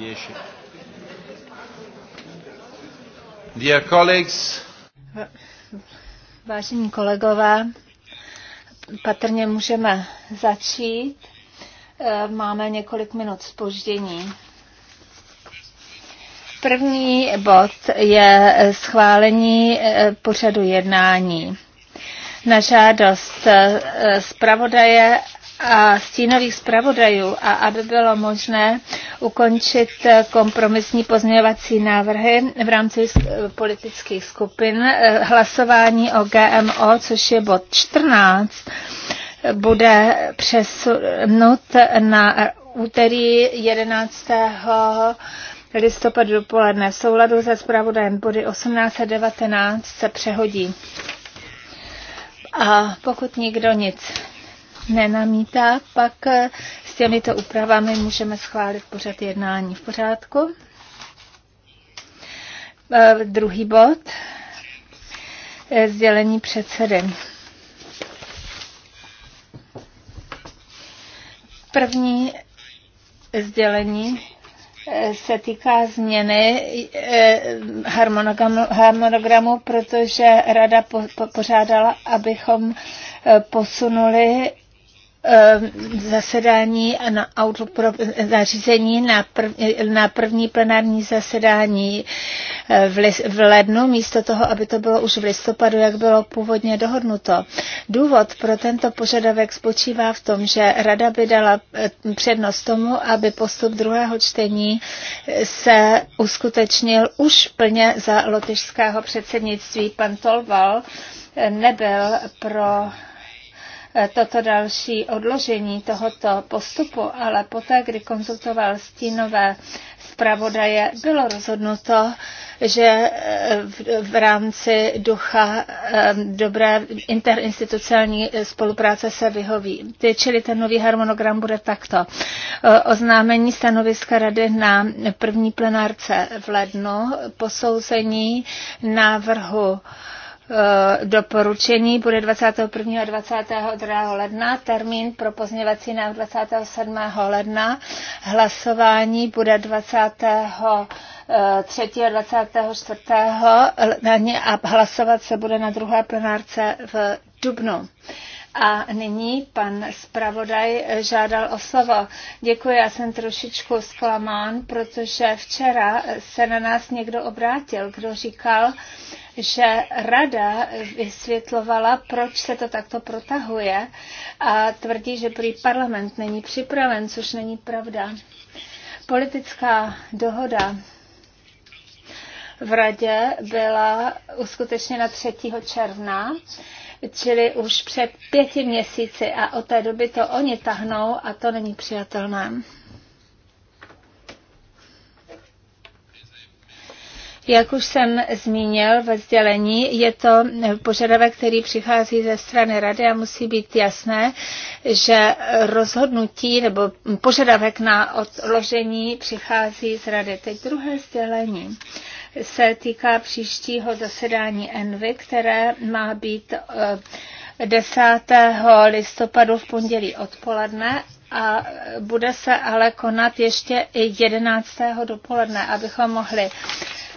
10. Dear colleagues, Vážení kolegové, patrně můžeme začít. Máme několik minut spoždění. První bod je schválení eh, pořadu jednání na žádost eh, zpravodaje a stínových zpravodajů a aby bylo možné ukončit kompromisní pozměňovací návrhy v rámci politických skupin. Hlasování o GMO, což je bod 14, bude přesunut na úterý 11 listopadu dopoledne. V souladu se zpravodajem body 18 a 19 se přehodí. A pokud nikdo nic nenamítá, pak eh, s těmito úpravami můžeme schválit pořad jednání v pořádku. Eh, druhý bod, eh, sdělení předsedy. První sdělení se týká změny harmonogramu, harmonogramu protože rada po, po, pořádala, abychom posunuli Eh, zasedání na, auto, pro, eh, na řízení na, prv, eh, na první plenární zasedání v, li, v lednu, místo toho, aby to bylo už v listopadu, jak bylo původně dohodnuto. Důvod pro tento požadavek spočívá v tom, že Rada by dala přednost tomu, aby postup druhého čtení se uskutečnil už plně za lotyšského předsednictví. Pan Tolval nebyl pro Eh, toto další odložení tohoto postupu, ale poté, kdy konzultoval stínové zpravodaje, bylo rozhodnuto, že eh, v, rámci ducha eh, dobré interinstitucionální spolupráce se vyhoví. Čili ten nový harmonogram bude takto. Oznámení stanoviska rady na první plenárce v lednu, posouzení návrhu Eh, doporučení bude 21. a 22. ledna, termín pro pozněvací návrh 27. ledna, hlasování bude 20. 3. a 24. ledna a hlasovat se bude na druhé plenárce v Dubnu. A nyní pan zpravodaj žádal o slovo. Děkuji, já jsem trošičku zklamán, protože včera se na nás někdo obrátil, kdo říkal, že rada vysvětlovala, proč se to takto protahuje a tvrdí, že prý parlament není připraven, což není pravda. Politická dohoda v radě byla uskutečněna 3. června čili už před pěti měsíci a od té doby to oni tahnou a to není přijatelné. Jak už jsem zmínil ve sdělení, je to požadavek, který přichází ze strany rady a musí být jasné, že rozhodnutí nebo požadavek na odložení přichází z rady. Teď druhé sdělení se týká příštího zasedání ENVY, které má být 10. Eh, listopadu v pondělí odpoledne a bude se ale konat ještě i 11. dopoledne, abychom mohli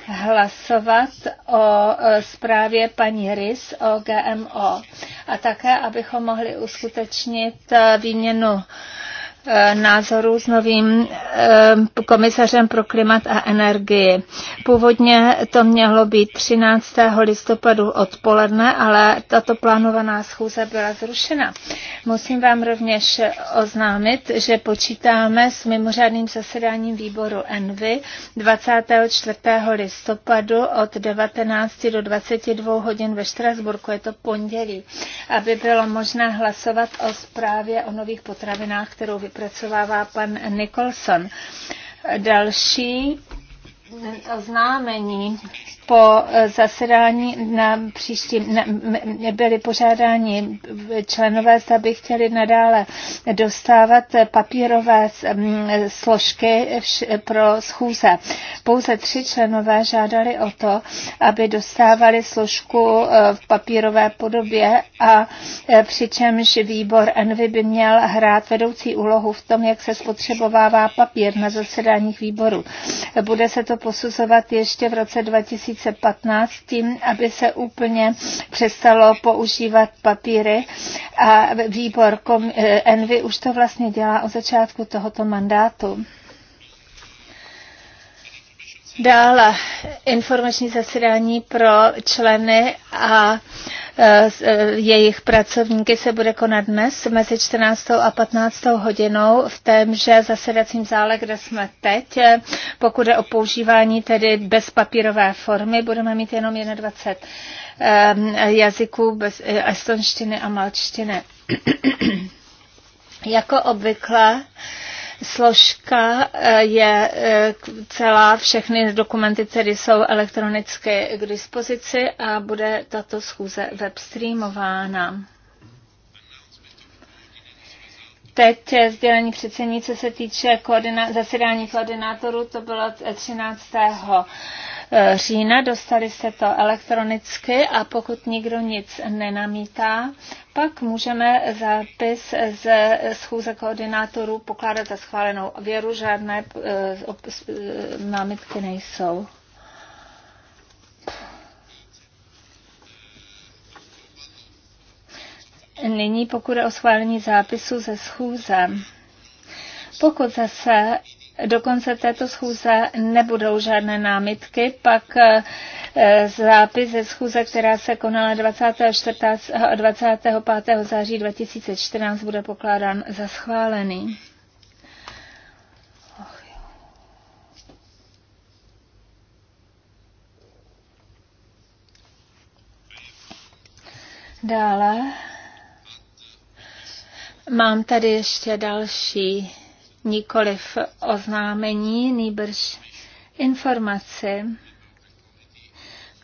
hlasovat o eh, zprávě paní Rys o GMO a také, abychom mohli uskutečnit eh, výměnu Eh, názorů s novým eh, komisařem pro klimat a energii. Původně to mělo být 13. listopadu odpoledne, ale tato plánovaná schůze byla zrušena. Musím vám rovněž oznámit, že počítáme s mimořádným zasedáním výboru ENVY 24. listopadu od 19 do 22 hodin ve Štrasburku, je to pondělí, aby bylo možné hlasovat o zprávě o nových potravinách, kterou vypracovává pan Nicholson. Další oznámení po zasedání na příští na, byli požádáni členové, aby chtěli nadále dostávat papírové složky pro schůze. Pouze tři členové žádali o to, aby dostávali složku e, v papírové podobě a e, přičemž výbor Envy by měl hrát vedoucí úlohu v tom, jak se spotřebovává papír na zasedáních výboru. Bude se to posuzovat ještě v roce 2000 2015 tím, aby se úplně přestalo používat papíry a výbor eh, Envy už to vlastně dělá od začátku tohoto mandátu. Dále informační zasedání pro členy a e, e, jejich pracovníky se bude konat dnes mezi 14. a 15. hodinou v témže zasedacím zále, kde jsme teď. E, pokud je o používání tedy bez papírové formy, budeme mít jenom 21 jazyků bez estonštiny a malčtiny. jako obvykle složka eh, je eh, celá, všechny dokumenty tedy jsou elektronicky k dispozici a bude tato schůze webstreamována. Teď sdělení co se týče koordina- zasedání koordinátorů, to bylo 13. Eh, října, dostali se to elektronicky a pokud nikdo nic nenamítá, pak můžeme zápis ze schůze koordinátorů pokládat za schválenou věru, žádné eh, eh, námitky nejsou. Nyní pokud je o schválení zápisu ze schůze. Pokud zase do konce této schůze nebudou žádné námitky, pak eh, zápis ze schůze, která se konala 24. a 25. září 2014, bude pokládán za schválený. Dále mám tady ještě další nikoliv oznámení, nýbrž informaci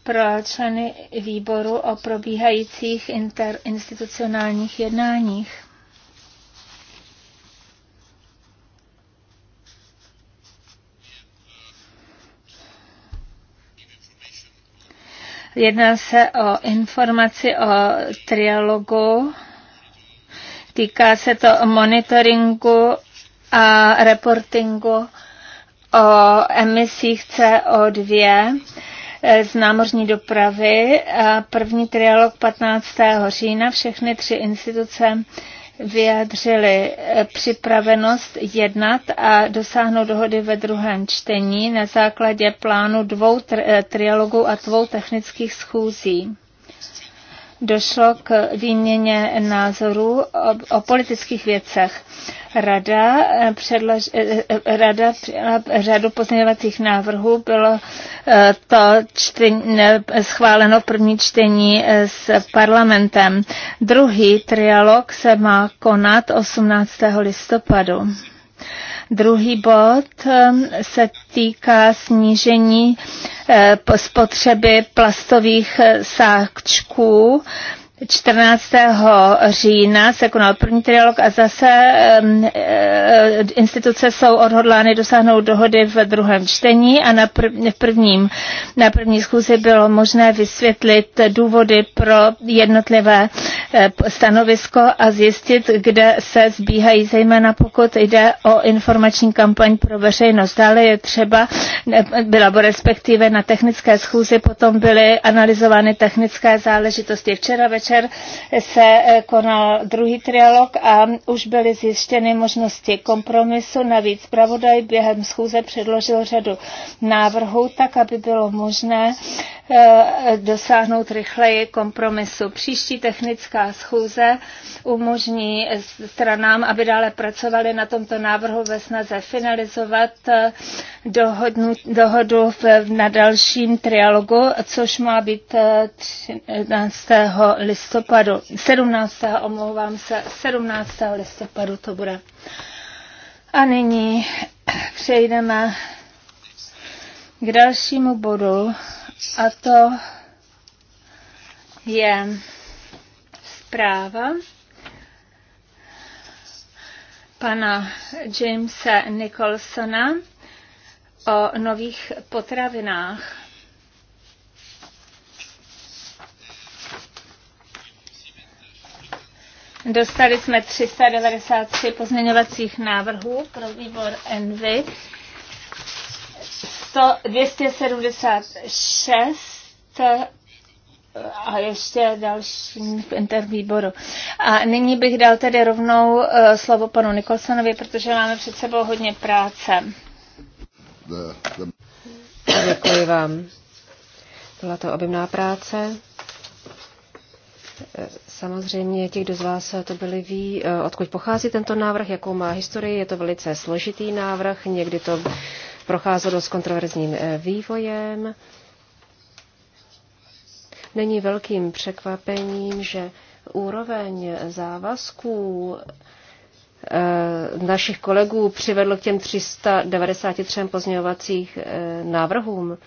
pro členy výboru o probíhajících interinstitucionálních jednáních. Jedná se o informaci o trialogu. Týká se to monitoringu a reportingu o emisích CO2 eh, z námořní dopravy. První trialog 15. října všechny tři instituce vyjádřili eh, připravenost jednat a dosáhnout dohody ve druhém čtení na základě plánu dvou tri- eh, trialogů a dvou technických schůzí došlo k výměně názorů o, o politických věcech. Rada, eh, předlož, eh, eh, rada přijala řadu pozměňovacích návrhů, bylo to čtení, schváleno první čtení s parlamentem. Druhý trialog se má konat 18. listopadu. Druhý bod ehm, se týká snížení eh, spotřeby plastových eh, sáčků 14. října se konal první trialog a zase um, instituce jsou odhodlány dosáhnout dohody v druhém čtení a na, prv, v prvním, na první schůzi bylo možné vysvětlit důvody pro jednotlivé e, stanovisko a zjistit, kde se zbíhají, zejména pokud jde o informační kampaň pro veřejnost. Dále je třeba, byla respektive na technické schůzi potom byly analyzovány technické záležitosti. Včera večer večer se eh, konal druhý trialog a už byly zjištěny možnosti kompromisu. Navíc pravodaj během schůze předložil řadu návrhů, tak aby bylo možné eh, dosáhnout rychleji kompromisu. Příští technická schůze umožní stranám, aby dále pracovali na tomto návrhu ve snaze finalizovat eh, dohodnu, dohodu v, na dalším trialogu, což má být 13. Eh, listopadu, 17. omlouvám se, 17. listopadu to bude. A nyní přejdeme k dalšímu bodu a to je zpráva pana Jamesa Nicholsona o nových potravinách. Dostali jsme 393 pozměňovacích návrhů pro výbor Envy. 100, 276 a ještě další intervýboru. A nyní bych dal tedy rovnou eh, slovo panu Nikolsonovi, protože máme před sebou hodně práce. Děkuji vám. Byla to objemná práce. Eh, samozřejmě ti, kdo z vás to byli ví, eh, odkud pochází tento návrh, jakou má historii. Je to velice složitý návrh, někdy to procházelo s kontroverzním vývojem. Není velkým překvapením, že úroveň závazků eh, našich kolegů přivedl k těm 393 pozměňovacích eh, návrhům.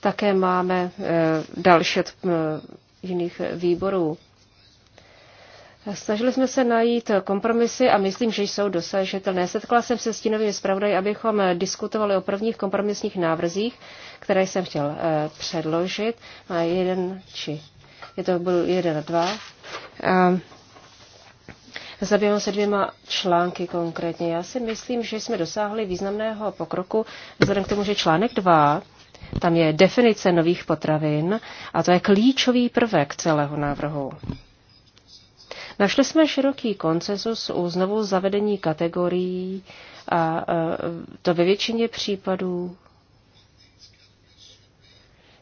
Také máme eh, další od jiných výborů. Snažili jsme se najít kompromisy a myslím, že jsou dosažitelné. Setkala jsem se s tínovými zpravodaji, abychom diskutovali o prvních kompromisních návrzích, které jsem chtěl eh, předložit. A jeden či je to byl jeden a dva. A eh, zabývám se dvěma články konkrétně. Já si myslím, že jsme dosáhli významného pokroku vzhledem k tomu, že článek 2 tam je definice nových potravin a to je klíčový prvek celého návrhu. Našli jsme široký konsenzus o znovu zavedení kategorií a to ve většině případů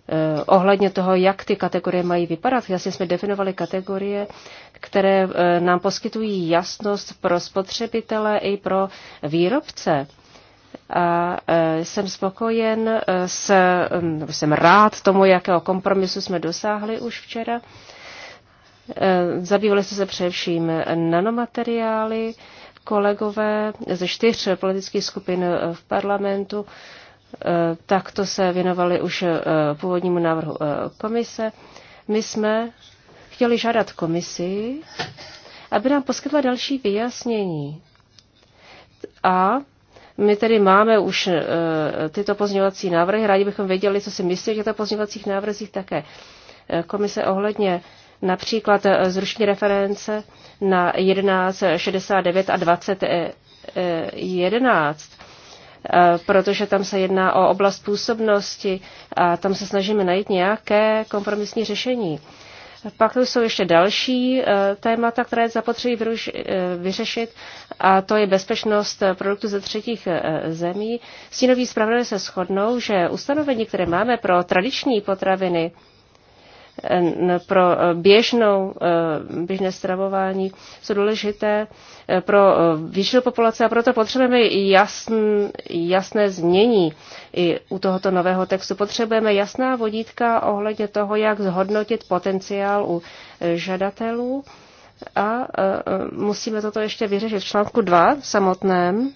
e, ohledně toho, jak ty kategorie mají vypadat. Jasně jsme definovali kategorie, které e, nám poskytují jasnost pro spotřebitele i pro výrobce. A e, jsem spokojen, s, jsem rád tomu, jakého kompromisu jsme dosáhli už včera. Eh, zabývali jsme se především nanomateriály. Kolegové ze čtyř politických skupin eh, v parlamentu eh, takto se věnovali už původnímu návrhu komise. My jsme chtěli žádat komisi, aby nám poskytla další vyjasnění. A my tedy máme už tyto pozměňovací návrhy, rádi bychom věděli, co si myslí o těchto pozměňovacích návrzích také. Komise ohledně Například eh, zrušení reference na 1169 a 2011, eh, eh, protože tam se jedná o oblast působnosti a tam se snažíme najít nějaké kompromisní řešení. Pak tu jsou ještě další témata, které zapotřebí vyřešit, a to je bezpečnost produktů ze třetích zemí. Stínoví zpravodaj se shodnou, že ustanovení, které máme pro tradiční potraviny, pro e, běžnou, e, běžné stravování jsou důležité e, pro většinu populace a proto potřebujeme jasn, jasné změní i u tohoto nového textu. Potřebujeme jasná vodítka ohledně toho, jak zhodnotit potenciál u žadatelů a musíme toto ještě vyřešit v článku 2 samotném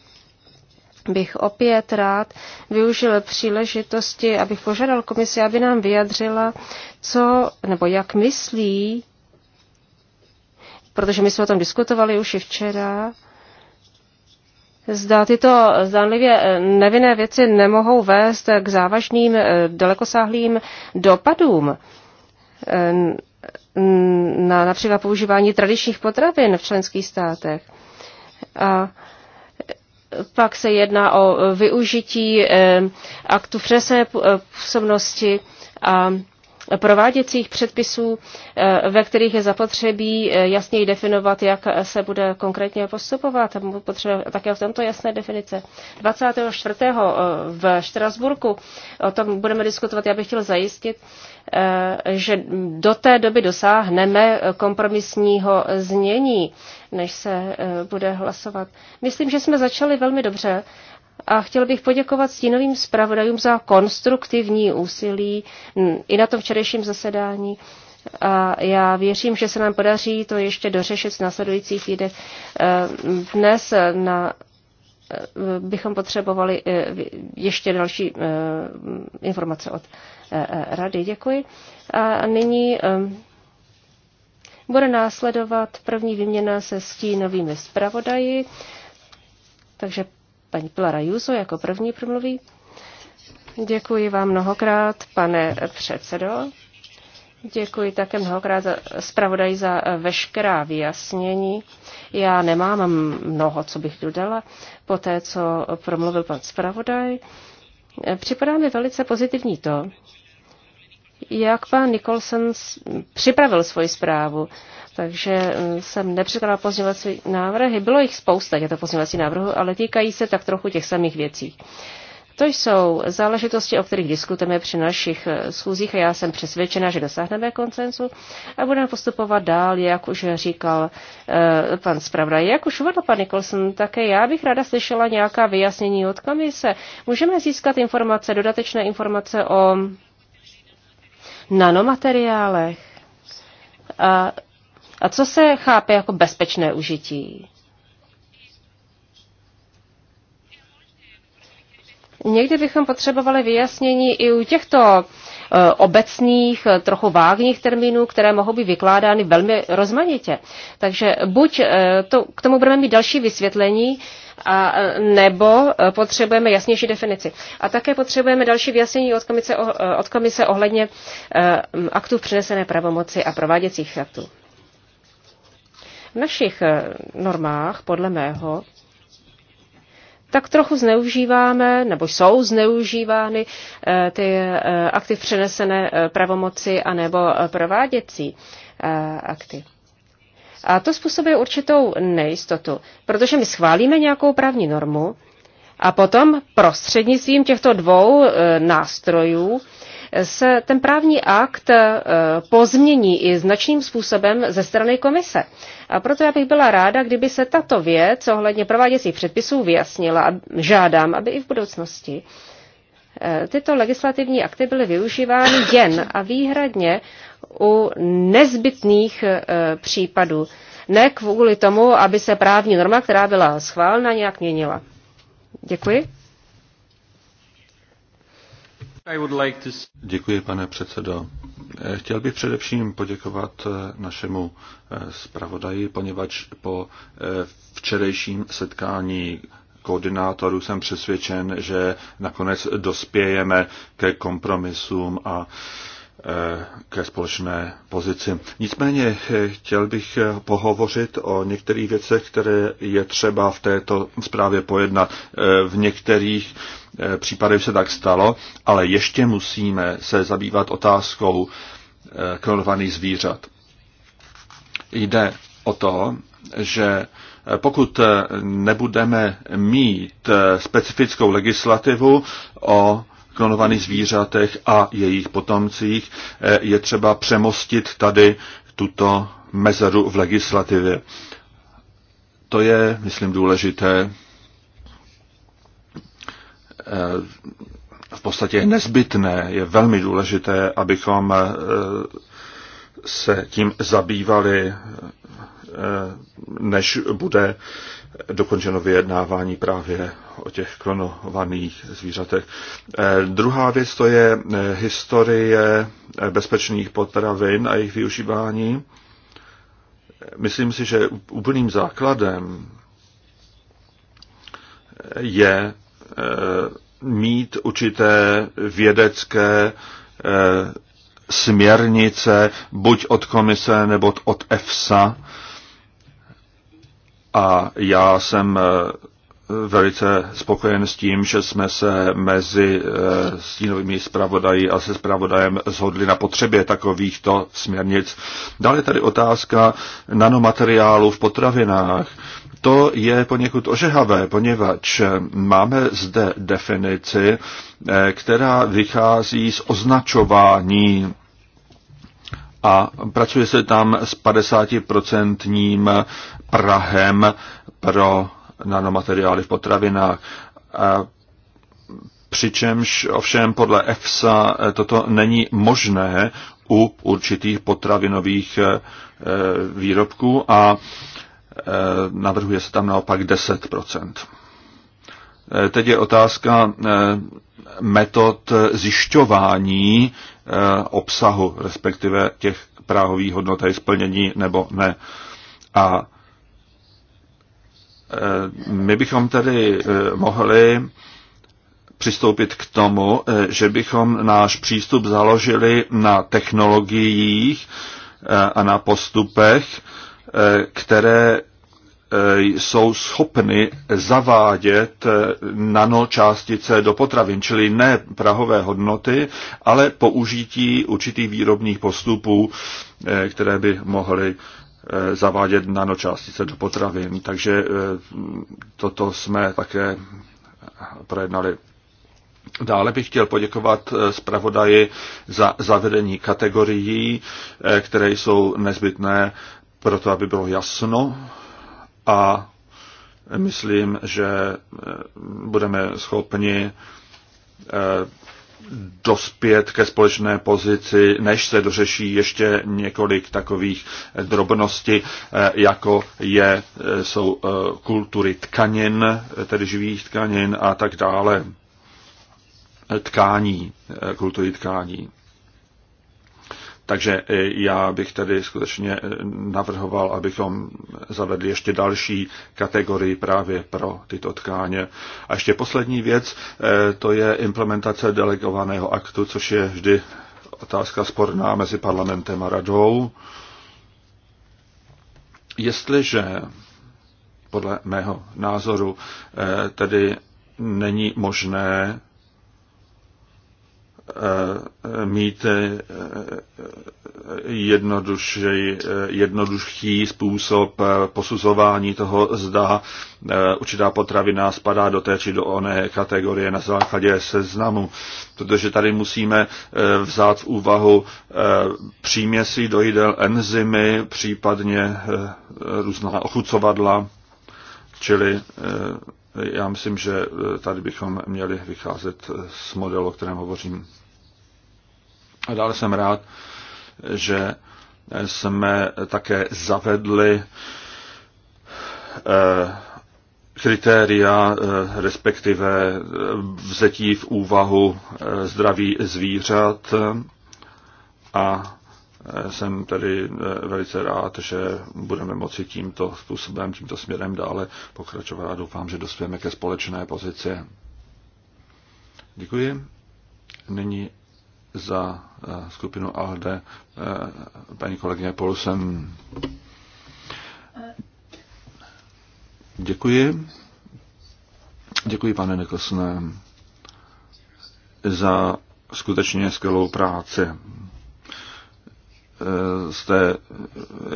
bych opět rád využil příležitosti, abych požádal komisi, aby nám vyjadřila, co nebo jak myslí, protože my jsme o tom diskutovali už i včera, Zda tyto zdánlivě eh, nevinné věci nemohou vést k závažným, eh, dalekosáhlým dopadům eh, na například používání tradičních potravin v členských státech. A pak se jedná o využití eh, aktu přesné působnosti a prováděcích předpisů, eh, ve kterých je zapotřebí eh, jasněji definovat, jak se bude konkrétně postupovat. Potřebuje také v tomto jasné definice. 24. Eh, v Štrasburku o tom budeme diskutovat. Já bych chtěl zajistit, že do té doby dosáhneme kompromisního znění, než se bude hlasovat. Myslím, že jsme začali velmi dobře a chtěl bych poděkovat stínovým zpravodajům za konstruktivní úsilí i na tom včerejším zasedání. A já věřím, že se nám podaří to ještě dořešit v následujících týdnech. E, dnes e, na, e, bychom potřebovali ještě další informace od rady. Děkuji. A nyní bude následovat první výměna se stínovými zpravodaji. Takže Paní Pilara Juso jako první promluví. Děkuji vám mnohokrát, pane předsedo. Děkuji také mnohokrát za, zpravodaj za eh, veškerá vyjasnění. Já nemám mnoho, co bych dodala po té, co promluvil pan zpravodaj. Eh, připadá mi velice pozitivní to, jak pan Nicholson připravil svoji zprávu. Takže mm, jsem nepřekladala pozměňovací návrhy. Bylo jich spousta těchto pozměňovací návrhů, ale týkají se tak trochu těch samých věcí. To jsou záležitosti, o kterých diskutujeme při našich eh, schůzích a já jsem přesvědčena, že dosáhneme koncensu a budeme postupovat dál, jak už říkal uh, pan Spravda. Jak už uvedl pan Nicholson, také já bych ráda slyšela nějaká vyjasnění od komise. Můžeme získat informace, dodatečné informace o nanomateriálech a a co se chápe jako bezpečné užití? Někdy bychom potřebovali vyjasnění i u těchto e, obecných, e, trochu vágních termínů, které mohou být vykládány velmi rozmanitě. Takže buď e, to, k tomu budeme mít další vysvětlení, a, nebo potřebujeme jasnější definici. A také potřebujeme další vyjasnění od komise, od komise ohledně aktů přenesené pravomoci a prováděcích aktů v našich eh, normách, podle mého, tak trochu zneužíváme, nebo jsou zneužívány eh, ty eh, akty přenesené pravomoci anebo prováděcí akty. A to způsobuje určitou nejistotu, protože my schválíme nějakou právní normu a potom prostřednictvím těchto dvou nástrojů se ten právní akt eh, pozmění i značným způsobem ze strany komise. A proto já bych byla ráda, kdyby se tato věc ohledně prováděcích předpisů vyjasnila a žádám, aby i v budoucnosti eh, tyto legislativní akty byly využívány jen a výhradně u nezbytných eh, případů. Ne kvůli tomu, aby se právní norma, která byla schválena, nějak měnila. Děkuji. Děkuji, pane předsedo. Eh, chtěl bych především poděkovat eh, našemu eh, zpravodaji, poněvadž po včerejším setkání koordinátorů jsem přesvědčen, že nakonec dospějeme ke kompromisům a ke společné pozici. Nicméně chtěl bych pohovořit o některých věcech, které je třeba v této zprávě pojednat. V některých Eh, případech se tak stalo, ale ještě musíme se zabývat otázkou eh, klonovaných zvířat. Jde o to, že eh, pokud nebudeme mít specifickou legislativu o klonovaných zvířatech a jejich potomcích, je třeba přemostit tady tuto mezeru v legislativě. To je, myslím, důležité v podstatě nezbytné, je velmi důležité, abychom eh, se tím zabývali, eh, než bude dokončeno vyjednávání právě o těch klonovaných zvířatech. Eh, druhá věc to je historie bezpečných potravin a jejich využívání. Myslím si, že úplným základem je Eh, mít určité vědecké eh, směrnice, buď od komise nebo od EFSA. A já jsem eh, velice spokojen s tím, že jsme se mezi stínovými zpravodají a se zpravodajem zhodli na potřebě takovýchto směrnic. Dále tady otázka nanomateriálu v potravinách. To je poněkud ožehavé, poněvadž máme zde definici, eh, která vychází z označování a pracuje se tam s 50% prahem pro nanomateriály v potravinách. Přičemž ovšem podle EFSA eh, toto není možné u určitých potravinových eh, výrobků a Eh, navrhuje se tam naopak 10 eh, Teď je otázka eh, metod zjišťování obsahu, respektive těch práhových hodnot a splnění nebo ne. A my bychom tedy mohli přistoupit k tomu, že bychom náš přístup založili na technologiích a na postupech, které eh, jsou schopny zavádět eh, nanočástice do potravin, čili ne prahové hodnoty, ale použití určitých výrobních postupů, eh, které by mohly zavádět nanočástice do potravin. Takže toto jsme také projednali. Dále bych chtěl poděkovat zpravodaji za zavedení kategorií, které jsou nezbytné proto aby bylo jasno a myslím, že eh, budeme schopni eh, dospět ke společné pozici, než se dořeší ještě několik takových eh, drobností, jako je, jsou kultury tkanin, tedy živých tkanin a tak dále, tkání, kultury tkání. Takže e, já bych tedy skutečně e, navrhoval, abychom zavedli ještě další kategorii právě pro tyto tkáně. A ještě poslední věc, e, to je implementace delegovaného aktu, což je vždy otázka sporná mezi parlamentem a radou. Jestliže podle mého názoru tedy není možné Eh, mít eh, jednodušší eh, způsob posuzování toho, zda určitá potravina spadá do té či do oné kategorie na základě seznamu. Protože tady musíme vzát v úvahu příměsí do jídel enzymy, případně různá ochucovadla, čili já myslím, že eh, tady bychom měli vycházet eh, z modelu, o kterém hovořím. A dále jsem rád, že eh, jsme také zavedli kritéria, respektive vzetí v úvahu zdraví zvířat a jsem tedy eh, velice rád, že budeme moci tímto způsobem, tímto směrem dále pokračovat a doufám, že dospějeme ke společné pozici. Děkuji. Nyní za eh, skupinu ALDE eh, paní kolegyně Polsem. Děkuji. Děkuji, pane Nikosne, za skutečně skvělou práci Eh, jste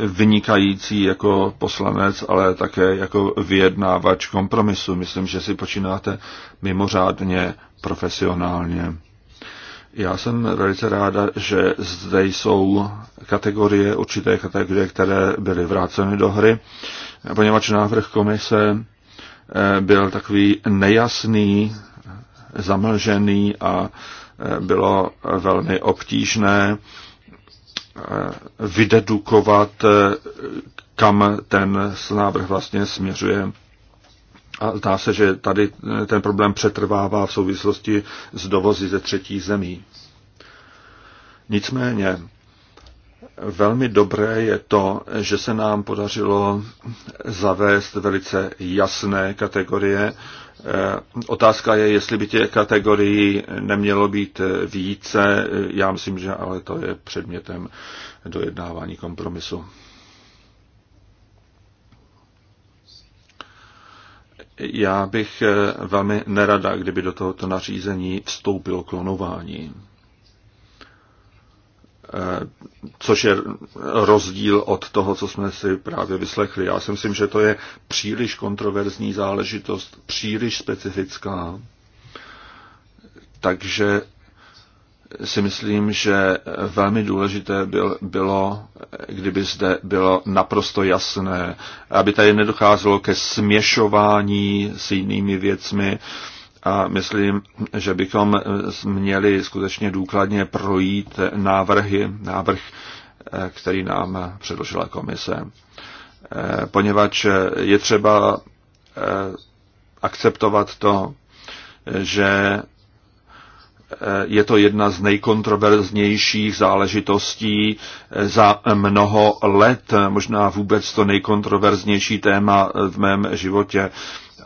vynikající jako poslanec, ale také jako vyjednávač kompromisu. Myslím, že si počínáte mimořádně profesionálně. Já jsem velice ráda, že zde jsou kategorie, určité kategorie, které byly vráceny do hry, poněvadž návrh komise eh, byl takový nejasný, zamlžený a eh, bylo velmi obtížné Eh, vydedukovat, eh, kam ten návrh vlastně směřuje. A zdá se, že tady eh, ten problém přetrvává v souvislosti s dovozy ze třetí zemí. Nicméně, velmi dobré je to, že se nám podařilo zavést velice jasné kategorie Eh, otázka je, jestli by těch kategorií nemělo být více. Já myslím, že ale to je předmětem dojednávání kompromisu. Já bych eh, velmi nerada, kdyby do tohoto nařízení vstoupilo klonování. Eh, což je rozdíl od toho, co jsme si právě vyslechli. Já si myslím, že to je příliš kontroverzní záležitost, příliš specifická. Takže si myslím, že velmi důležité bylo, kdyby zde bylo naprosto jasné, aby tady nedocházelo ke směšování s jinými věcmi, a myslím, že bychom měli skutečně důkladně projít návrhy, návrh, eh, který nám předložila komise. Eh, poněvadž je třeba eh, akceptovat to, že je to jedna z nejkontroverznějších záležitostí za mnoho let, možná vůbec to nejkontroverznější téma v mém životě.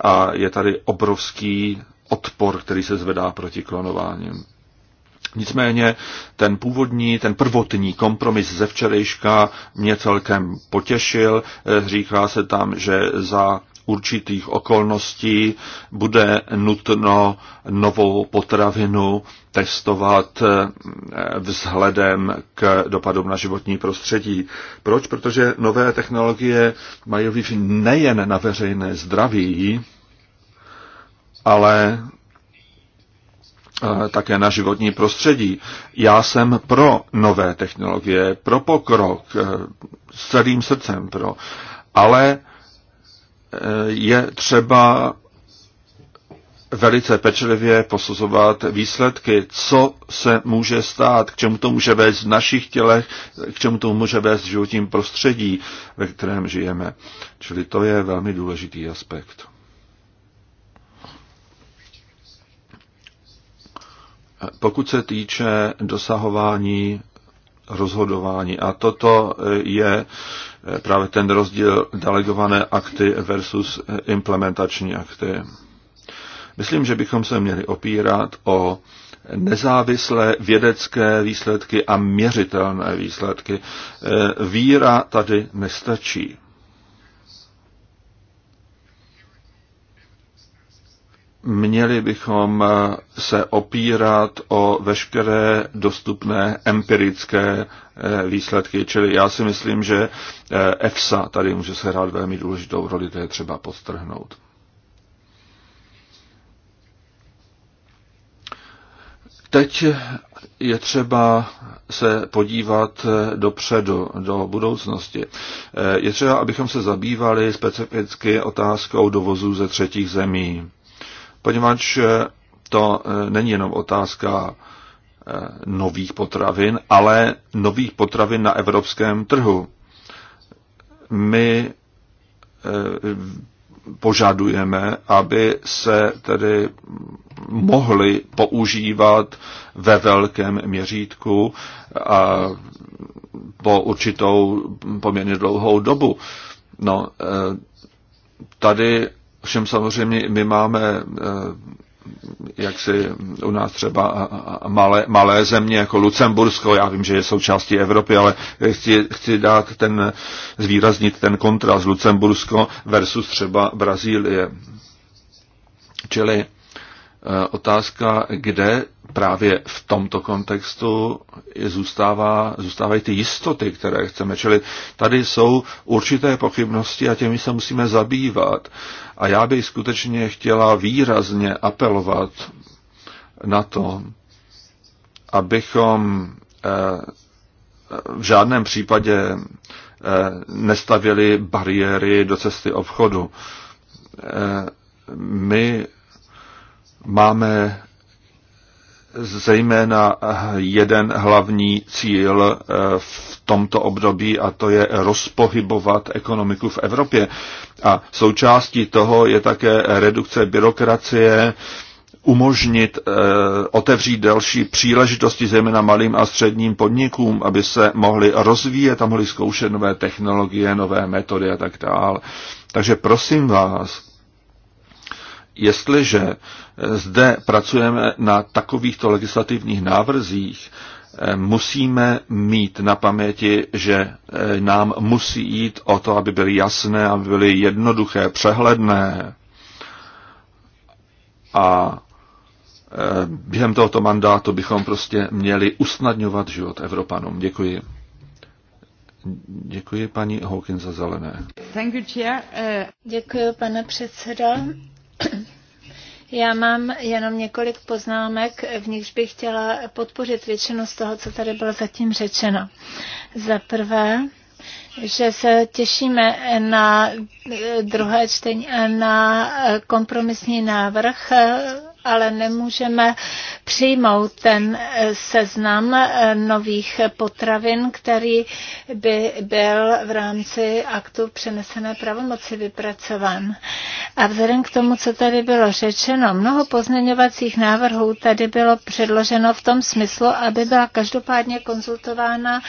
A je tady obrovský odpor, který se zvedá proti klonováním. Nicméně ten původní, ten prvotní kompromis ze včerejška mě celkem potěšil. Eh, říká se tam, že za určitých okolností bude nutno novou potravinu testovat eh, vzhledem k dopadům na životní prostředí. Proč? Protože nové technologie mají vliv nejen na veřejné zdraví, ale eh, také na životní prostředí. Já jsem pro nové technologie, pro pokrok, eh, s celým srdcem pro, ale eh, je třeba velice pečlivě posuzovat výsledky, co se může stát, k čemu to může vést v našich tělech, k čemu to může vést v životním prostředí, ve kterém žijeme. Čili to je velmi důležitý aspekt. Pokud se týče dosahování rozhodování. A toto je právě ten rozdíl delegované akty versus implementační akty. Myslím, že bychom se měli opírat o nezávislé vědecké výsledky a měřitelné výsledky. E, víra tady nestačí. měli bychom eh, se opírat o veškeré dostupné empirické eh, výsledky. Čili já si myslím, že eh, EFSA tady může se hrát velmi důležitou roli, to je třeba postrhnout. Teď je třeba se podívat dopředu, do budoucnosti. Je třeba, abychom se zabývali specificky otázkou dovozů ze třetích zemí poněvadž eh, to eh, není jenom otázka eh, nových potravin, ale nových potravin na evropském trhu. My požadujeme, aby se tedy mohly používat ve velkém měřítku a po určitou poměrně dlouhou dobu. No, tady Všem samozřejmě my máme eh, jak si u nás třeba malé, malé země jako Lucembursko, já vím, že je součástí Evropy, ale chci, chci dát ten, zvýraznit ten kontrast Lucembursko versus třeba Brazílie. Čili eh, otázka, kde právě v tomto kontextu zůstává, zůstávají ty jistoty, které chceme. Čili tady jsou určité pochybnosti a těmi se musíme zabývat. A já bych skutečně chtěla výrazně apelovat na to, abychom eh, v žádném případě eh, nestavili bariéry do cesty obchodu. Eh, my máme zejména jeden hlavní cíl eh, v tomto období a to je rozpohybovat ekonomiku v Evropě. A součástí toho je také redukce byrokracie, umožnit eh, otevřít další příležitosti zejména malým a středním podnikům, aby se mohli rozvíjet a mohli zkoušet nové technologie, nové metody a tak dále. Takže prosím vás, jestliže zde pracujeme na takovýchto legislativních návrzích, musíme mít na paměti, že eh, nám musí jít o to, aby byly jasné, aby byly jednoduché, přehledné. A eh, během tohoto mandátu bychom prostě měli usnadňovat život Evropanům. Děkuji. Děkuji paní Hawkins za zelené. Eh, Děkuji, pane předseda. Já mám jenom několik poznámek, v nichž bych chtěla podpořit většinu z toho, co tady bylo zatím řečeno. Za prvé, že se těšíme na eh, druhé čtení, eh, na eh, kompromisní návrh ale nemůžeme přijmout ten eh, seznam eh, nových potravin, který by byl v rámci aktu přenesené pravomoci vypracován. A vzhledem k tomu, co tady bylo řečeno, mnoho pozměňovacích návrhů tady bylo předloženo v tom smyslu, aby byla každopádně konzultována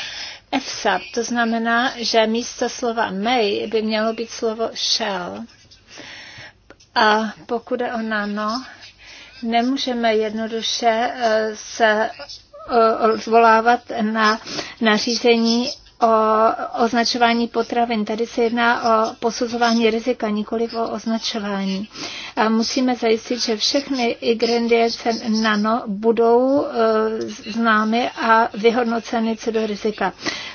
EFSA. To znamená, že místo slova may by mělo být slovo shall. A pokud je o nano, Nemůžeme jednoduše eh, se eh, odvolávat na nařízení o označování potravin. Tady se jedná o posuzování rizika, nikoliv o označování. A musíme zajistit, že všechny ingredience nano budou eh, známy a vyhodnoceny co do rizika.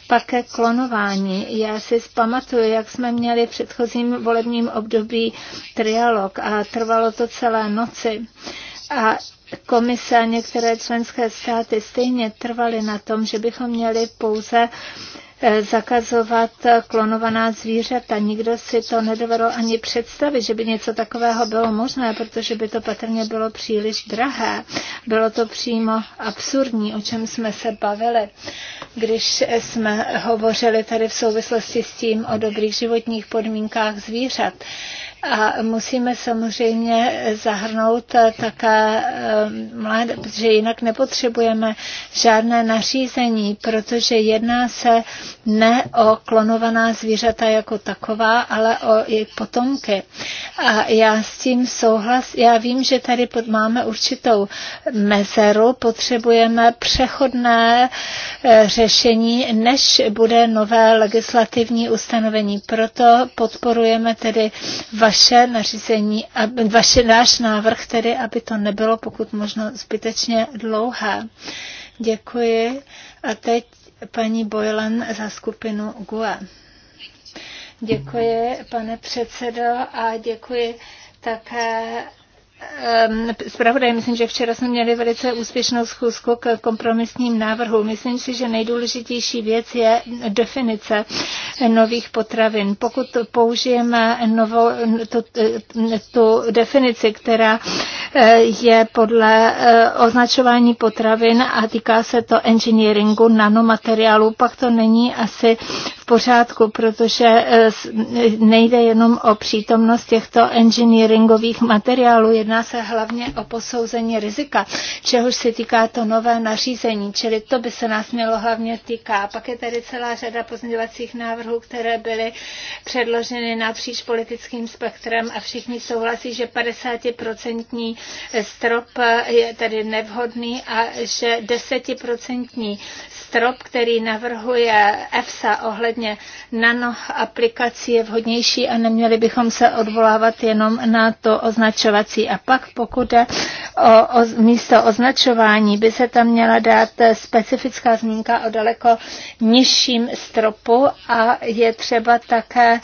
Pak klonování. Já si pamatuju, jak jsme měli v předchozím volebním období trialog a trvalo to celé noci. A komise a některé členské státy stejně trvaly na tom, že bychom měli pouze eh, zakazovat klonovaná zvířata. Nikdo si to nedovedl ani představit, že by něco takového bylo možné, protože by to patrně bylo příliš drahé. Bylo to přímo absurdní, o čem jsme se bavili, když jsme hovořili tady v souvislosti s tím o dobrých životních podmínkách zvířat. A musíme samozřejmě zahrnout také eh, mladé, protože jinak nepotřebujeme žádné nařízení, protože jedná se ne o klonovaná zvířata jako taková, ale o jejich potomky. A já s tím souhlas, já vím, že tady pod, máme určitou mezeru, potřebujeme přechodné eh, řešení, než bude nové legislativní ustanovení. Proto podporujeme tedy vaši vaše nařízení, vaše, náš návrh tedy, aby to nebylo pokud možno zbytečně dlouhé. Děkuji. A teď paní Boylan za skupinu GUE. Děkuji, pane předsedo, a děkuji také Ehm, zpravodaj, myslím, že včera jsme měli velice úspěšnou schůzku k kompromisním návrhu. Myslím si, že nejdůležitější věc je definice nových potravin. Pokud použijeme novou, tu, tu definici, která eh, je podle eh, označování potravin a týká se to engineeringu, nanomateriálů, pak to není asi v pořádku, protože eh, nejde jenom o přítomnost těchto engineeringových materiálů, Jedná se hlavně o posouzení rizika, čehož se týká to nové nařízení, čili to by se nás mělo hlavně týká. Pak je tady celá řada pozměňovacích návrhů, které byly předloženy napříč politickým spektrem a všichni souhlasí, že 50% strop je tady nevhodný a že 10% strop, který navrhuje EFSA ohledně nano aplikací je vhodnější a neměli bychom se odvolávat jenom na to označovací. A pak pokud je o, o, místo označování, by se tam měla dát specifická zmínka o daleko nižším stropu a je třeba také e,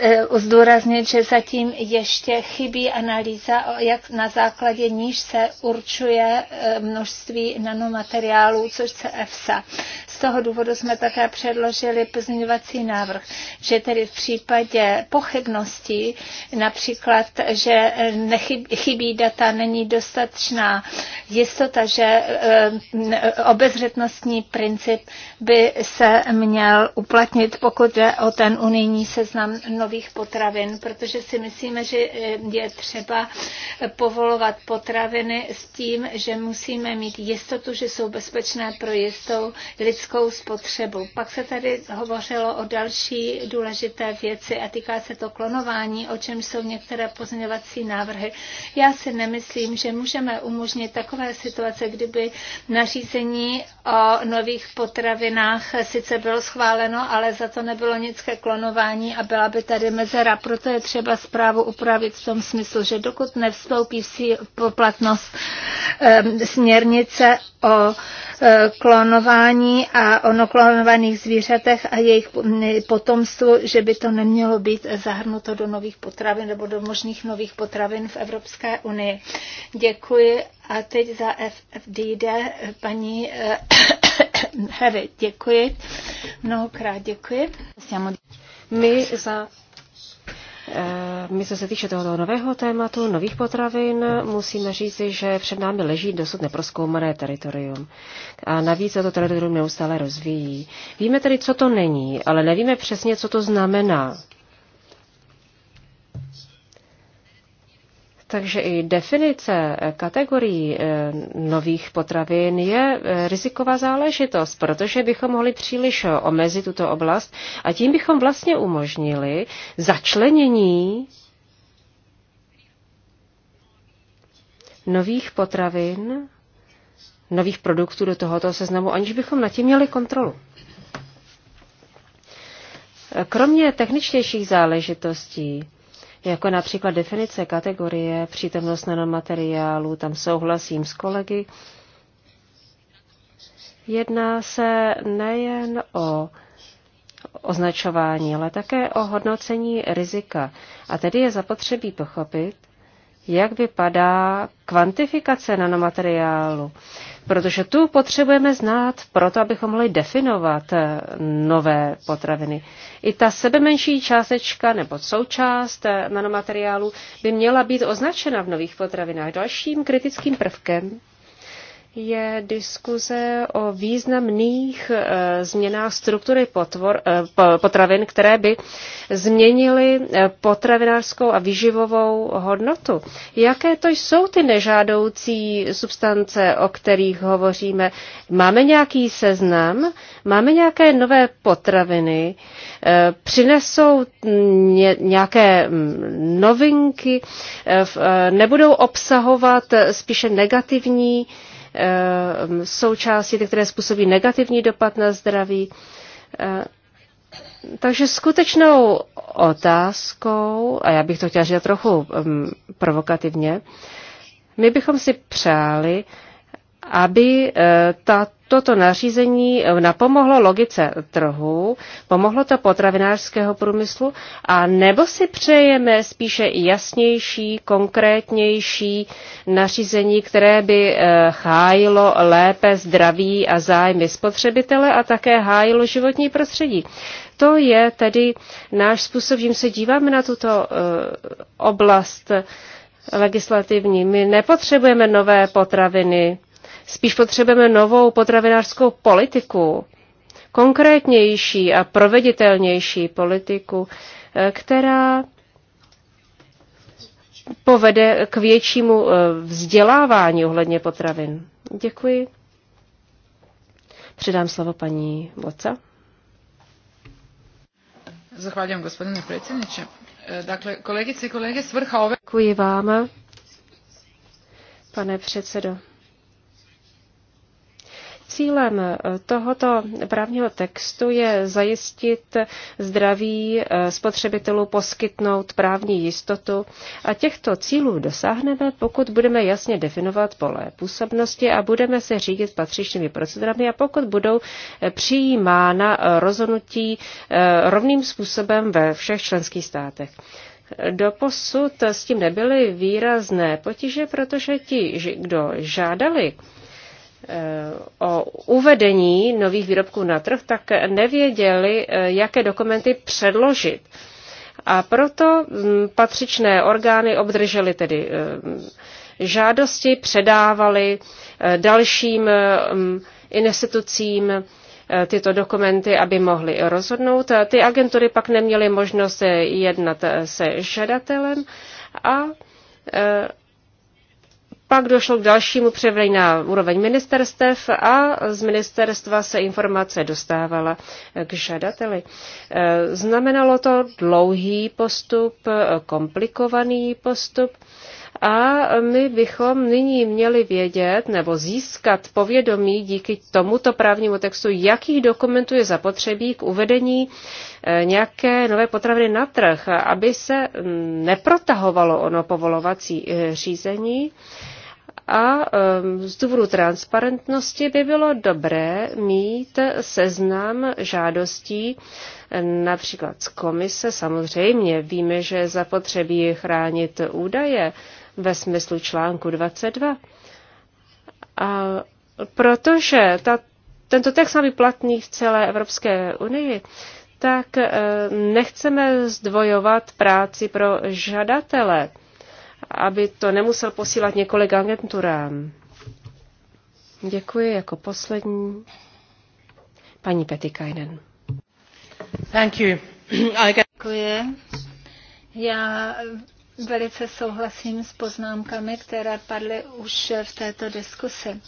e, zdůraznit, že zatím ještě chybí analýza, jak na základě níž se určuje e, množství nanomateriálů, což se EFSA Rumunska toho důvodu jsme také předložili pozměňovací návrh, že tedy v případě pochybností, například, že chybí data, není dostatečná jistota, že eh, obezřetnostní princip by se měl uplatnit, pokud jde o ten unijní seznam nových potravin, protože si myslíme, že eh, je třeba povolovat potraviny s tím, že musíme mít jistotu, že jsou bezpečné pro jistou lidskou nízkou spotřebu. Pak se tady hovořilo o další důležité věci a týká se to klonování, o čem jsou některé pozměňovací návrhy. Já si nemyslím, že můžeme umožnit takové situace, kdyby nařízení o nových potravinách sice bylo schváleno, ale za to nebylo nic ke klonování a byla by tady mezera. Proto je třeba zprávu upravit v tom smyslu, že dokud nevstoupí v platnost směrnice o e, klonování a a o noklonovaných zvířatech a jejich potomstvu, že by to nemělo být zahrnuto do nových potravin nebo do možných nových potravin v Evropské unii. Děkuji a teď za FFDD paní eh, Hevi. Děkuji. Mnohokrát děkuji. My za Eh, my, co se týče tohoto nového tématu, nových potravin, musíme říci, že před námi leží dosud neproskoumané teritorium. A navíc se to teritorium neustále rozvíjí. Víme tedy, co to není, ale nevíme přesně, co to znamená. Takže i definice kategorií eh, nových potravin je eh, riziková záležitost, protože bychom mohli příliš omezit tuto oblast a tím bychom vlastně umožnili začlenění nových potravin, nových produktů do tohoto seznamu, aniž bychom nad tím měli kontrolu. Kromě techničtějších záležitostí, jako například definice kategorie přítomnost nanomateriálu, tam souhlasím s kolegy. Jedná se nejen o označování, ale také o hodnocení rizika. A tedy je zapotřebí pochopit, jak vypadá kvantifikace nanomateriálu protože tu potřebujeme znát proto, abychom mohli definovat eh, nové potraviny. I ta sebemenší částečka nebo součást eh, nanomateriálu by měla být označena v nových potravinách. Dalším kritickým prvkem je diskuze o významných eh, změnách struktury potvor, eh, potravin, které by změnily eh, potravinářskou a výživovou hodnotu. Jaké to jsou ty nežádoucí substance, o kterých hovoříme? Máme nějaký seznam? Máme nějaké nové potraviny? Přinesou nějaké mm, novinky? Nebudou obsahovat spíše negativní Ehm, součástí, ty, které způsobí negativní dopad na zdraví. Ehm, takže skutečnou otázkou, a já bych to chtěla říct trochu ehm, provokativně, my bychom si přáli, aby eh, ta toto nařízení eh, napomohlo logice trhu, pomohlo to potravinářského průmyslu, a nebo si přejeme spíše jasnější, konkrétnější nařízení, které by eh, hájilo lépe zdraví a zájmy spotřebitele a také hájilo životní prostředí. To je tedy náš způsob, jim se díváme na tuto eh, oblast legislativní. My nepotřebujeme nové potraviny, Spíš potřebujeme novou potravinářskou politiku, konkrétnější a proveditelnější politiku, eh, která povede k většímu eh, vzdělávání ohledně potravin. Děkuji. Předám slovo paní Voca. Zahvaljujem gospodine predsjedniče. Eh, dakle, kolegice i kolege, svrha ove... Děkuji vám, pane předsedo. Cílem eh, tohoto právního textu je zajistit zdraví eh, spotřebitelů, poskytnout právní jistotu a těchto cílů dosáhneme, pokud budeme jasně definovat pole působnosti a budeme se řídit patřičnými procedurami a pokud budou eh, přijímána rozhodnutí rovným způsobem ve všech členských státech. Doposud s tím nebyly výrazné potíže, protože ti, kdo žádali o uvedení nových výrobků na trh, tak nevěděli, eh, jaké dokumenty předložit. A proto mm, patřičné orgány obdržely tedy eh, žádosti, předávali eh, dalším institucím tyto dokumenty, aby mohli rozhodnout. Ty agentury pak neměly možnost jednat se žadatelem a pak došlo k dalšímu převedení na úroveň ministerstev a z ministerstva se informace dostávala k žadateli. Eh, znamenalo to dlouhý postup, eh, komplikovaný postup a my bychom nyní měli vědět nebo získat povědomí díky tomuto právnímu textu, jakých dokumentů je zapotřebí k uvedení eh, nějaké nové potraviny na trh, aby se mm, neprotahovalo ono povolovací řízení a ehm, z důvodu transparentnosti by bylo dobré mít seznam žádostí, ehm, například z komise. Samozřejmě víme, že zapotřebí chránit údaje ve smyslu článku 22. A protože ta, tento text má být platný v celé Evropské unii, tak ehm, nechceme zdvojovat práci pro žadatele aby to nemusel posílat několik agenturám. Děkuji jako poslední. Paní Petty Thank you. Děkuji. Já Velice souhlasím s poznámkami, které padly už v této diskusi.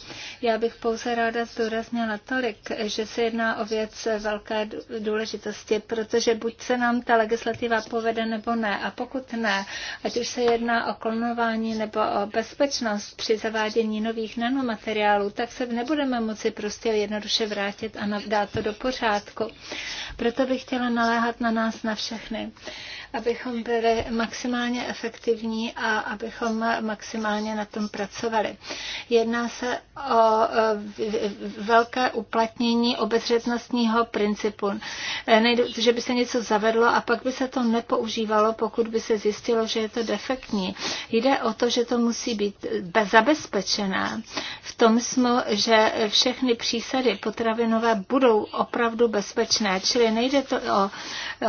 Já bych pouze ráda zdůraznila tolik, že se jedná o věc velké důležitosti, protože buď se nám ta legislativa povede nebo ne. A pokud ne, ať už se jedná o klonování nebo o bezpečnost při zavádění nových nanomateriálů, tak se nebudeme moci prostě jednoduše vrátit a dát to do pořádku. Proto bych chtěla naléhat na nás, na všechny, abychom byli maximálně efektivní a abychom maximálně na tom pracovali. Jedná se o e, velké uplatnění obezřetnostního principu. E, nejde, že by se něco zavedlo a pak by se to nepoužívalo, pokud by se zjistilo, že je to defektní. Jde o to, že to musí být e, zabezpečené v tom smyslu, že všechny přísady potravinové budou opravdu bezpečné, čili čili nejde to o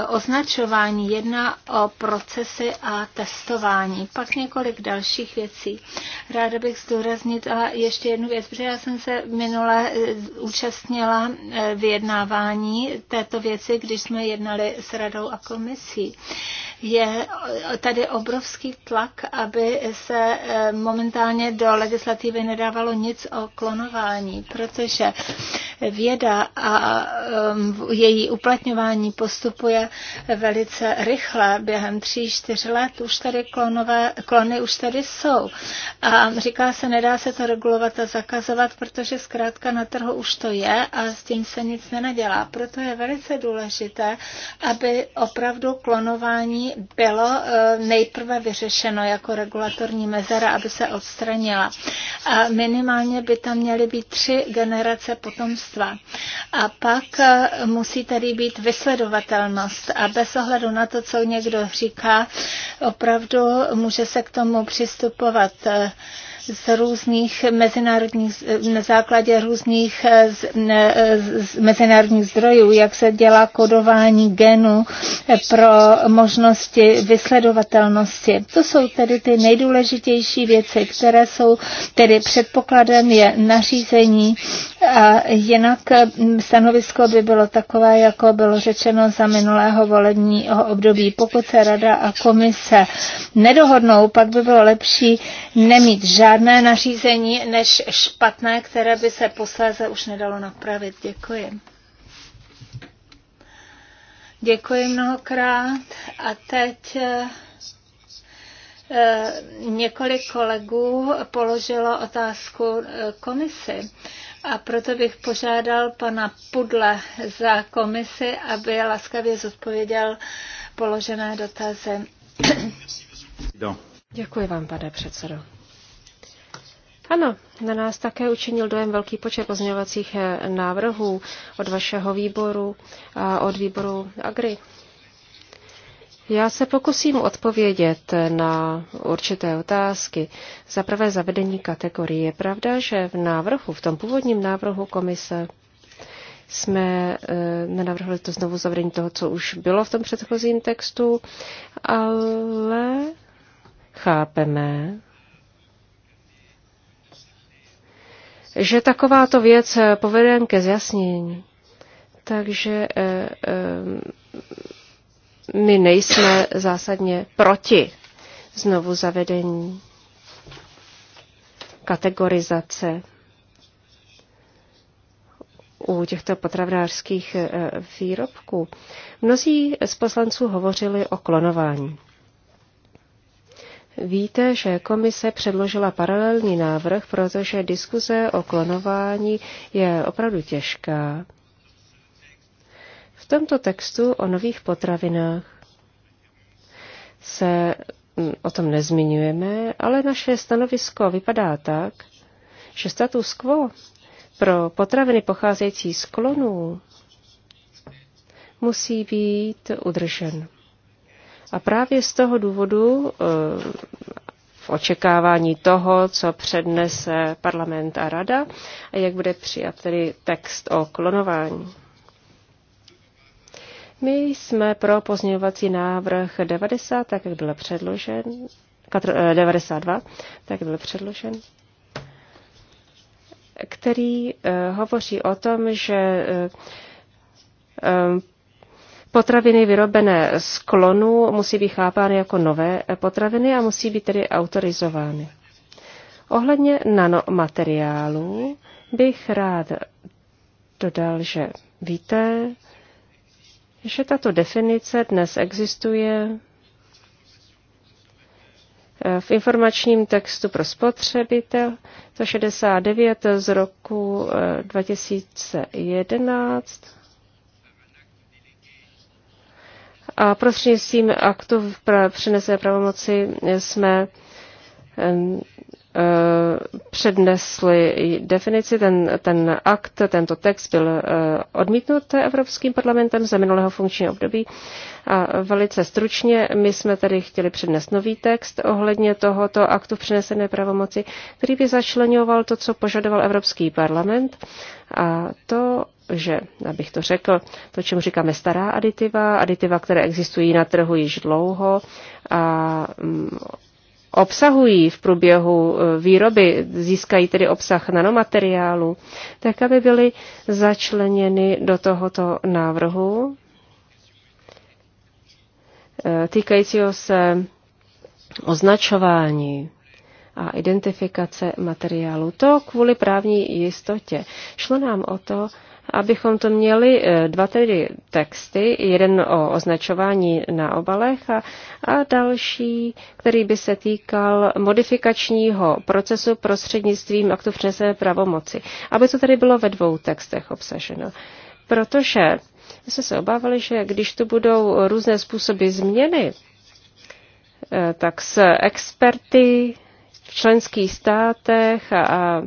označování, jedná o procesy a testování. Pak několik dalších věcí. Ráda bych zdůraznila ještě jednu věc, protože já jsem se minule e, účastnila e, vyjednávání této věci, když jsme jednali s radou a komisí je tady obrovský tlak, aby se eh, momentálně do legislativy nedávalo nic o klonování, protože věda a eh, její uplatňování postupuje velice rychle. Během tří, čtyř let už tady klonové, klony už tady jsou. A říká se, nedá se to regulovat a zakazovat, protože zkrátka na trhu už to je a s tím se nic nenadělá. Proto je velice důležité, aby opravdu klonování bylo eh, nejprve vyřešeno jako regulatorní mezera, aby se odstranila. A minimálně by tam měly být tři generace potomstva. A pak eh, musí tady být vysledovatelnost. A bez ohledu na to, co někdo říká, opravdu může se k tomu přistupovat eh, z různých mezinárodních, na základě různých eh, z, ne, eh, z mezinárodních zdrojů, jak se dělá kodování genů eh, pro možnosti vysledovatelnosti. To jsou tedy ty nejdůležitější věci, které jsou tedy předpokladem je nařízení a jinak stanovisko by bylo takové, jako bylo řečeno za minulého volebního období. Pokud se rada a komise nedohodnou, pak by bylo lepší nemít žádný žádné nařízení než špatné, které by se posléze už nedalo napravit. Děkuji. Děkuji mnohokrát a teď eh, několik kolegů položilo otázku eh, komisi. A proto bych požádal pana Pudla za komisi, aby laskavě zodpověděl položené dotazy. Děkuji vám, pane předsedo. Ano, na nás také učinil dojem velký počet pozměňovacích eh, návrhů od vašeho výboru a od výboru Agri. Já se pokusím odpovědět eh, na určité otázky. Za prvé zavedení kategorie. Je pravda, že v návrhu, v tom původním návrhu komise jsme e, nenavrhli to znovu zavedení toho, co už bylo v tom předchozím textu, ale chápeme, že takováto věc eh, povede ke zjasnění. Takže eh, eh, my nejsme zásadně proti znovu zavedení kategorizace u těchto potravinářských výrobků. Mnozí z poslanců hovořili o klonování. Víte, že komise předložila paralelní návrh, protože diskuze o klonování je opravdu těžká. V tomto textu o nových potravinách se mm, o tom nezmiňujeme, ale naše stanovisko vypadá tak, že status quo pro potraviny pocházející z klonů musí být udržen. A právě z toho důvodu eh, v očekávání toho, co přednese parlament a rada a jak bude přijat tedy text o klonování. My jsme pro pozměňovací návrh 90, tak jak byl předložen, 92, eh, tak byl předložen, který eh, hovoří o tom, že Potraviny vyrobené z klonů musí být chápány jako nové potraviny a musí být tedy autorizovány. Ohledně nanomateriálů bych rád dodal, že víte, že tato definice dnes existuje v informačním textu pro spotřebitel 169 z roku 2011 eh, A prostřednictvím aktu v přenesené pravomoci jsme eh, přednesli definici, ten, ten akt, tento text byl eh, odmítnut Evropským parlamentem za minulého funkčního období. A velice stručně my jsme tedy chtěli přednést nový text ohledně tohoto aktu v přenesené pravomoci, který by začlenoval to, co požadoval Evropský parlament a to že, abych to řekl, to, čemu říkáme stará aditiva, aditiva, které existují na trhu již dlouho a mm, obsahují v průběhu e, výroby, získají tedy obsah nanomateriálu, tak aby byly začleněny do tohoto návrhu e, týkajícího se označování a identifikace materiálu. To kvůli právní jistotě. Šlo nám o to, abychom to měli e, dva tedy texty, jeden o označování na obalech a, a další, který by se týkal modifikačního procesu prostřednictvím aktu přenesené pravomoci, aby to tady bylo ve dvou textech obsaženo. Protože my jsme se obávali, že když tu budou různé způsoby změny, e, tak s experty v členských státech a, a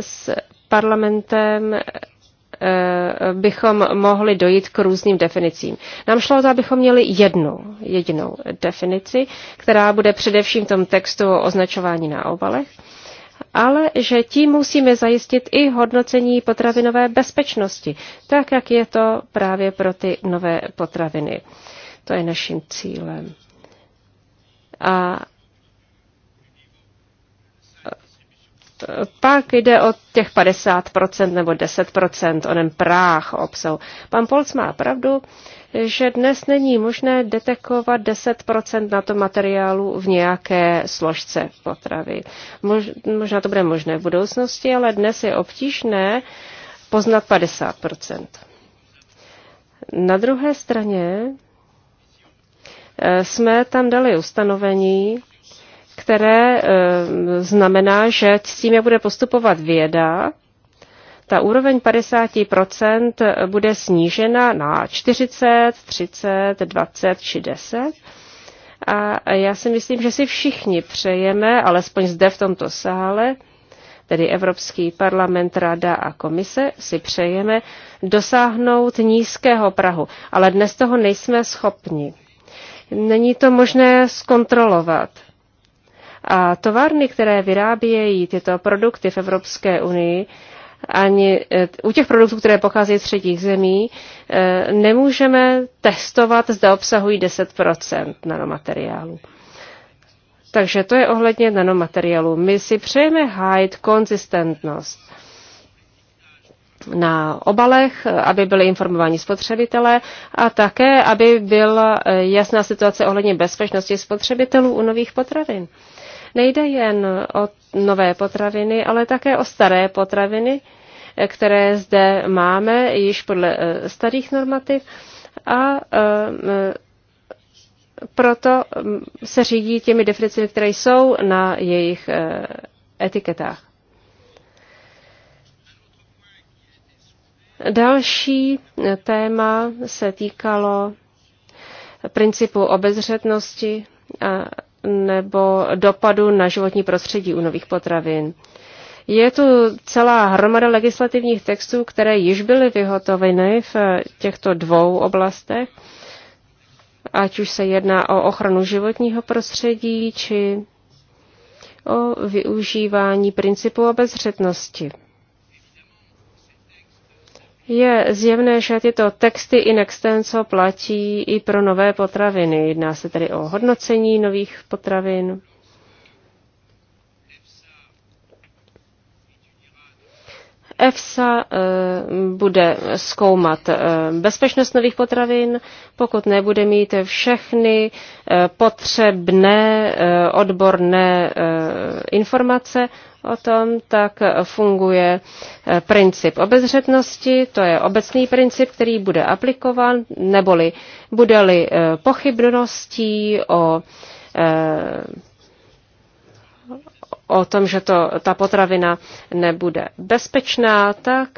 s parlamentem eh, bychom mohli dojít k různým definicím. Nám šlo o to, abychom měli jednu jedinou definici, která bude především v tom textu o označování na obalech, ale že tím musíme zajistit i hodnocení potravinové bezpečnosti, tak jak je to právě pro ty nové potraviny. To je naším cílem. A Pak jde o těch 50% nebo 10%, onem práh obsahu. Pan Polc má pravdu, že dnes není možné detekovat 10% na to materiálu v nějaké složce potravy. Mož, možná to bude možné v budoucnosti, ale dnes je obtížné poznat 50%. Na druhé straně eh, jsme tam dali ustanovení, které eh, znamená, že s tím, jak bude postupovat věda, ta úroveň 50% bude snížena na 40, 30, 20 či 10. A já si myslím, že si všichni přejeme, alespoň zde v tomto sále, tedy Evropský parlament, Rada a Komise, si přejeme dosáhnout nízkého Prahu. Ale dnes toho nejsme schopni. Není to možné zkontrolovat. A továrny, které vyrábějí tyto produkty v Evropské unii, ani eh, u těch produktů, které pocházejí z třetích zemí, eh, nemůžeme testovat, zda obsahují 10 nanomateriálu. Takže to je ohledně nanomateriálu. My si přejeme hájit konzistentnost na obalech, aby byly informováni spotřebitelé a také, aby byla eh, jasná situace ohledně bezpečnosti spotřebitelů u nových potravin. Nejde jen o nové potraviny, ale také o staré potraviny, které zde máme již podle eh, starých normativ a eh, proto se řídí těmi definicemi, které jsou na jejich eh, etiketách. Další téma se týkalo principu obezřetnosti a nebo dopadu na životní prostředí u nových potravin. Je tu celá hromada legislativních textů, které již byly vyhotoveny v těchto dvou oblastech, ať už se jedná o ochranu životního prostředí či o využívání principu obezřetnosti. Je zjevné, že tyto texty in extenso platí i pro nové potraviny. Jedná se tedy o hodnocení nových potravin. EFSA eh, bude zkoumat eh, bezpečnost nových potravin, pokud nebude mít všechny eh, potřebné odborné informace, o tom, tak funguje eh, princip obezřetnosti, to je obecný princip, který bude aplikován, neboli bude-li eh, pochybností o eh, o tom, že to, ta potravina nebude bezpečná, tak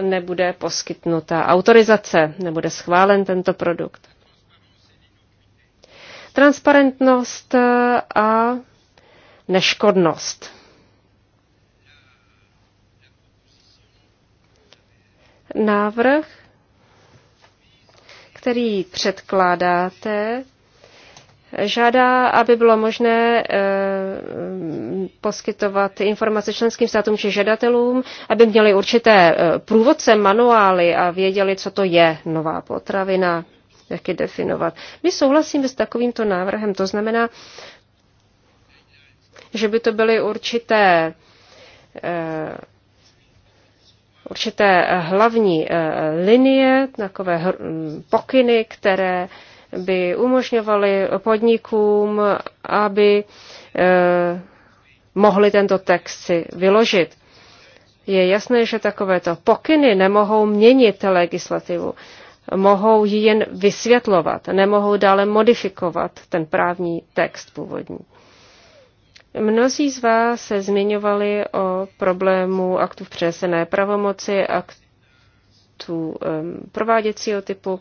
nebude poskytnuta autorizace, nebude schválen tento produkt. Transparentnost a neškodnost. návrh, který předkládáte, žádá, aby bylo možné eh, poskytovat informace členským státům či žadatelům, aby měli určité eh, průvodce, manuály a věděli, co to je nová potravina, jak ji definovat. My souhlasíme s takovýmto návrhem, to znamená, že by to byly určité eh, určité eh, hlavní eh, linie, takové hm, pokyny, které by umožňovaly podnikům, aby eh, mohli tento text si vyložit. Je jasné, že takovéto pokyny nemohou měnit legislativu, mohou ji jen vysvětlovat, nemohou dále modifikovat ten právní text původní. Mnozí z vás se zmiňovali o problému aktů v přenesené pravomoci, aktů prováděcího typu.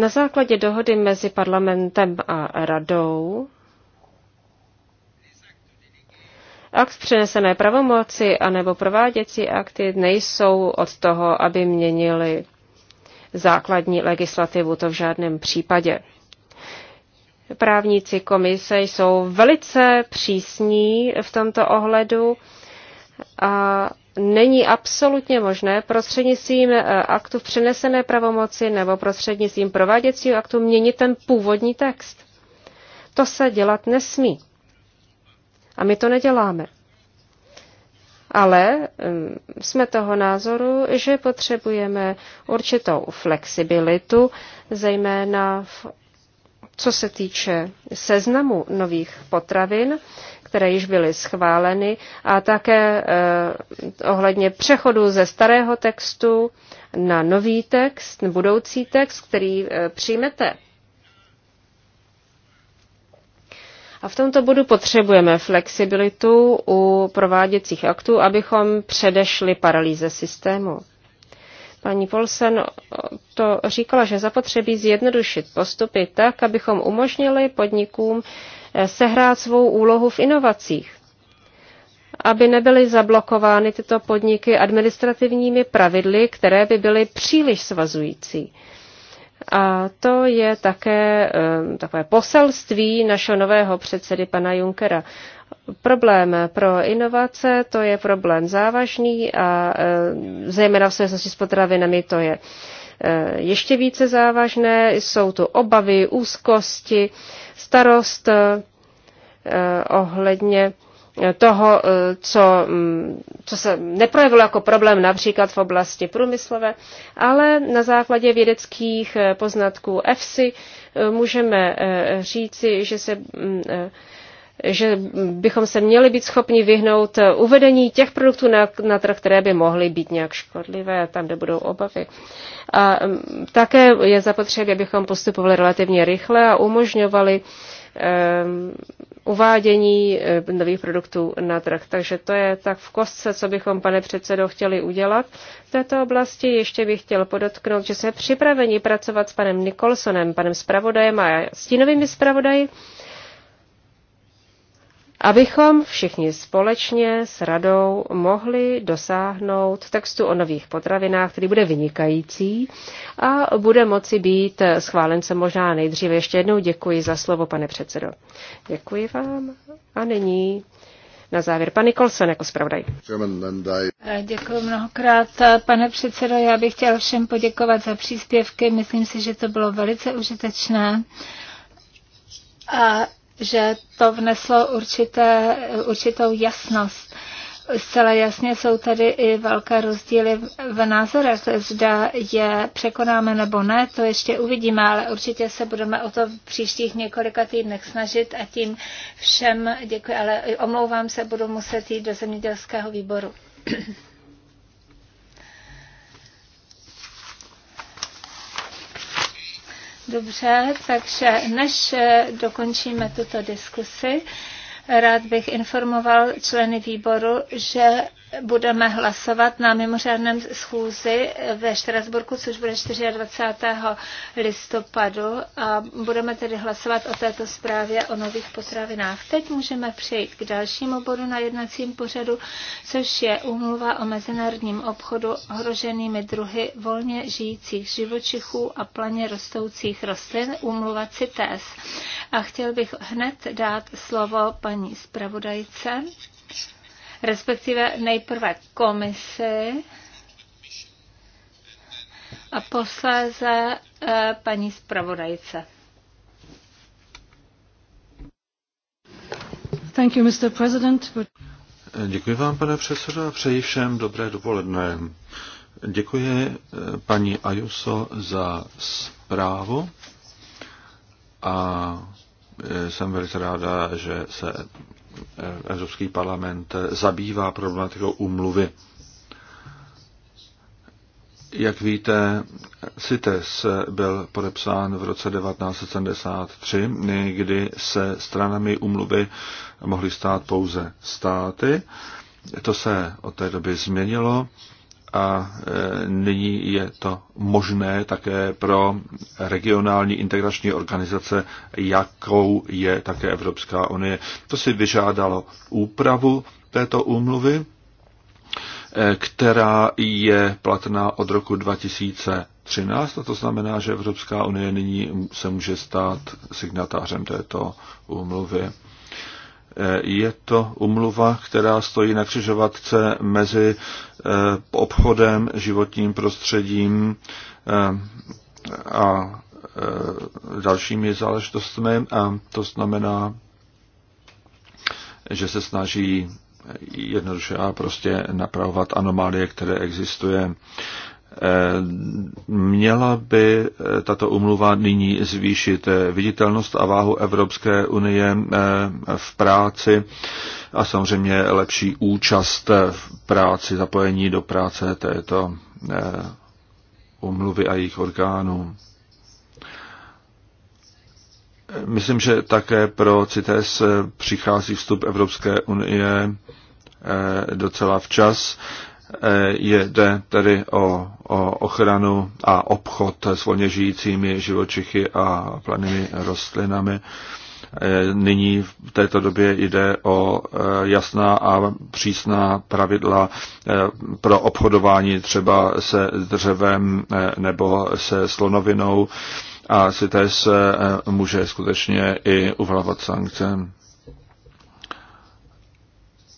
Na základě dohody mezi parlamentem a radou Akt přenesené pravomoci anebo prováděcí akty nejsou od toho, aby měnili základní legislativu, to v žádném případě. Právníci komise jsou velice přísní v tomto ohledu a není absolutně možné prostřednictvím eh, aktu v přenesené pravomoci nebo prostřednictvím prováděcího aktu měnit ten původní text. To se dělat nesmí. A my to neděláme. Ale hm, jsme toho názoru, že potřebujeme určitou flexibilitu, zejména v co se týče seznamu nových potravin, které již byly schváleny, a také eh, ohledně přechodu ze starého textu na nový text, budoucí text, který eh, přijmete. A v tomto bodu potřebujeme flexibilitu u prováděcích aktů, abychom předešli paralýze systému. Paní Polsen to říkala, že zapotřebí zjednodušit postupy tak, abychom umožnili podnikům eh, sehrát svou úlohu v inovacích aby nebyly zablokovány tyto podniky administrativními pravidly, které by byly příliš svazující. A to je také eh, takové poselství našeho nového předsedy pana Junkera. Problém pro inovace, to je problém závažný a eh, zejména v souvislosti s potravinami to je eh, ještě více závažné. Jsou tu obavy, úzkosti, starost ohledně toho, eh, co, mm, co se neprojevilo jako problém například v oblasti průmyslové, ale na základě vědeckých eh, poznatků EFSI eh, můžeme říci, že se mm, že bychom se měli být schopni vyhnout uvedení těch produktů na, na trh, které by mohly být nějak škodlivé, tam, kde budou obavy. A mm, také je zapotřebí, abychom postupovali relativně rychle a umožňovali uvádění eh, nových produktů na trh. Takže to je tak v kostce, co bychom, pane předsedo, chtěli udělat. V této oblasti ještě bych chtěl podotknout, že jsme připraveni pracovat s panem Nikolsonem, panem zpravodajem a stínovými zpravodaji abychom všichni společně s radou mohli dosáhnout textu o nových potravinách, který bude vynikající a bude moci být schválen se možná nejdříve. Ještě jednou děkuji za slovo, pane předsedo. Děkuji vám. A nyní na závěr pan Nikolson jako zpravodaj. Eh, děkuji mnohokrát, eh, pane předsedo. Já bych chtěl všem poděkovat za příspěvky. Myslím si, že to bylo velice užitečné. A že to vneslo určité, určitou jasnost. Zcela jasně jsou tady i velké rozdíly v názorech, zda je překonáme nebo ne, to ještě uvidíme, ale určitě se budeme o to v příštích několika týdnech snažit a tím všem děkuji, ale omlouvám se, budu muset jít do zemědělského výboru. Dobře, takže než eh, dokončíme tuto diskusi, rád bych informoval členy výboru, že budeme hlasovat na mimořádném schůzi ve Štrasburku, což bude 24. listopadu a budeme tedy hlasovat o této zprávě o nových potravinách. Teď můžeme přejít k dalšímu bodu na jednacím pořadu, což je umluva o mezinárodním obchodu ohroženými druhy volně žijících živočichů a planě rostoucích rostlin, umluva CITES. A chtěl bych hned dát slovo paní zpravodajce respektive nejprve komisi a posléze eh, paní zpravodajce. Thank you, Mr. President. Děkuji vám, pane předsedo, a přeji všem dobré dopoledne. Děkuji eh, paní Ajuso za zprávu a eh, jsem velice ráda, že se Evropský parlament zabývá problematikou úmluvy. Jak víte, CITES byl podepsán v roce 1973, kdy se stranami umluvy mohly stát pouze státy. To se od té doby změnilo a e, nyní je to možné také pro regionální integrační organizace, jakou je také Evropská unie. To si vyžádalo úpravu této úmluvy, e, která je platná od roku 2013, a to znamená, že Evropská unie nyní se může stát signatářem této úmluvy. Eh, je to umluva, která stojí na křižovatce mezi eh, obchodem, životním prostředím eh, a dalšími záležitostmi a to znamená, že se snaží jednoduše a prostě napravovat anomálie, které existuje. Měla by eh, tato umluva nyní zvýšit eh, viditelnost a váhu Evropské unie eh, v práci a samozřejmě lepší účast v práci, zapojení do práce této umluvy a jejich orgánů. Myslím, že také pro CITES přichází vstup Evropské unie docela včas. Eh, jde tedy o, o ochranu a obchod s volně žijícími živočichy a planými rostlinami. Eh, nyní v této době jde o eh, jasná a přísná pravidla pro obchodování třeba se dřevem nebo se slonovinou a si se může skutečně i uvalovat sankce.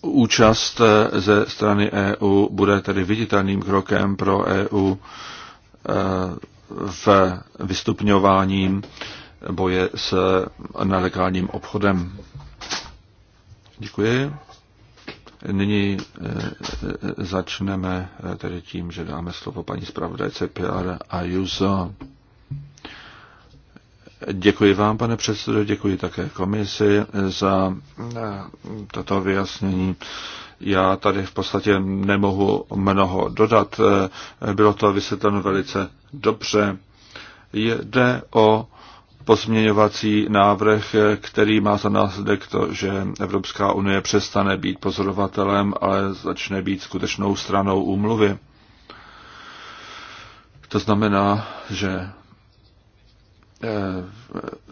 Účast eh, ze strany EU bude tedy viditelným krokem pro EU eh, v vystupňování boje s nelegálním obchodem. Děkuji. Nyní eh, začneme tedy tím, že dáme slovo paní zpravodajce a Ayuso. Děkuji vám, pane předsedo, děkuji také komisi za eh, toto vyjasnění. Já tady v podstatě nemohu mnoho dodat. Eh, bylo to vysvětleno velice dobře. Jde o pozměňovací návrh, který má za následek to, že Evropská unie přestane být pozorovatelem, ale začne být skutečnou stranou úmluvy. To znamená, že Eh,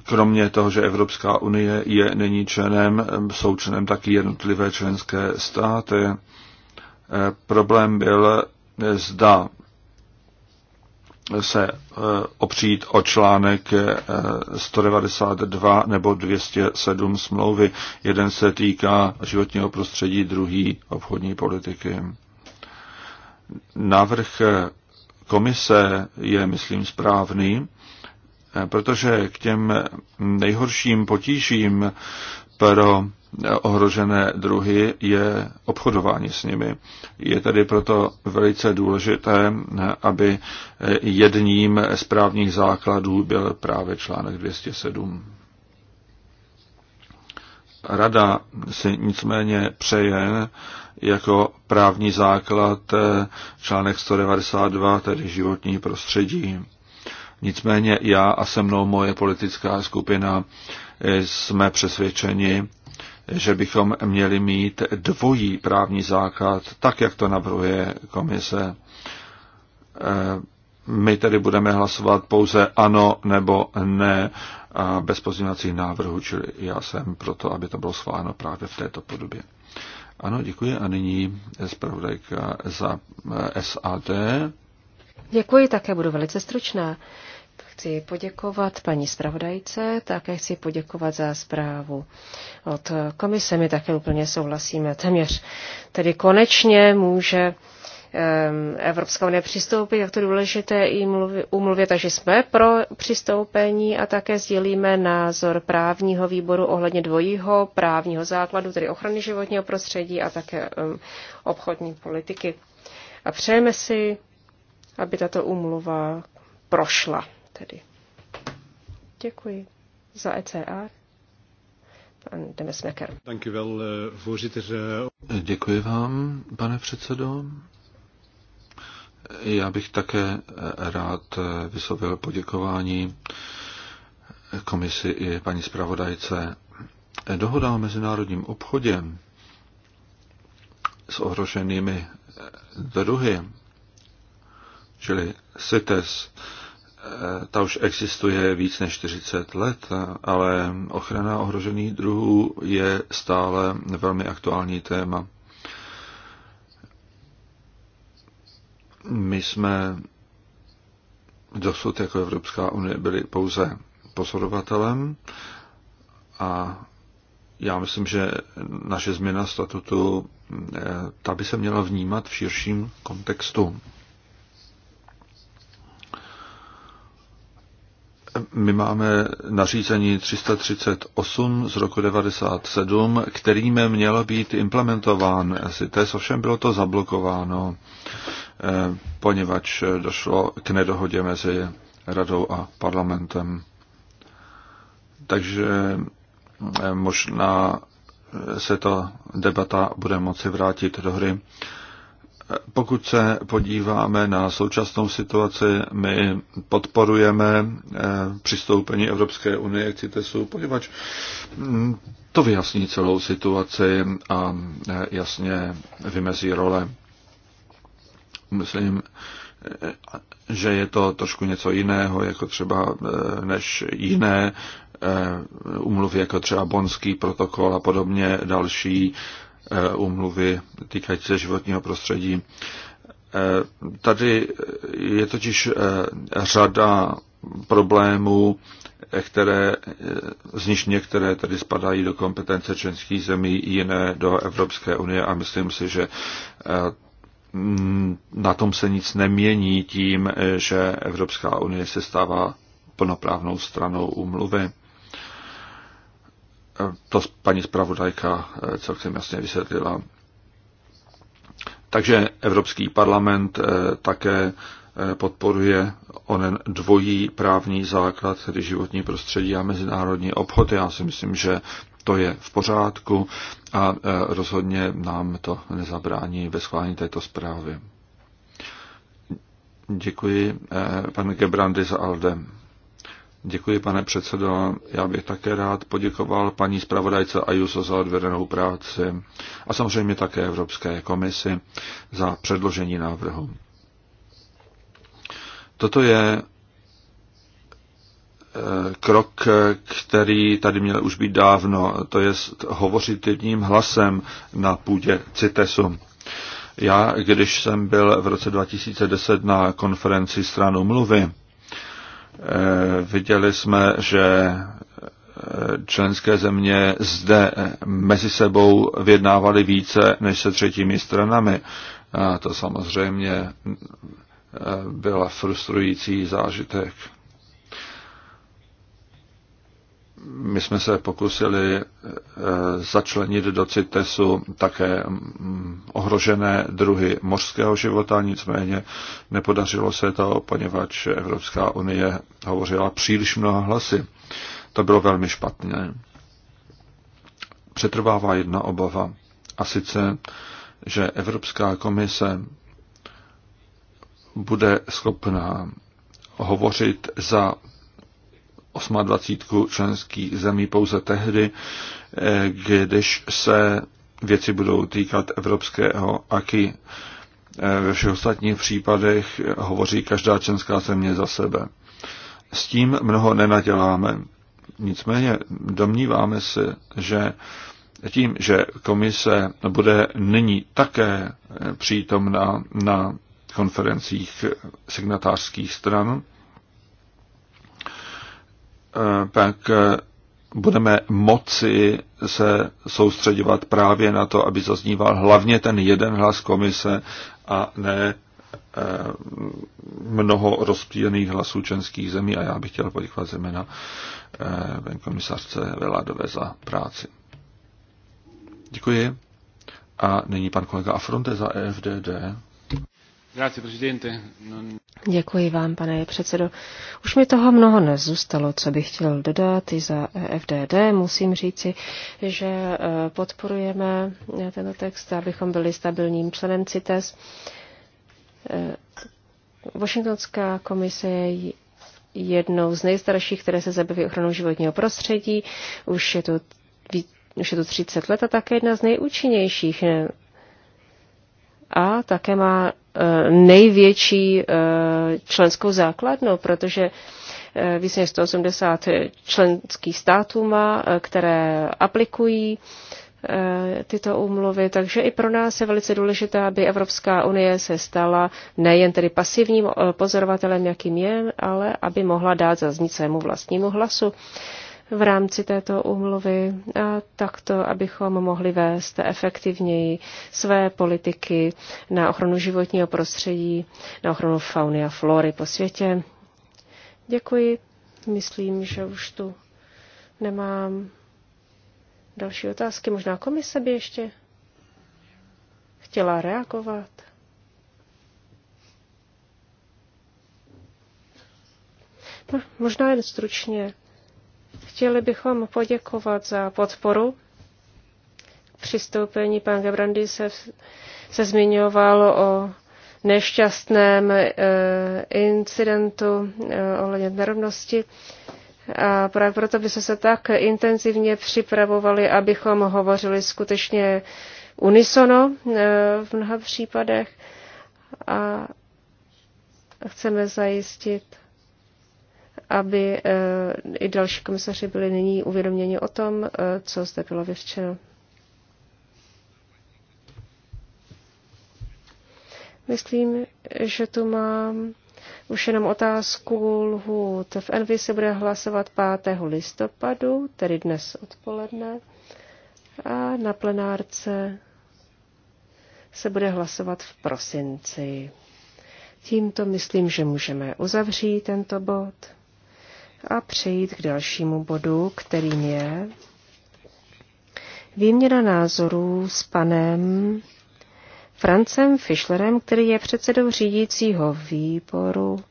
kromě toho, že Evropská unie je není členem, jsou členem taky jednotlivé členské státy. Eh, problém byl, eh, zda se opřít o článek 192 nebo 207 smlouvy. Jeden se týká životního prostředí, druhý obchodní politiky. Návrh komise je, myslím, správný protože k těm nejhorším potížím pro ohrožené druhy je obchodování s nimi. Je tedy proto velice důležité, aby jedním z právních základů byl právě článek 207. Rada si nicméně přeje jako právní základ článek 192, tedy životní prostředí. Nicméně já a se mnou moje politická skupina eh, jsme přesvědčeni, že bychom měli mít dvojí právní základ, tak jak to navrhuje komise. Eh, my tedy budeme hlasovat pouze ano nebo ne a bez pozměňovacích návrhů, čili já jsem proto, aby to bylo schváleno právě v této podobě. Ano, děkuji a nyní zpravodajka za eh, SAD. Děkuji, také budu velice stručná. Chci poděkovat paní zpravodajce, také chci poděkovat za zprávu od komise. My také úplně souhlasíme téměř. Tedy konečně může Evropská unie přistoupit, jak to důležité i umluvě, takže jsme pro přistoupení a také sdělíme názor právního výboru ohledně dvojího právního základu, tedy ochrany životního prostředí a také obchodní politiky. A přejeme si, aby tato umluva prošla tedy. Děkuji za ECR. Pan Demesmecker. Eh, eh. Děkuji vám, pane předsedo. Já bych také eh, rád vyslovil poděkování komisi i paní zpravodajce. Dohoda o mezinárodním obchodě s ohroženými druhy, čili CITES, Eh, ta už existuje víc než 40 let, ale ochrana ohrožených druhů je stále velmi aktuální téma. My jsme dosud jako Evropská unie byli pouze pozorovatelem a já myslím, že naše změna statutu eh, ta by se měla vnímat v širším kontextu. My máme nařízení 338 z roku 97, kterým měl být implementován CITES, ovšem bylo to zablokováno, eh, poněvadž došlo k nedohodě mezi radou a parlamentem. Takže eh, možná se ta debata bude moci vrátit do hry. Pokud se podíváme na současnou situaci, my podporujeme eh, přistoupení Evropské unie k CITESu, poněvadž mm, to vyjasní celou situaci a eh, jasně vymezí role. Myslím, eh, že je to trošku něco jiného, jako třeba než jiné umluvy, jako třeba Bonský protokol a podobně další Eh, úmluvy týkající se životního prostředí. Eh, tady je totiž eh, řada problémů, které, z nich některé tady spadají do kompetence členských zemí, jiné do Evropské unie a myslím si, že na tom se nic nemění tím, že Evropská unie se stává plnoprávnou stranou úmluvy. To paní zpravodajka eh, celkem jasně vysvětlila. Takže Evropský parlament eh, také eh, podporuje onen dvojí právní základ, tedy životní prostředí a mezinárodní obchod. Já si myslím, že to je v pořádku a rozhodně nám to nezabrání ve schválení této zprávy. Děkuji, pane Gebrandy, za Aldem. Děkuji, pane předsedo. Já bych také rád poděkoval paní zpravodajce Ajuso za odvedenou práci a samozřejmě také Evropské komisi za předložení návrhu. Toto je eh, krok, který tady měl už být dávno, to je hovořit jedním hlasem na půdě CITESu. Já, když jsem byl v roce 2010 na konferenci stranu mluvy, Eh, viděli jsme, že eh, členské země zde eh, mezi sebou vyjednávaly více než se třetími stranami. A to samozřejmě byla frustrující zážitek. My jsme se pokusili eh, začlenit do CITESu také mm, ohrožené druhy mořského života, nicméně nepodařilo se to, poněvadž Evropská unie hovořila příliš mnoha hlasy. To bylo velmi špatné. Přetrvává jedna obava, a sice, že Evropská komise bude schopná hovořit za 28 členských zemí pouze tehdy, když se věci budou týkat evropského aky. Ve všech ostatních případech hovoří každá členská země za sebe. S tím mnoho nenaděláme. Nicméně domníváme se, že tím, že komise bude nyní také přítomna na konferencích signatářských stran, Eh, pak eh, budeme moci se soustředovat právě na to, aby zazníval hlavně ten jeden hlas komise a ne eh, mnoho rozptýlených hlasů členských zemí a já bych chtěl poděkovat zejména komisařce Veládové za práci. Děkuji. A nyní pan kolega Afronte za EFDD. Děkuji vám, pane předsedo. Už mi toho mnoho nezůstalo, co bych chtěl dodat i za FDD. Musím říci, že eh, podporujeme eh, tento text, abychom byli stabilním členem CITES. Eh, Washingtonská komise je jednou z nejstarších, které se zabývají ochranou životního prostředí. Už je to, už je to 30 let a také jedna z nejúčinnějších. A také má Eh, největší eh, členskou základnou, protože eh, více než 180 členských států má, které aplikují tyto úmluvy, takže i pro nás je velice důležité, aby Evropská unie se stala nejen tedy pasivním pozorovatelem, jakým je, ale aby mohla dát zaznít svému vlastnímu hlasu v rámci této úmluvy, takto, abychom mohli vést efektivněji své politiky na ochranu životního prostředí, na ochranu fauny a flory po světě. Děkuji. Myslím, že už tu nemám další otázky. Možná komise by ještě chtěla reagovat. No, možná jen stručně. Chtěli bychom poděkovat za podporu. Přistoupení pan Gebrandy se, se zmiňoval o nešťastném e, incidentu e, ohledně nerovnosti. A právě proto by se tak intenzivně připravovali, abychom hovořili skutečně unisono e, v mnoha případech. A chceme zajistit aby eh, i další komisaři byli nyní uvědoměni o tom, eh, co zde bylo vyřčeno. Myslím, že tu mám už jenom otázku lhůt. V Envy se bude hlasovat 5. listopadu, tedy dnes odpoledne, a na plenárce se bude hlasovat v prosinci. Tímto myslím, že můžeme uzavřít tento bod a přejít k dalšímu bodu, kterým je výměna názorů s panem Francem Fischlerem, který je předsedou řídícího výboru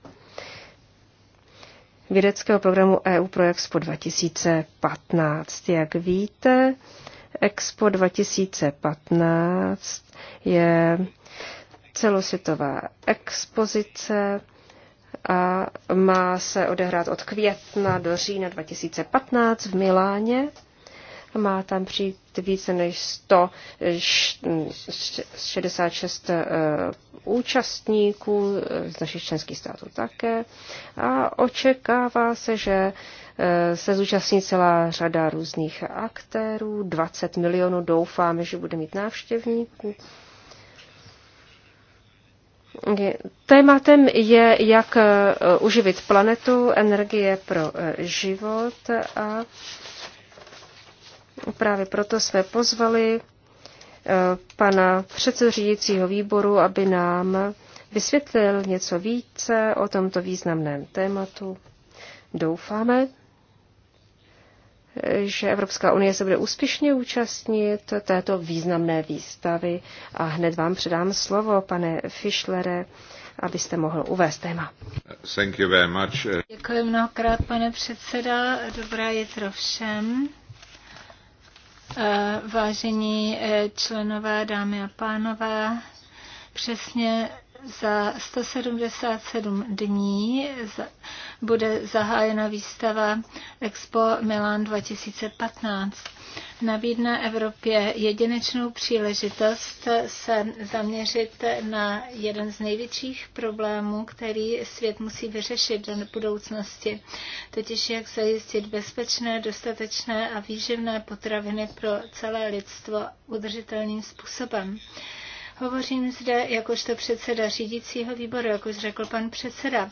vědeckého programu EU pro Expo 2015. Jak víte, Expo 2015 je celosvětová expozice a má se odehrát od května do října 2015 v Miláně. Má tam přijít více než 166 eh, účastníků z našich členských států také. A očekává se, že eh, se zúčastní celá řada různých aktérů, 20 milionů doufáme, že bude mít návštěvníků. Tématem je, jak eh, uživit planetu, energie pro eh, život a právě proto jsme pozvali eh, pana předsedřídícího výboru, aby nám vysvětlil něco více o tomto významném tématu. Doufáme, že Evropská unie se bude úspěšně účastnit této významné výstavy a hned vám předám slovo, pane Fischlere, abyste mohl uvést téma. Thank you very much. Děkuji mnohokrát, pane předseda. Dobrá jitro všem. Eh, vážení eh, členové, dámy a pánové, přesně za 177 dní bude zahájena výstava Expo Milan 2015. Nabídne Evropě jedinečnou příležitost se zaměřit na jeden z největších problémů, který svět musí vyřešit do budoucnosti, totiž jak zajistit bezpečné, dostatečné a výživné potraviny pro celé lidstvo udržitelným způsobem. Hovořím zde jakožto předseda řídícího výboru, jak už řekl pan předseda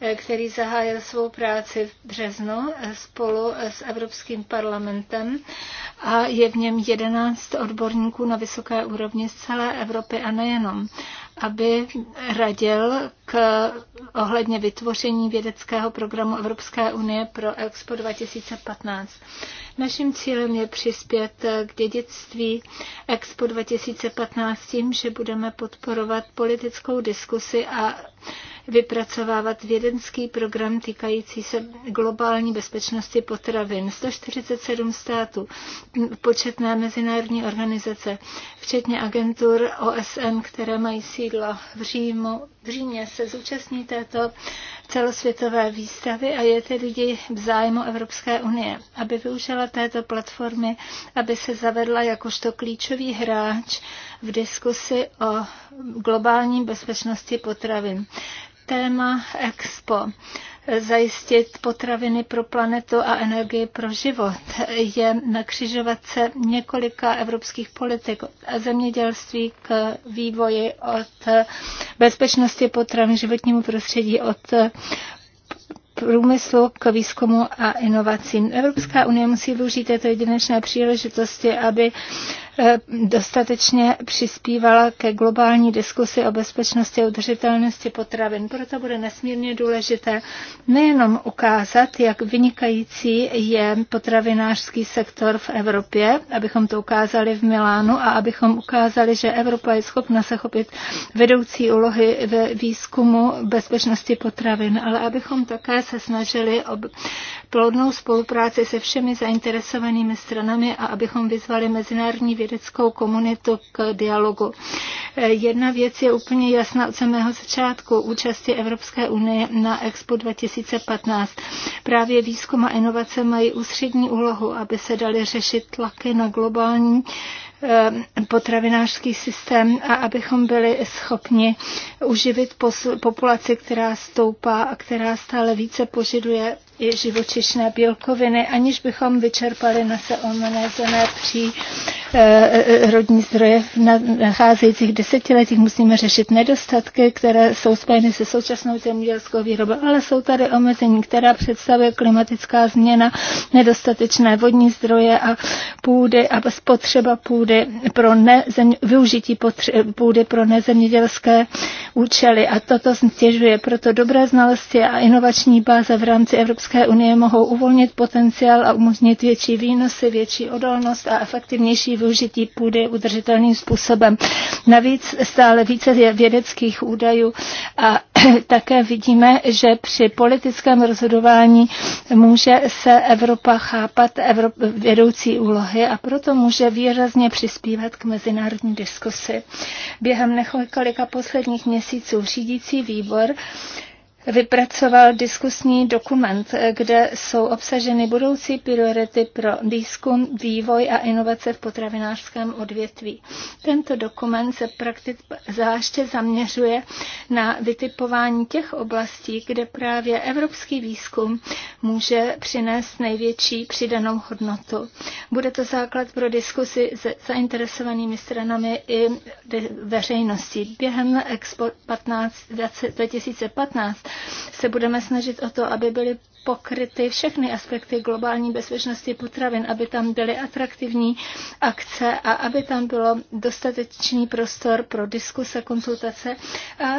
eh, který zahájil svou práci v březnu eh, spolu eh, s Evropským parlamentem a je v něm 11 odborníků na vysoké úrovni z celé Evropy a nejenom, aby radil k ohledně vytvoření vědeckého programu Evropské unie pro Expo 2015. Naším cílem je přispět k dědictví Expo 2015 tím, že budeme podporovat politickou diskusi a vypracovávat vědenský program týkající se globální bezpečnosti potravin. 147 států, početné mezinárodní organizace, včetně agentur OSN, které mají sídlo v, Římu, v Římě, se zúčastní této celosvětové výstavy a je tedy v zájmu Evropské unie, aby využila této platformy, aby se zavedla jakožto klíčový hráč v diskusi o globální bezpečnosti potravin. Téma Expo zajistit potraviny pro planetu a energii pro život. Je na křižovatce několika evropských politik a zemědělství k vývoji od bezpečnosti potravin životnímu prostředí, od průmyslu k výzkumu a inovacím. Evropská unie musí využít této jedinečné příležitosti, aby Eh, dostatečně přispívala ke globální diskusi o bezpečnosti a udržitelnosti potravin. Proto bude nesmírně důležité nejenom ukázat, jak vynikající je potravinářský sektor v Evropě, abychom to ukázali v Milánu a abychom ukázali, že Evropa je schopna se chopit vedoucí úlohy ve výzkumu bezpečnosti potravin, ale abychom také se snažili o plodnou spolupráci se všemi zainteresovanými stranami a abychom vyzvali mezinárodní vědě vědeckou komunitu k dialogu. Eh, jedna věc je úplně jasná od samého začátku účasti Evropské unie na Expo 2015. Právě výzkum a inovace mají ústřední úlohu, aby se daly řešit tlaky na globální eh, potravinářský systém a abychom byli schopni uživit populaci, která stoupá a která stále více požaduje i živočišné bílkoviny, aniž bychom vyčerpali naše omezené pří eh, eh, rodní zdroje v nacházejících desetiletích. Musíme řešit nedostatky, které jsou spojeny se současnou zemědělskou výrobou, ale jsou tady omezení, která představuje klimatická změna, nedostatečné vodní zdroje a půdy a spotřeba půdy pro nezem, využití půdy pro nezemědělské účely. A toto stěžuje proto dobré znalosti a inovační báze v rámci Evropské Evropské unie mohou uvolnit potenciál a umožnit větší výnosy, větší odolnost a efektivnější využití půdy udržitelným způsobem. Navíc stále více vědeckých údajů a také vidíme, že při politickém rozhodování může se Evropa chápat Evrop- vedoucí úlohy a proto může výrazně přispívat k mezinárodní diskusi. Během několika posledních měsíců řídící výbor vypracoval diskusní dokument, kde jsou obsaženy budoucí priority pro výzkum, vývoj a inovace v potravinářském odvětví. Tento dokument se prakticky zvláště zaměřuje na vytipování těch oblastí, kde právě evropský výzkum může přinést největší přidanou hodnotu. Bude to základ pro diskusy s zainteresovanými stranami i veřejností. Během Expo 15, 2015 se budeme snažit o to, aby byly pokryty všechny aspekty globální bezpečnosti potravin, aby tam byly atraktivní akce a aby tam bylo dostatečný prostor pro diskuse, konzultace a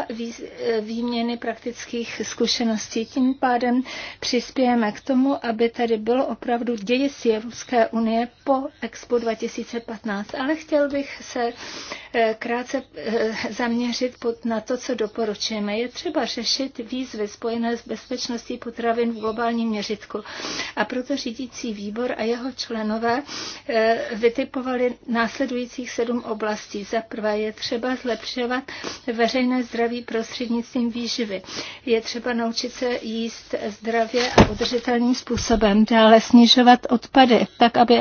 výměny praktických zkušeností. Tím pádem přispějeme k tomu, aby tady bylo opravdu dějství Evropské unie po Expo 2015. Ale chtěl bych se Eh, krátce eh, zaměřit na to, co doporučujeme. Je třeba řešit výzvy spojené s bezpečností potravin v globálním měřitku. A proto řídící výbor a jeho členové eh, vytipovali následujících sedm oblastí. Za prvé je třeba zlepšovat veřejné zdraví prostřednictvím výživy. Je třeba naučit se jíst zdravě a udržitelným způsobem. Dále snižovat odpady, tak aby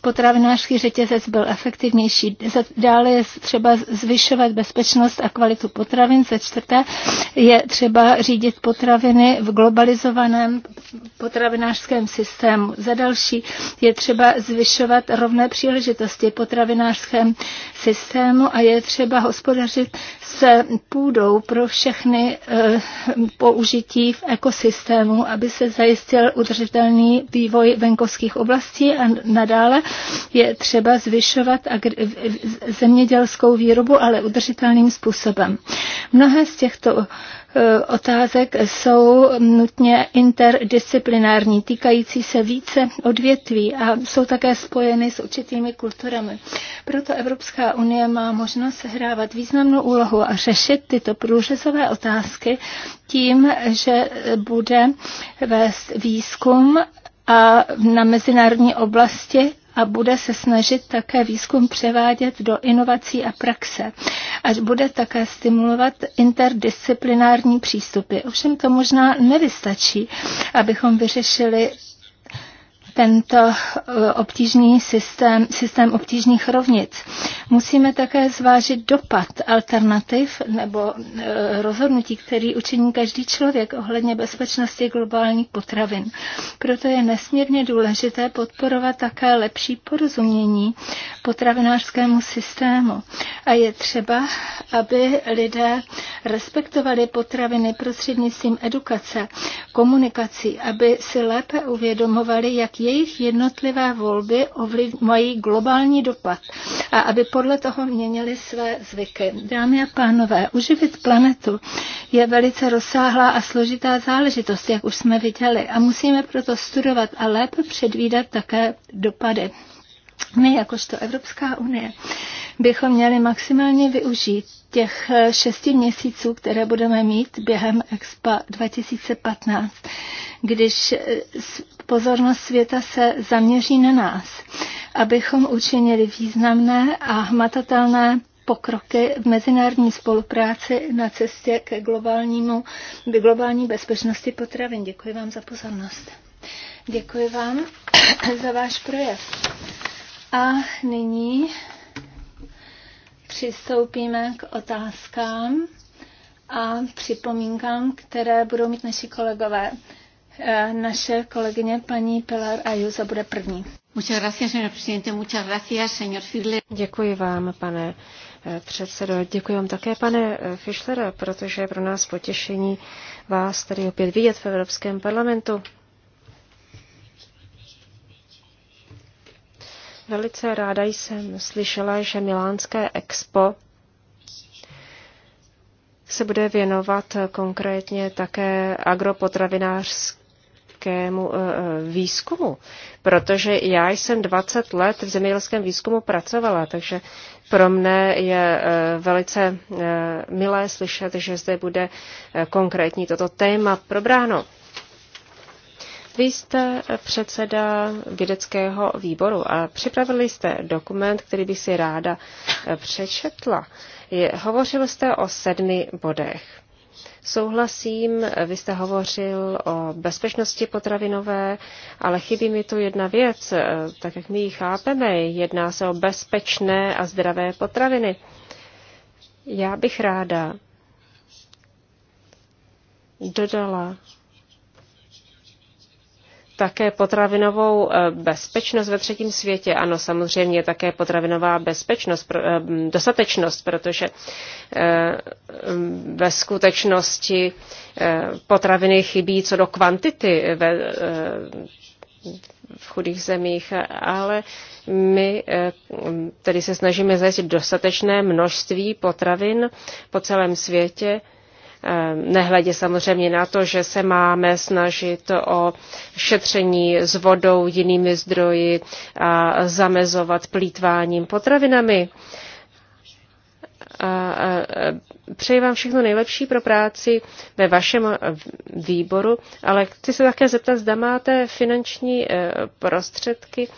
potravinářský řetězec byl efektivnější. Dále je třeba zvyšovat bezpečnost a kvalitu potravin. Za čtvrté je třeba řídit potraviny v globalizovaném potravinářském systému. Za další je třeba zvyšovat rovné příležitosti potravinářském systému a je třeba hospodařit se půdou pro všechny eh, použití v ekosystému, aby se zajistil udržitelný vývoj venkovských oblastí a nadále je třeba zvyšovat zemědělskou ekologickou výrobu, ale udržitelným způsobem. Mnohé z těchto eh, otázek jsou nutně interdisciplinární, týkající se více odvětví a jsou také spojeny s určitými kulturami. Proto Evropská unie má možnost sehrávat významnou úlohu a řešit tyto průřezové otázky tím, že bude vést výzkum a na mezinárodní oblasti a bude se snažit také výzkum převádět do inovací a praxe, až bude také stimulovat interdisciplinární přístupy. Ovšem to možná nevystačí, abychom vyřešili tento eh, obtížný systém, systém obtížných rovnic. Musíme také zvážit dopad alternativ nebo eh, rozhodnutí, který učiní každý člověk ohledně bezpečnosti globálních potravin. Proto je nesmírně důležité podporovat také lepší porozumění potravinářskému systému. A je třeba, aby lidé respektovali potraviny prostřednictvím edukace, komunikací, aby si lépe uvědomovali, jaký jejich jednotlivé volby ovliv, mají globální dopad a aby podle toho měnili své zvyky. Dámy a pánové, uživit planetu je velice rozsáhlá a složitá záležitost, jak už jsme viděli, a musíme proto studovat a lépe předvídat také dopady. My, jakožto Evropská unie, bychom měli maximálně využít těch eh, šesti měsíců, které budeme mít během Expa 2015, když eh, pozornost světa se zaměří na nás, abychom učinili významné a hmatatelné pokroky v mezinárodní spolupráci na cestě ke globálnímu, globální bezpečnosti potravin. Děkuji vám za pozornost. Děkuji vám za váš projev. A nyní přistoupíme k otázkám a připomínkám, které budou mít naši kolegové. Eh, naše kolegyně paní Pilar Ayuso bude první. Děkuji vám, pane eh, předsedo. Děkuji vám také, pane eh, Fischler, protože je pro nás potěšení vás tady opět vidět v Evropském parlamentu. Velice ráda jsem slyšela, že Milánské expo se bude věnovat konkrétně také agropotravinářské zemědělskému eh, eh, výzkumu, protože já jsem 20 let v zemědělském výzkumu pracovala, takže pro mne je eh, velice milé slyšet, že zde bude konkrétní toto téma probráno. Vy jste předseda vědeckého výboru a připravili jste dokument, který bych si ráda přečetla. Je, hovořil jste o sedmi bodech. Souhlasím, vy jste hovořil o bezpečnosti potravinové, ale chybí mi tu jedna věc, eh, tak jak my ji chápeme, jedná se o bezpečné a zdravé potraviny. Já bych ráda dodala také potravinovou eh, bezpečnost ve třetím světě. Ano, samozřejmě také potravinová bezpečnost, eh, dostatečnost, protože eh, ve skutečnosti potraviny chybí co do kvantity ve, v chudých zemích, ale my tedy se snažíme zajistit dostatečné množství potravin po celém světě Eh, nehledě samozřejmě na to, že se máme snažit o šetření s vodou, jinými zdroji a zamezovat plítváním potravinami. A přeji vám všechno nejlepší pro práci ve vašem výboru, ale chci se také zeptat, zda máte finanční eh, prostředky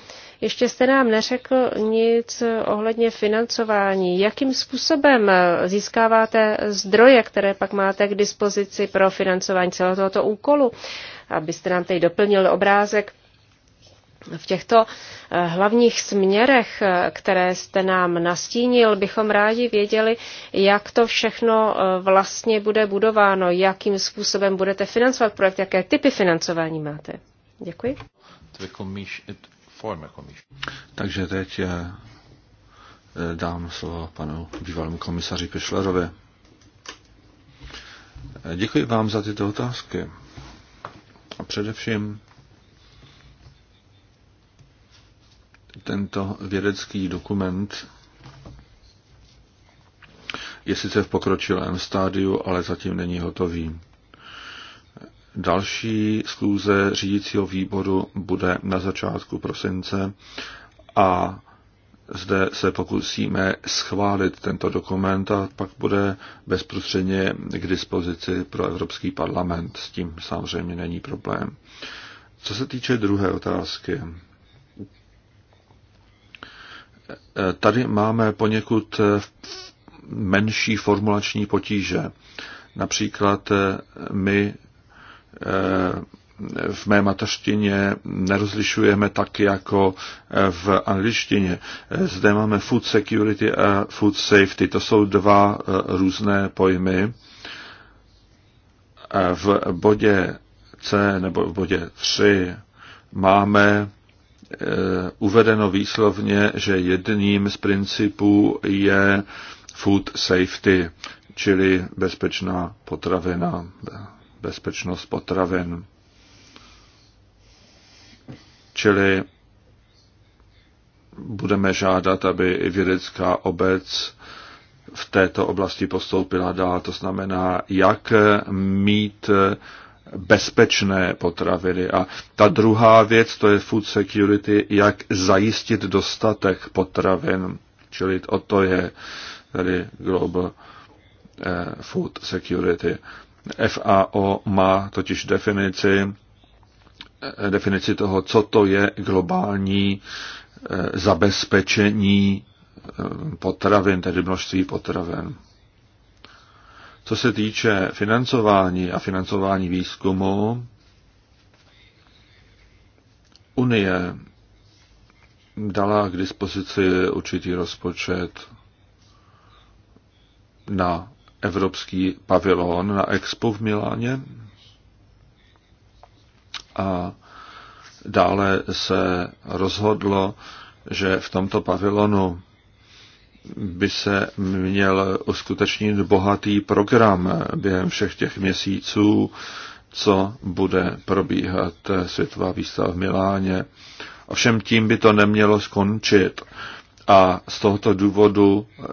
ještě jste nám neřekl nic ohledně financování. Jakým způsobem získáváte zdroje, které pak máte k dispozici pro financování celého tohoto úkolu? Abyste nám tady doplnil obrázek v těchto eh, hlavních směrech, eh, které jste nám nastínil, bychom rádi věděli, jak to všechno eh, vlastně bude budováno, jakým způsobem budete financovat projekt, jaké typy financování máte. Děkuji. Jako Takže teď eh, eh, dám slovo panu bývalému komisaři Pešlerovi. Eh, děkuji vám za tyto otázky. A především tento vědecký dokument je sice v pokročilém stádiu, ale zatím není hotový. Další schůze řídícího výboru bude na začátku prosince a zde se pokusíme schválit tento dokument a pak bude bezprostředně k dispozici pro Evropský parlament. S tím samozřejmě není problém. Co se týče druhé otázky, tady máme poněkud menší formulační potíže. Například my Eh, v mé mateřštině nerozlišujeme tak jako eh, v angličtině. Eh, zde máme food security a food safety. To jsou dva různé pojmy. V bodě C nebo v bodě 3 máme uvedeno výslovně, že jedním z principů je food safety, čili bezpečná potravina, bezpečnost potravin. Čili budeme žádat, aby i vědecká obec v této oblasti postoupila dál. To znamená, jak mít bezpečné potraviny. A ta druhá věc, to je food security, jak zajistit dostatek potravin. Čili o to je tedy global eh, food security. FAO má totiž definici, eh, definici toho, co to je globální eh, zabezpečení eh, potravin, tedy množství potravin. Co se týče financování a financování výzkumu, Unie dala k dispozici určitý rozpočet na evropský pavilon na Expo v Miláně a dále se rozhodlo, že v tomto pavilonu by se měl uskutečnit bohatý program během všech těch měsíců, co bude probíhat světová výstava v Miláně. Ovšem tím by to nemělo skončit. A z tohoto důvodu eh,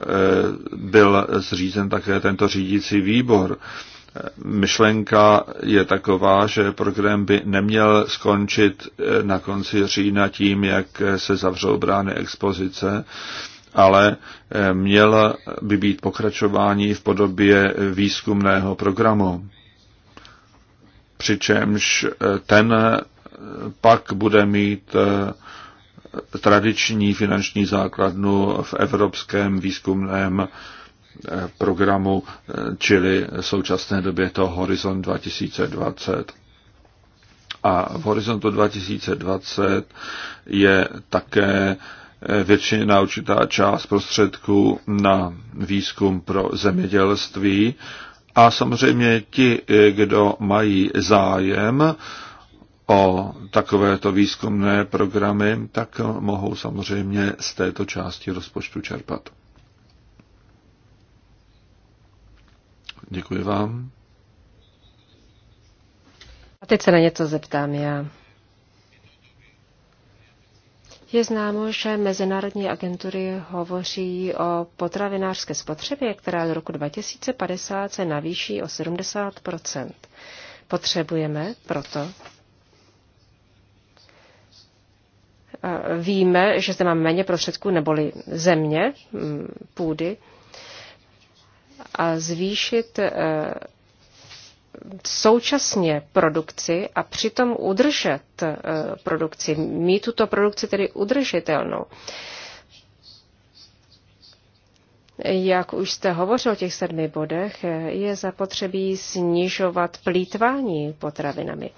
byl zřízen také tento řídící výbor. Myšlenka je taková, že program by neměl skončit eh, na konci října tím, jak se zavřou brány expozice, ale eh, měl by být pokračování v podobě výzkumného programu. Přičemž ten pak bude mít tradiční finanční základnu v evropském výzkumném eh, programu, eh, čili v současné době to Horizon 2020. A v Horizontu 2020 je také eh, většina určitá část prostředků na výzkum pro zemědělství. A samozřejmě ti, kdo mají zájem, o takovéto výzkumné programy, tak mohou samozřejmě z této části rozpočtu čerpat. Děkuji vám. A teď se na něco zeptám já. Je známo, že mezinárodní agentury hovoří o potravinářské spotřebě, která do roku 2050 se navýší o 70 Potřebujeme proto víme, že zde máme méně prostředků neboli země, mm, půdy, a zvýšit e, současně produkci a přitom udržet e, produkci, mít tuto produkci tedy udržitelnou. Jak už jste hovořil o těch sedmi bodech, je zapotřebí snižovat plítvání potravinami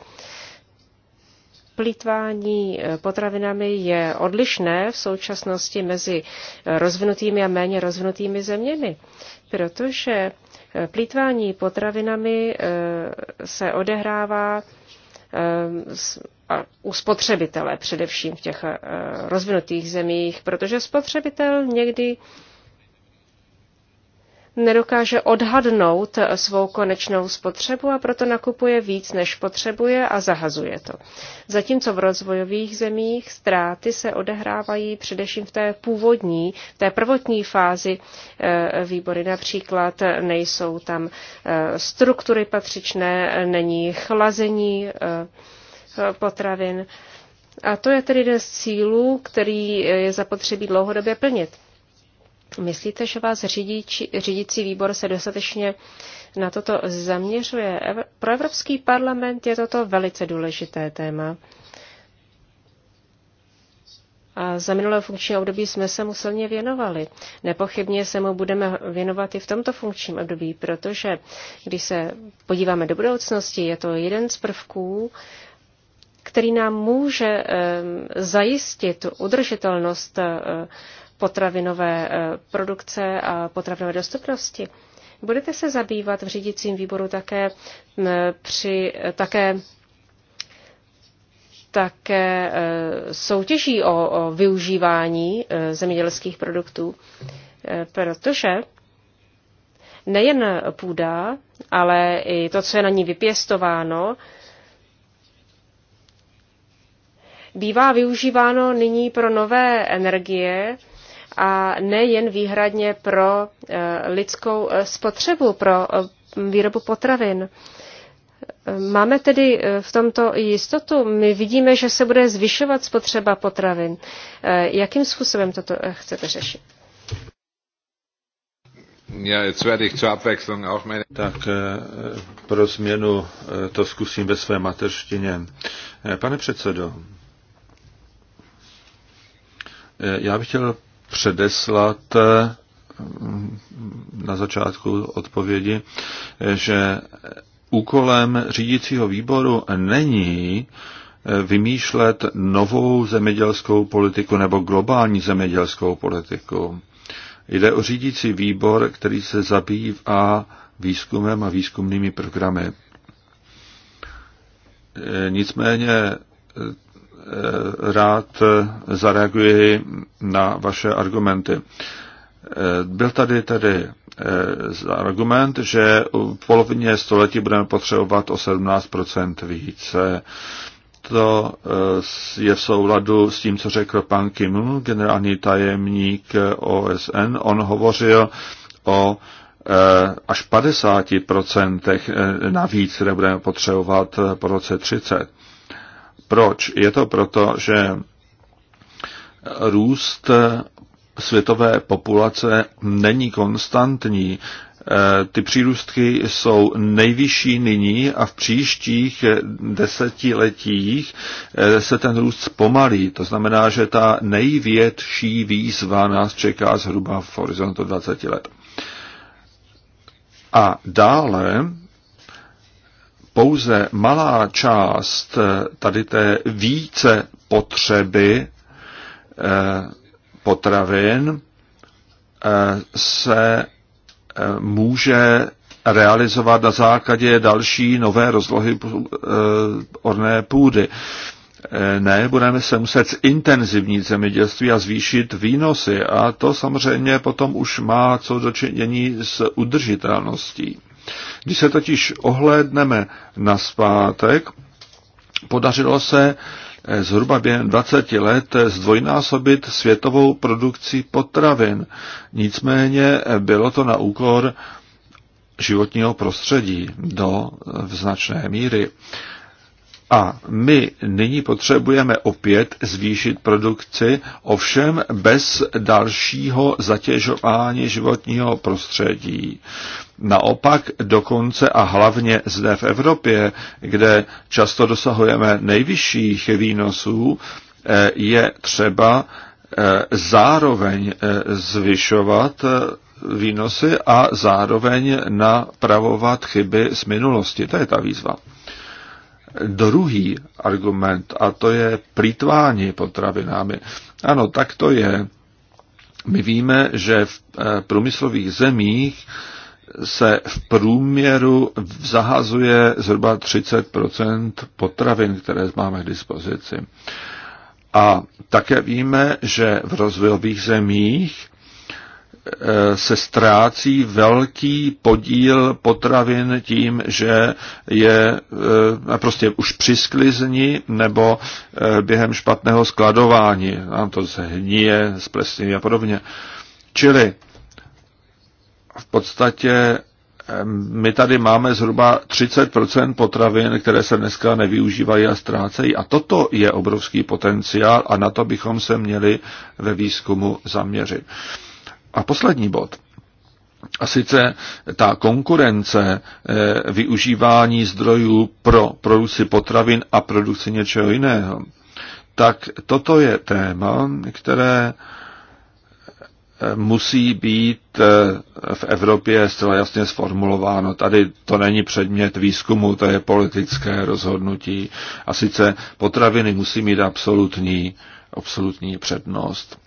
plítvání eh, potravinami je odlišné v současnosti mezi eh, rozvinutými a méně rozvinutými zeměmi, protože eh, plítvání potravinami se odehrává u spotřebitele, především v těch rozvinutých zemích, protože spotřebitel někdy nedokáže odhadnout svou konečnou spotřebu a proto nakupuje víc, než potřebuje a zahazuje to. Zatímco v rozvojových zemích ztráty se odehrávají především v té původní, v té prvotní fázi eh, výbory. Například nejsou tam eh, struktury patřičné, není chlazení eh, potravin. A to je tedy jeden z cílů, který je zapotřebí dlouhodobě plnit. Myslíte, že vás řidiči, řídící výbor se dostatečně na toto zaměřuje? Pro Evropský parlament je toto velice důležité téma. A za minulé funkční období jsme se mu silně věnovali. Nepochybně se mu budeme věnovat i v tomto funkčním období, protože když se podíváme do budoucnosti, je to jeden z prvků, který nám může ehm, zajistit udržitelnost potravinové eh, produkce a potravinové dostupnosti. Budete se zabývat v řídicím výboru také při také také eh, soutěží o, o využívání eh, zemědělských produktů, protože nejen půda, ale i to, co je na ní vypěstováno, bývá využíváno nyní pro nové energie, a nejen výhradně pro eh, lidskou eh, spotřebu, pro eh, výrobu potravin. Máme tedy v tomto jistotu. My vidíme, že se bude zvyšovat spotřeba potravin. Jakým způsobem toto chcete řešit? Tak pro změnu to zkusím ve své mateřštině. Pane předsedo, já bych chtěl předeslat eh, na začátku odpovědi, že úkolem řídícího výboru není eh, vymýšlet novou zemědělskou politiku nebo globální zemědělskou politiku. Jde o řídící výbor, který se zabývá výzkumem a výzkumnými programy. Eh, nicméně Eh, rád eh, zareaguji na vaše argumenty. Eh, byl tady tedy argument, že v polovině století budeme potřebovat o 17 více. To je v souladu s tím, co řekl pan Kim, generální tajemník OSN. On hovořil o až 50% navíc, které budeme potřebovat po roce 30. Proč? Je to proto, že růst světové populace není konstantní. E, ty přírůstky jsou nejvyšší nyní a v příštích desetiletích e, se ten růst zpomalí. To znamená, že ta největší výzva nás čeká zhruba v horizontu 20 let. A dále pouze malá část eh, tady té více potřeby eh, potravin eh, se může realizovat na základě další nové rozlohy orné půdy. Ne, budeme se muset zintenzivnit zemědělství a zvýšit výnosy a to samozřejmě potom už má co dočinění s udržitelností. Když se totiž ohlédneme na zpátek, podařilo se eh, zhruba během 20 let eh, zdvojnásobit světovou produkci potravin. Nicméně eh, bylo to na úkor životního prostředí do značné míry. A my nyní potřebujeme opět zvýšit produkci, ovšem bez dalšího zatěžování životního prostředí. Naopak dokonce a hlavně zde v Evropě, kde často dosahujeme nejvyšších výnosů, eh, je třeba eh, zároveň eh, zvyšovat výnosy a zároveň napravovat chyby z minulosti. To je ta výzva druhý argument, a to je plítvání potravinami. Ano, tak to je. My víme, že v eh, průmyslových zemích se v průměru zahazuje zhruba 30 potravin, které máme k dispozici. A také víme, že v rozvojových zemích Eh, se ztrácí velký podíl potravin tím, že je eh, prostě už při sklizni nebo eh, během špatného skladování. Nám to zhnije, splesniví a podobně. Čili v podstatě my tady máme zhruba 30% potravin, které se dneska nevyužívají a ztrácejí. A toto je obrovský potenciál a na to bychom se měli ve výzkumu zaměřit. A poslední bod. A sice ta konkurence eh, využívání zdrojů pro produkci potravin a produkci něčeho jiného, tak toto je téma, které eh, musí být eh, v Evropě zcela jasně sformulováno. Tady to není předmět výzkumu, to je politické rozhodnutí. A sice potraviny musí mít absolutní, absolutní přednost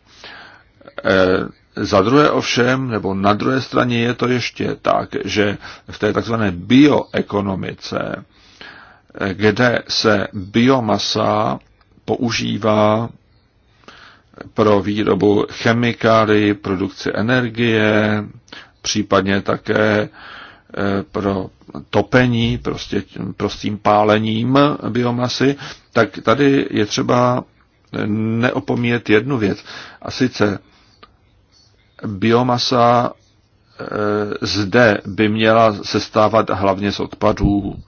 za druhé ovšem, nebo na druhé straně je to ještě tak, že v té takzvané bioekonomice, kde se biomasa používá pro výrobu chemikály, produkci energie, případně také eh, pro topení, prostě prostým pálením biomasy, tak tady je třeba eh, neopomíjet jednu věc. A sice biomasa eh, zde by měla sestávat hlavně z odpadů.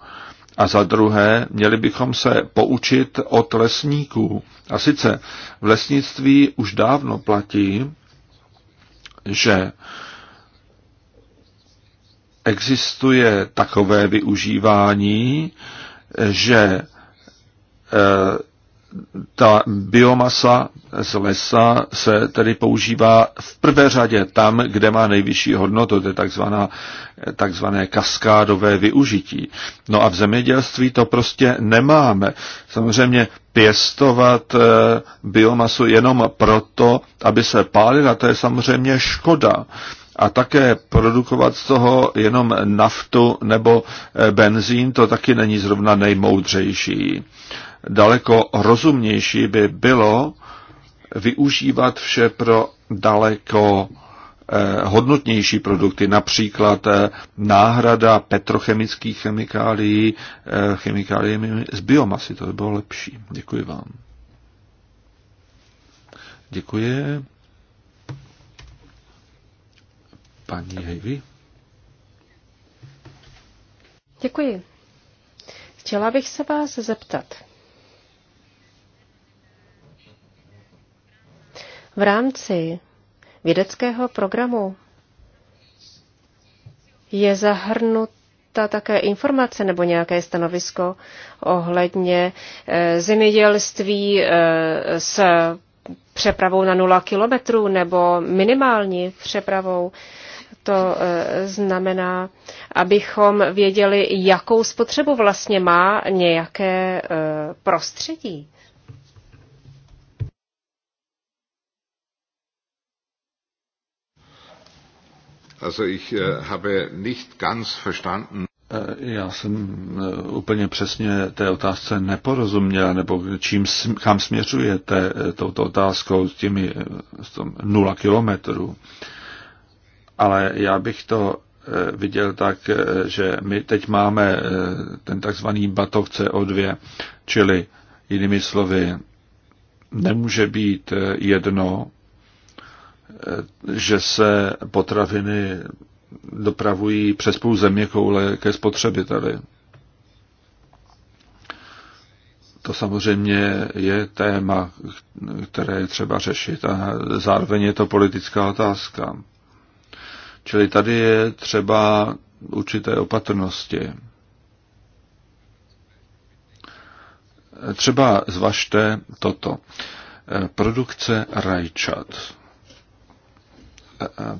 A za druhé, měli bychom se poučit od lesníků. A sice v lesnictví už dávno platí, že existuje takové využívání, že eh, ta biomasa z lesa se tedy používá v prvé řadě tam, kde má nejvyšší hodnotu, to je takzvaná, takzvané kaskádové využití. No a v zemědělství to prostě nemáme. Samozřejmě pěstovat eh, biomasu jenom proto, aby se pálila, to je samozřejmě škoda a také produkovat z toho jenom naftu nebo eh, benzín, to taky není zrovna nejmoudřejší daleko rozumnější by bylo využívat vše pro daleko eh, hodnotnější produkty, například eh, náhrada petrochemických chemikálií eh, chemikáliemi z biomasy. To by bylo lepší. Děkuji vám. Děkuji. Paní Hejvy. Děkuji. Chtěla bych se vás zeptat. V rámci vědeckého programu je zahrnuta také informace nebo nějaké stanovisko ohledně eh, zemědělství eh, s přepravou na nula kilometrů nebo minimální přepravou. To eh, znamená, abychom věděli, jakou spotřebu vlastně má nějaké prostředí. Also ich äh, habe nicht ganz verstanden. Eh, já jsem eh, úplně přesně té otázce neporozuměl, nebo čím, kam směřujete eh, touto otázkou s těmi s tom nula kilometrů. Ale já bych to viděl tak, že my teď máme ten takzvaný batok CO2, čili jinými slovy, nemůže být jedno, že se potraviny dopravují přes půl země koule ke spotřebiteli. To samozřejmě je téma, které je třeba řešit a zároveň je to politická otázka. Čili tady je třeba určité opatrnosti. Třeba zvažte toto. Produkce rajčat.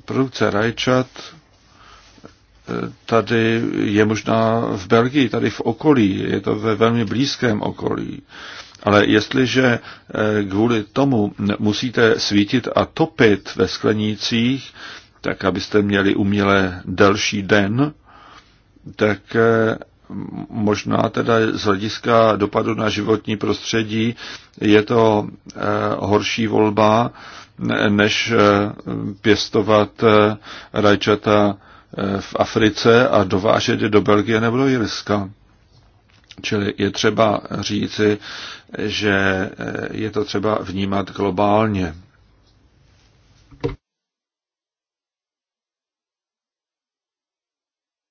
Produkce rajčat e, tady je možná v Belgii, tady v okolí, je to ve velmi blízkém okolí. Ale jestliže e, kvůli tomu musíte svítit a topit ve sklenících, tak abyste měli uměle delší den, tak e, možná teda z hlediska dopadu na životní prostředí je to horší volba, než eh, pěstovat eh, rajčata eh, v Africe a dovážet je do Belgie nebo do Jirska. Čili je třeba říci, že je to třeba vnímat globálně.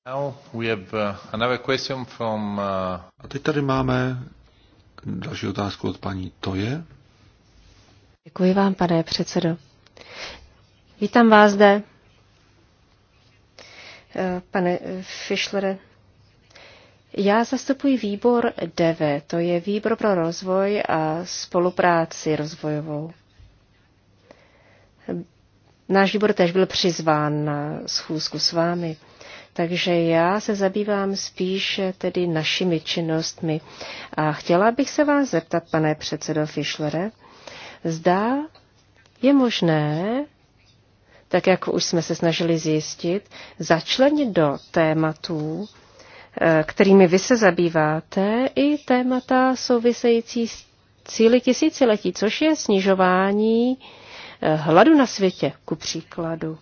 A teď tady máme další otázku od paní Toje. Děkuji vám, pane předsedo. Vítám vás zde, eh, pane Fischlere. Já zastupuji výbor DV, to je výbor pro rozvoj a spolupráci rozvojovou. Náš výbor tež byl přizván na schůzku s vámi, takže já se zabývám spíše tedy našimi činnostmi. A chtěla bych se vás zeptat, pane předsedo Fischlere, Zdá je možné, tak jako už jsme se snažili zjistit, začlenit do tématů, eh, kterými vy se zabýváte, i témata související s cíly tisíciletí, což je snižování eh, hladu na světě, ku příkladu.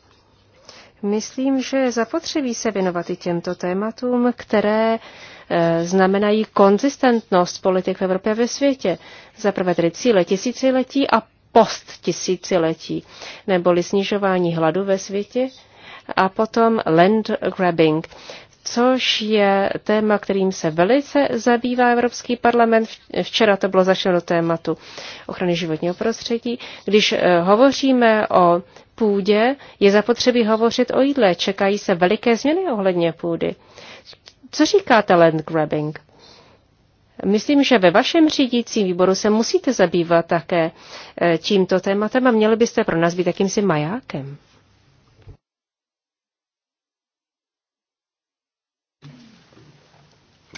Myslím, že zapotřebí se věnovat i těmto tématům, které Eh, znamenají konzistentnost politik v Evropě a ve světě. Za prvé tedy cíle tisíciletí a post tisíciletí, neboli snižování hladu ve světě a potom land grabbing, což je téma, kterým se velice zabývá Evropský parlament. Včera to bylo začalo tématu ochrany životního prostředí. Když eh, hovoříme o půdě, je zapotřebí hovořit o jídle. Čekají se veliké změny ohledně půdy. Co říkáte land grabbing? Myslím, že ve vašem řídícím výboru se musíte zabývat také e, tímto tématem a měli byste pro nás být jakýmsi majákem.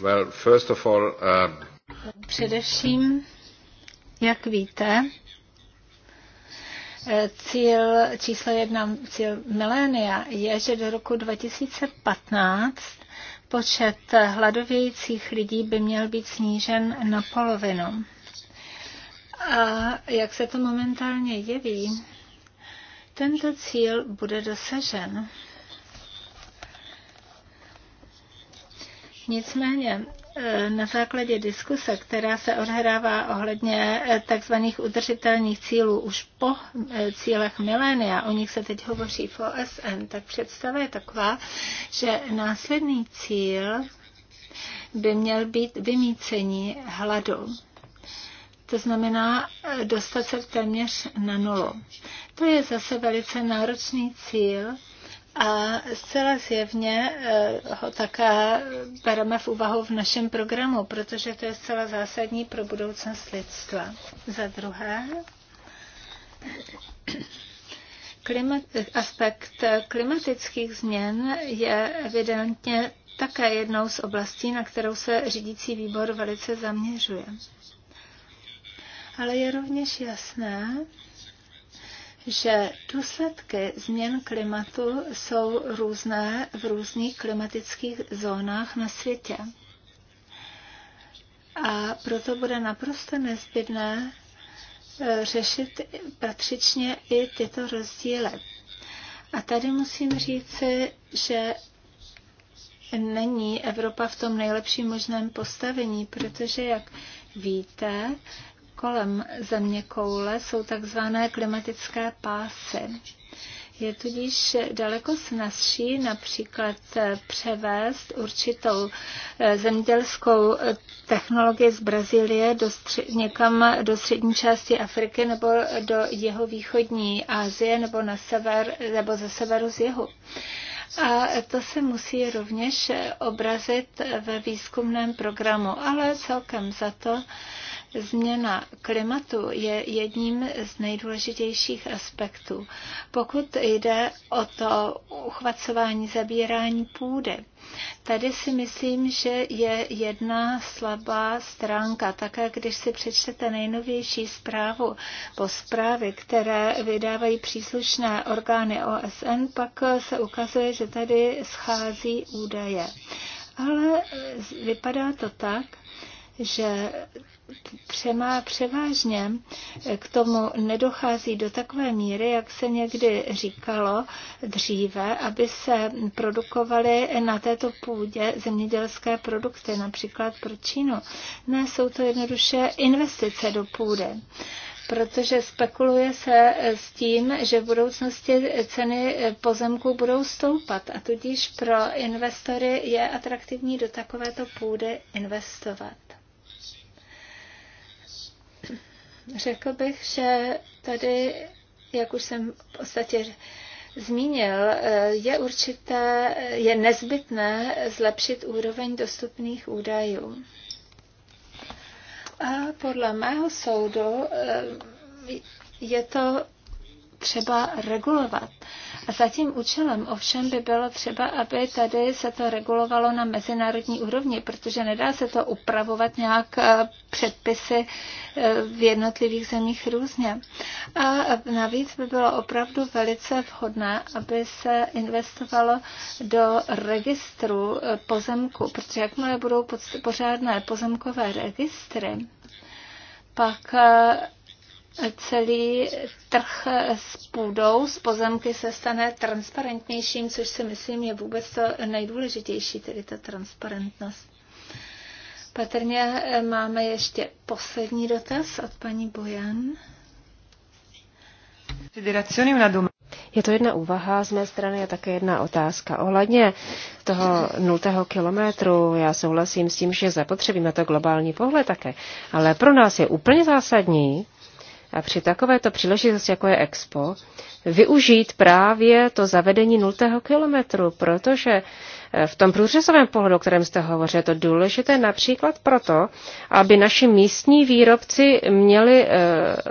Well, first of all, uh... Především, jak víte, e, cíl číslo jedna, cíl milénia je, že do roku 2015 počet hladovějících lidí by měl být snížen na polovinu. A jak se to momentálně jeví, tento cíl bude dosažen. Nicméně na základě diskuse, která se odhrává ohledně eh, takzvaných udržitelných cílů už po eh, cílech milénia, o nich se teď hovoří v OSN, tak představa je taková, že následný cíl by měl být vymícení hladu. To znamená eh, dostat se téměř na nulu. To je zase velice náročný cíl, a zcela zjevně eh, ho také bereme v úvahu v našem programu, protože to je zcela zásadní pro budoucnost lidstva. Za druhé, klimat, aspekt klimatických změn je evidentně také jednou z oblastí, na kterou se řídící výbor velice zaměřuje. Ale je rovněž jasné, že důsledky změn klimatu jsou různé v různých klimatických zónách na světě. A proto bude naprosto nezbytné e, řešit patřičně i tyto rozdíly. A tady musím říci, že není Evropa v tom nejlepším možném postavení, protože, jak víte, kolem země koule jsou takzvané klimatické pásy. Je tudíž daleko snazší například eh, převést určitou eh, zemědělskou eh, technologii z Brazílie do stři- někam do střední části Afriky nebo do jeho východní Asie nebo na sever nebo ze severu z jihu. A to se musí rovněž obrazit ve výzkumném programu, ale celkem za to Změna klimatu je jedním z nejdůležitějších aspektů. Pokud jde o to uchvacování, zabírání půdy, tady si myslím, že je jedna slabá stránka. Také když si přečtete nejnovější zprávu po zprávy, které vydávají příslušné orgány OSN, pak se ukazuje, že tady schází údaje. Ale vypadá to tak, že přemá, převážně k tomu nedochází do takové míry, jak se někdy říkalo dříve, aby se produkovaly na této půdě zemědělské produkty, například pro Čínu. Ne, jsou to jednoduše investice do půdy protože spekuluje se s tím, že v budoucnosti ceny pozemků budou stoupat a tudíž pro investory je atraktivní do takovéto půdy investovat. Řekl bych, že tady, jak už jsem v podstatě zmínil, je určité, je nezbytné zlepšit úroveň dostupných údajů. A podle mého soudu eh, je to třeba regulovat. A Za tím účelem ovšem by bylo třeba, aby tady se to regulovalo na mezinárodní úrovni, protože nedá se to upravovat nějak eh, předpisy eh, v jednotlivých zemích různě. A navíc by bylo opravdu velice vhodné, aby se investovalo do registru eh, pozemku, protože jakmile budou pořádné pozemkové registry, pak celý trh s půdou, s pozemky se stane transparentnějším, což si myslím je vůbec to nejdůležitější, tedy ta transparentnost. Patrně eh, máme ještě poslední dotaz od paní Bojan. Je to jedna úvaha z mé strany a také jedna otázka. Ohledně toho nultého kilometru, já souhlasím s tím, že zapotřebíme to globální pohled také, ale pro nás je úplně zásadní, a při takovéto příležitosti, jako je Expo, využít právě to zavedení nultého kilometru, protože v tom průřezovém pohledu, o kterém jste hovořil, je to důležité například proto, aby naši místní výrobci měli eh,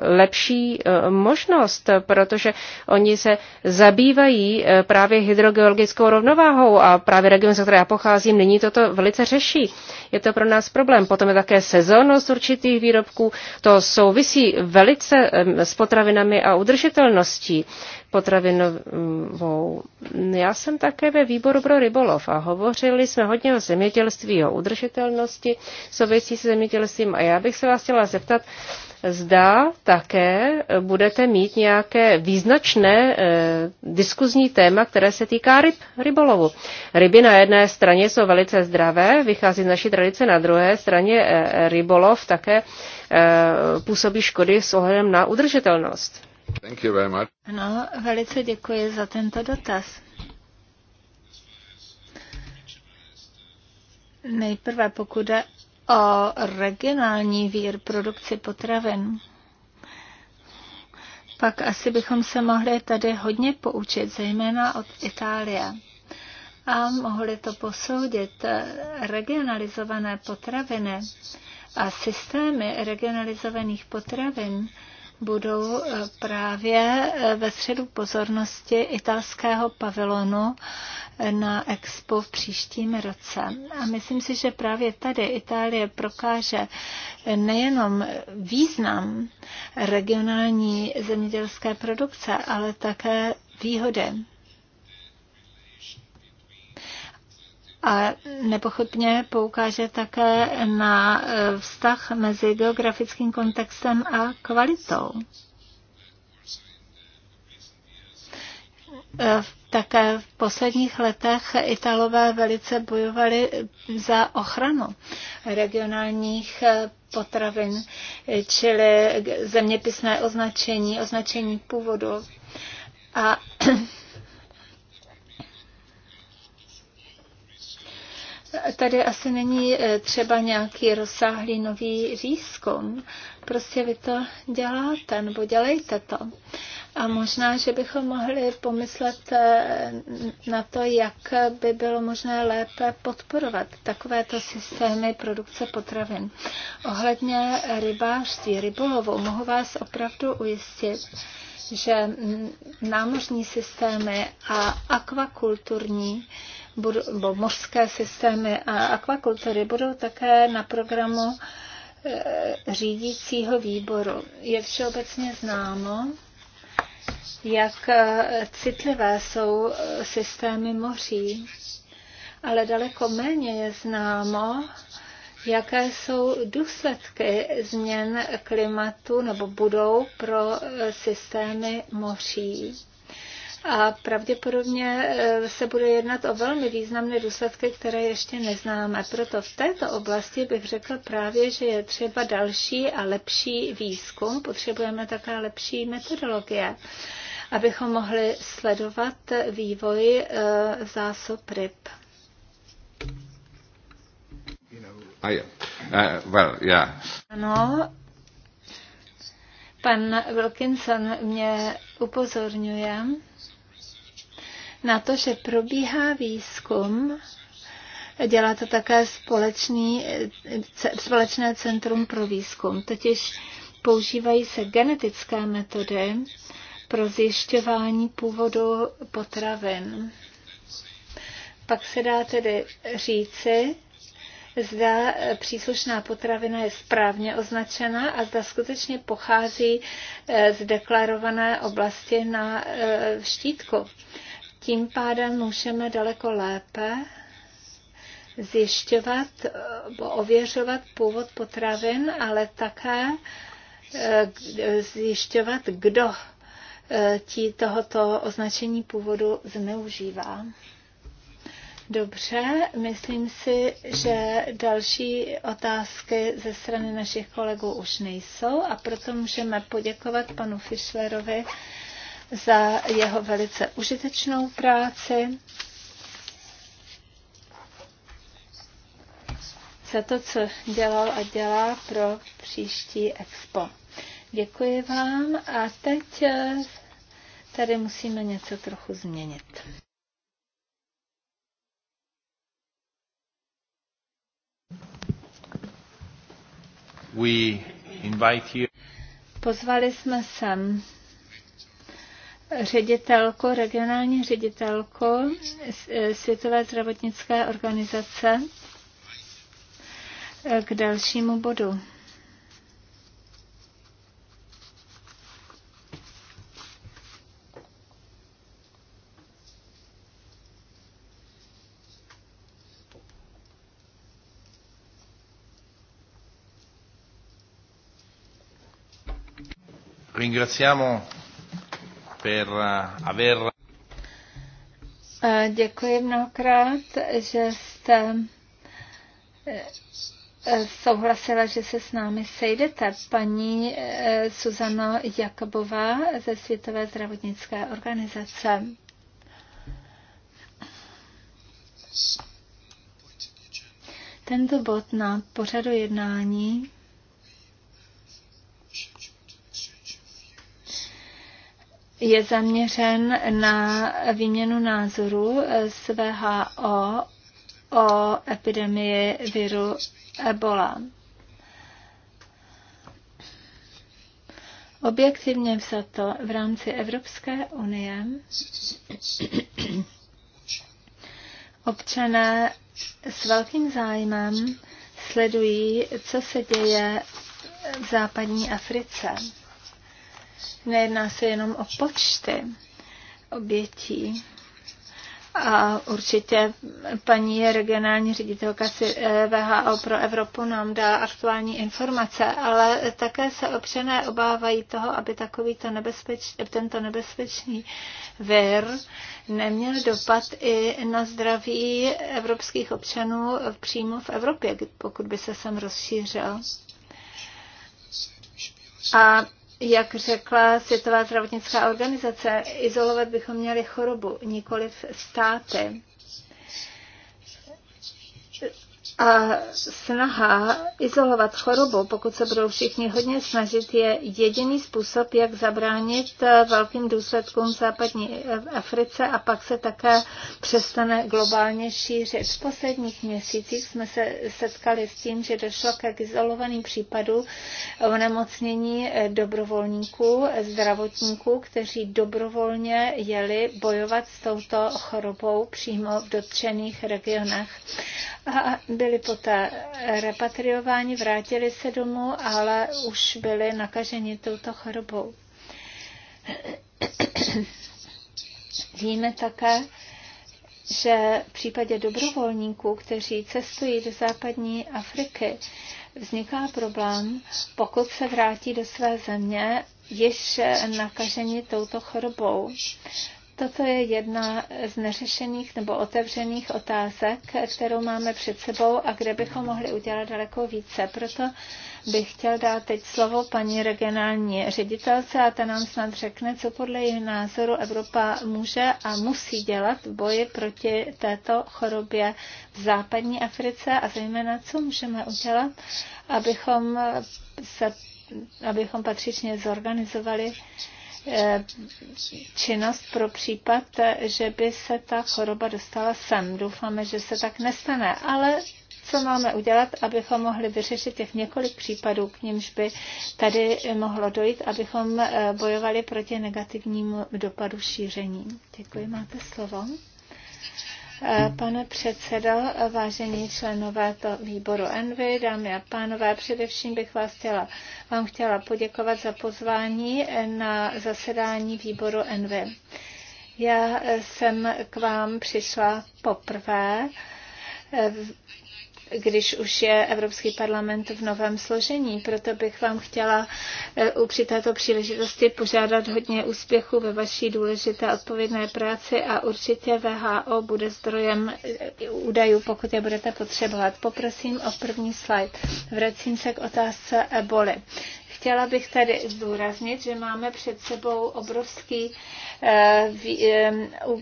lepší eh, možnost, protože oni se zabývají eh, právě hydrogeologickou rovnováhou a právě region, ze které já pocházím, nyní toto velice řeší. Je to pro nás problém. Potom je také sezónnost určitých výrobků. To souvisí velice s potravinami a udržitelností potravinovou. Já jsem také ve výboru pro rybolov a hovořili jsme hodně o zemědělství, o udržitelnosti souvisí se zemědělstvím a já bych se vás chtěla zeptat, zda také budete mít nějaké význačné eh, diskuzní téma, které se týká ryb, rybolovu. Ryby na jedné straně jsou velice zdravé, vychází z naší tradice, na druhé straně eh, rybolov také eh, působí škody s ohledem na udržitelnost. Thank you very much. No, velice děkuji za tento dotaz. Nejprve pokud jde o regionální vír produkci potravin, pak asi bychom se mohli tady hodně poučit, zejména od Itálie. A mohli to posoudit. Eh, regionalizované potraviny a systémy regionalizovaných potravin budou eh, právě eh, ve středu pozornosti italského pavilonu eh, na Expo v příštím roce. A myslím si, že právě tady Itálie prokáže nejenom význam regionální zemědělské produkce, ale také výhody a nepochybně poukáže také na e, vztah mezi geografickým kontextem a kvalitou. E, také v posledních letech Italové velice bojovali za ochranu regionálních e, potravin, čili zeměpisné označení, označení původu. A tady asi není e, třeba nějaký rozsáhlý nový výzkum. Prostě vy to děláte, nebo dělejte to. A možná, že bychom mohli pomyslet e, na to, jak by bylo možné lépe podporovat takovéto systémy produkce potravin. Ohledně rybářství, rybolovu, mohu vás opravdu ujistit, že námořní systémy a akvakulturní bo mořské systémy a akvakultury budou také na programu e, řídícího výboru. Je všeobecně známo, jak e, citlivé jsou e, systémy moří, ale daleko méně je známo, jaké jsou důsledky změn klimatu nebo budou pro systémy moří a pravděpodobně eh, se bude jednat o velmi významné důsledky, které ještě neznáme. Proto v této oblasti bych řekl právě, že je třeba další a lepší výzkum. Potřebujeme také lepší metodologie, abychom mohli sledovat vývoj eh, zásob ryb. Ah, uh, ano, pan Wilkinson mě upozorňuje, na to, že probíhá výzkum, dělá to také společný, společné centrum pro výzkum, totiž používají se genetické metody pro zjišťování původu potravin. Pak se dá tedy říci, zda příslušná potravina je správně označena a zda skutečně pochází eh, z deklarované oblasti na eh, štítku. Tím pádem můžeme daleko lépe zjišťovat, ověřovat původ potravin, ale také eh, zjišťovat, kdo eh, ti tohoto označení původu zneužívá. Dobře, myslím si, že další otázky ze strany našich kolegů už nejsou a proto můžeme poděkovat panu Fischlerovi za jeho velice užitečnou práci, za to, co dělal a dělá pro příští expo. Děkuji vám a teď eh, tady musíme něco trochu změnit. We invite you. Pozvali jsme sem ředitelko, regionální ředitelko e, Světové zdravotnické organizace e, k dalšímu bodu. Ringraziamo per eh, aver... Eh, děkuji mnohokrát, že jste eh, souhlasila, že se s námi sejdete. Paní Suzano Jakobová ze Světové zdravotnické organizace. Tento bod na pořadu jednání je zaměřen na výměnu názorů s VHO o epidemii viru Ebola. Objektivně vzato v rámci Evropské unie občané s velkým zájmem sledují, co se děje v západní Africe. Nejedná se jenom o počty obětí. A určitě paní regionální ředitelka eh, VHO pro Evropu nám dá aktuální informace, ale také se občané obávají toho, aby takovýto nebezpeč, tento nebezpečný vir neměl dopad i na zdraví evropských občanů přímo v Evropě, pokud by se sem rozšířil. A jak řekla Světová zdravotnická organizace, izolovat bychom měli chorobu, nikoli státy. A snaha izolovat chorobu, pokud se budou všichni hodně snažit, je jediný způsob, jak zabránit eh, velkým důsledkům v západní Africe a pak se také přestane globálně šířit. V posledních měsících jsme se setkali s tím, že došlo k izolovaným případům onemocnění eh, dobrovolníků, zdravotníků, kteří dobrovolně jeli bojovat s touto chorobou přímo v dotčených regionech. A byli poté repatriováni, vrátili se domů, ale už byli nakaženi touto chorobou. Víme také, že v případě dobrovolníků, kteří cestují do západní Afriky, vzniká problém, pokud se vrátí do své země již nakaženi touto chorobou. Toto je jedna z neřešených nebo otevřených otázek, kterou máme před sebou a kde bychom mohli udělat daleko více. Proto bych chtěl dát teď slovo paní regionální ředitelce a ta nám snad řekne, co podle jejich názoru Evropa může a musí dělat v boji proti této chorobě v západní Africe a zejména, co můžeme udělat, abychom, se, abychom patřičně zorganizovali Eh, činnost pro případ, že by se ta choroba dostala sem. Doufáme, že se tak nestane, ale co máme udělat, abychom mohli vyřešit těch několik případů, k nímž by tady mohlo dojít, abychom eh, bojovali proti negativnímu dopadu šíření. Děkuji, máte slovo. Eh, pane předsedo, vážení členové to výboru Envy, dámy a pánové, především bych vás chtěla, vám chtěla poděkovat za pozvání eh, na zasedání výboru Envy. Já eh, jsem k vám přišla poprvé když už je Evropský parlament v novém složení. Proto bych vám chtěla eh, při této příležitosti požádat hodně úspěchu ve vaší důležité odpovědné práci a určitě VHO bude zdrojem eh, údajů, pokud je budete potřebovat. Poprosím o první slide. Vracím se k otázce eboli. Chtěla bych tady zdůraznit, že máme před sebou obrovský, eh, eh,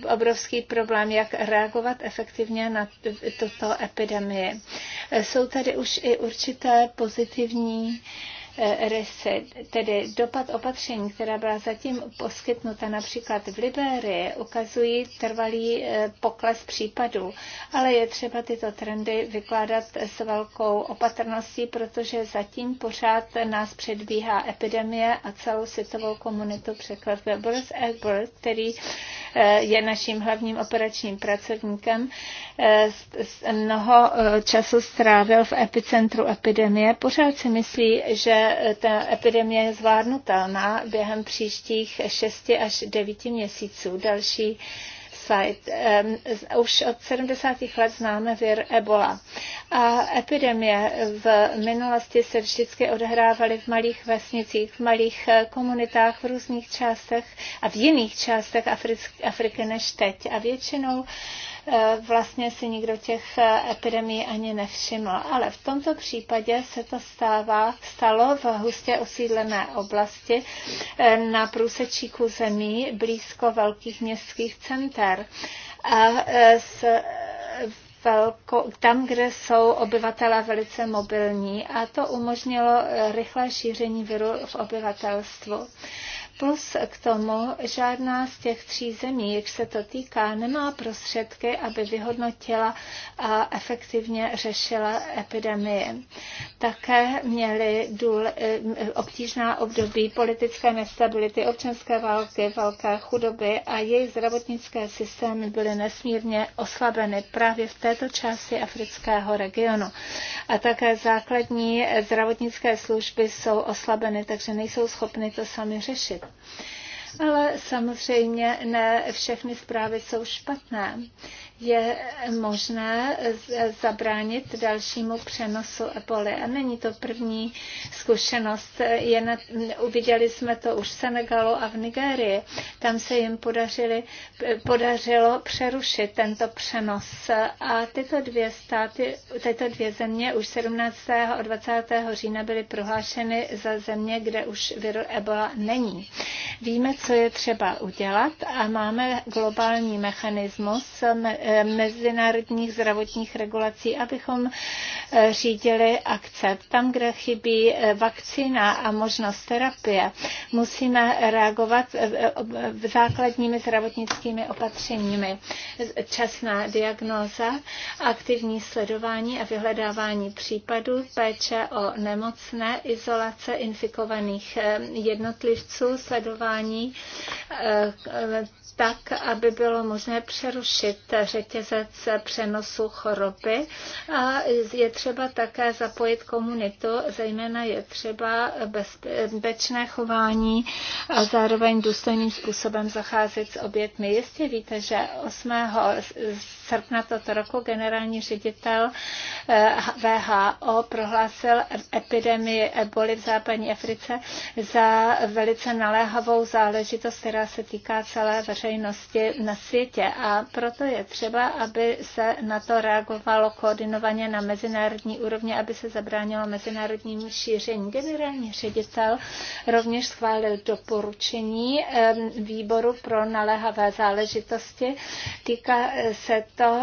obrovský problém, jak reagovat efektivně na tuto epidemii. Eh, jsou tady už i určité pozitivní Eh, rysy, tedy dopad opatření, která byla zatím poskytnuta například v Liberii, ukazují trvalý eh, pokles případů. Ale je třeba tyto trendy vykládat s velkou opatrností, protože zatím pořád nás předbíhá epidemie a celou světovou komunitu překvapil Boris Egbert, který eh, je naším hlavním operačním pracovníkem, mnoho času strávil v epicentru epidemie. Pořád si myslí, že ta epidemie zvládnutelná během příštích 6 až 9 měsíců. Další slide. Už od 70. let známe vir Ebola. A epidemie v minulosti se vždycky odehrávaly v malých vesnicích, v malých eh, komunitách, v různých částech a v jiných částech Afriky než teď. A většinou Eh, vlastně si nikdo těch eh, epidemí ani nevšiml. Ale v tomto případě se to stává, stalo v hustě osídlené oblasti eh, na průsečíku zemí blízko velkých městských center. A s, velko, tam, kde jsou obyvatelé velice mobilní a to umožnilo rychlé šíření viru v obyvatelstvu. Plus k tomu žádná z těch tří zemí, jak se to týká, nemá prostředky, aby vyhodnotila a efektivně řešila epidemie. Také měly důl, eh, obtížná období politické nestability, občanské války, velké chudoby a jejich zdravotnické systémy byly nesmírně oslabeny právě v této části afrického regionu. A také základní zdravotnické služby jsou oslabeny, takže nejsou schopny to sami řešit. Ale samozřejmě ne všechny zprávy jsou špatné je možné zabránit dalšímu přenosu eboli. A není to první zkušenost. Je na, uviděli jsme to už v Senegalu a v Nigérii. Tam se jim podařili, podařilo přerušit tento přenos. A tyto dvě státy, tyto dvě země už 17. a 20. října byly prohlášeny za země, kde už vir ebola není. Víme, co je třeba udělat a máme globální mechanismus mezinárodních zdravotních regulací, abychom eh, řídili akce. Tam, kde chybí eh, vakcína a možnost terapie, musíme reagovat eh, základními zdravotnickými opatřeními. Časná diagnóza, aktivní sledování a vyhledávání případů, péče o nemocné, izolace infikovaných jednotlivců, sledování tak, aby bylo možné přerušit řetězení řetězec přenosu choroby a je třeba také zapojit komunitu, zejména je třeba bezpečné chování a zároveň důstojným způsobem zacházet s obětmi. Jistě víte, že 8. srpna toto roku generální ředitel eh, VHO prohlásil epidemii eboli v západní Africe za velice naléhavou záležitost, která se týká celé veřejnosti na světě. A proto je třeba potřeba, aby se na to reagovalo koordinovaně na mezinárodní úrovni, aby se zabránilo mezinárodnímu šíření. Generální ředitel rovněž schválil doporučení výboru pro naléhavé záležitosti. Týká se to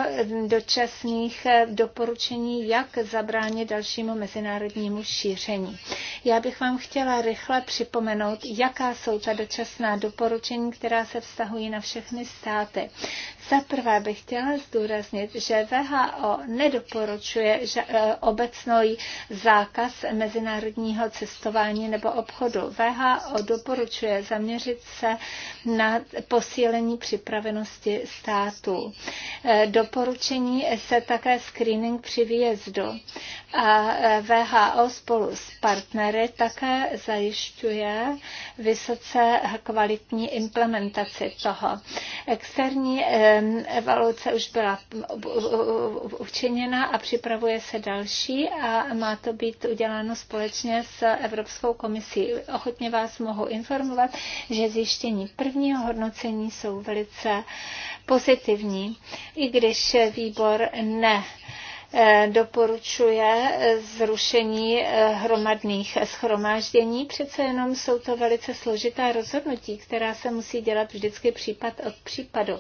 dočasných eh, doporučení, jak zabránit dalšímu mezinárodnímu šíření. Já bych vám chtěla rychle připomenout, jaká jsou ta dočasná doporučení, která se vztahují na všechny státy. Za prvé bych chtěla zdůraznit, že VHO nedoporučuje e, obecný zákaz mezinárodního cestování nebo obchodu. VHO doporučuje zaměřit se na posílení připravenosti států. E, doporučení se také screening při výjezdu. A e, VHO spolu s partnery také zajišťuje vysoce kvalitní implementaci toho. Externí evaluace rezoluce už byla učiněna a připravuje se další a má to být uděláno společně s Evropskou komisí. Ochotně vás mohu informovat, že zjištění prvního hodnocení jsou velice pozitivní, i když výbor ne Eh, doporučuje zrušení eh, hromadných schromáždění. Přece jenom jsou to velice složitá rozhodnutí, která se musí dělat vždycky případ od případu.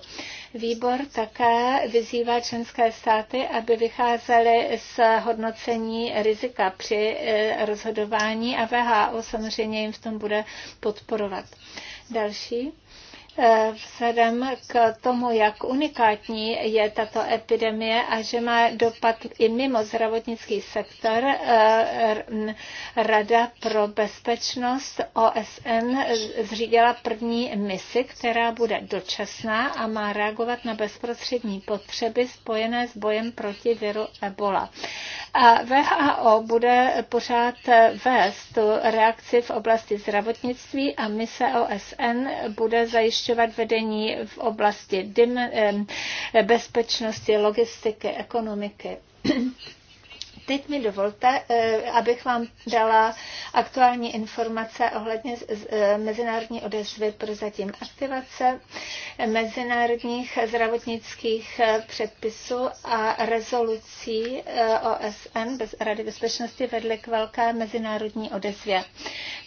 Výbor také vyzývá členské státy, aby vycházely z hodnocení rizika při eh, rozhodování a VHO samozřejmě jim v tom bude podporovat. Další vzhledem k tomu, jak unikátní je tato epidemie a že má dopad i mimo zdravotnický sektor, eh, Rada pro bezpečnost OSN zřídila první misi, která bude dočasná a má reagovat na bezprostřední potřeby spojené s bojem proti viru Ebola. A VHO bude pořád vést tu reakci v oblasti zdravotnictví a mise OSN bude zajišťovat zajišťovat vedení v oblasti eh, bezpečnosti, logistiky, ekonomiky teď mi dovolte, eh, abych vám dala aktuální informace ohledně eh, mezinárodní odezvy pro zatím aktivace mezinárodních zdravotnických eh, předpisů a rezolucí OSN bez Rady bezpečnosti vedly k velké mezinárodní odezvě.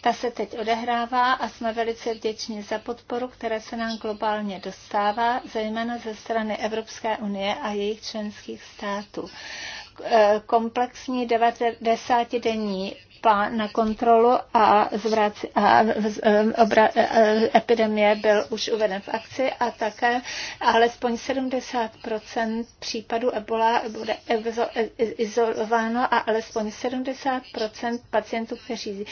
Ta se teď odehrává a jsme velice vděční za podporu, která se nám globálně dostává, zejména ze strany Evropské unie a jejich členských států. Eh, komplexní 90-denní plán na kontrolu a, zvrac, a, obra, a e, e, epidemie byl už uveden v akci a také alespoň 70 případů ebola bude e, izolováno a alespoň 70 pacientů, kteří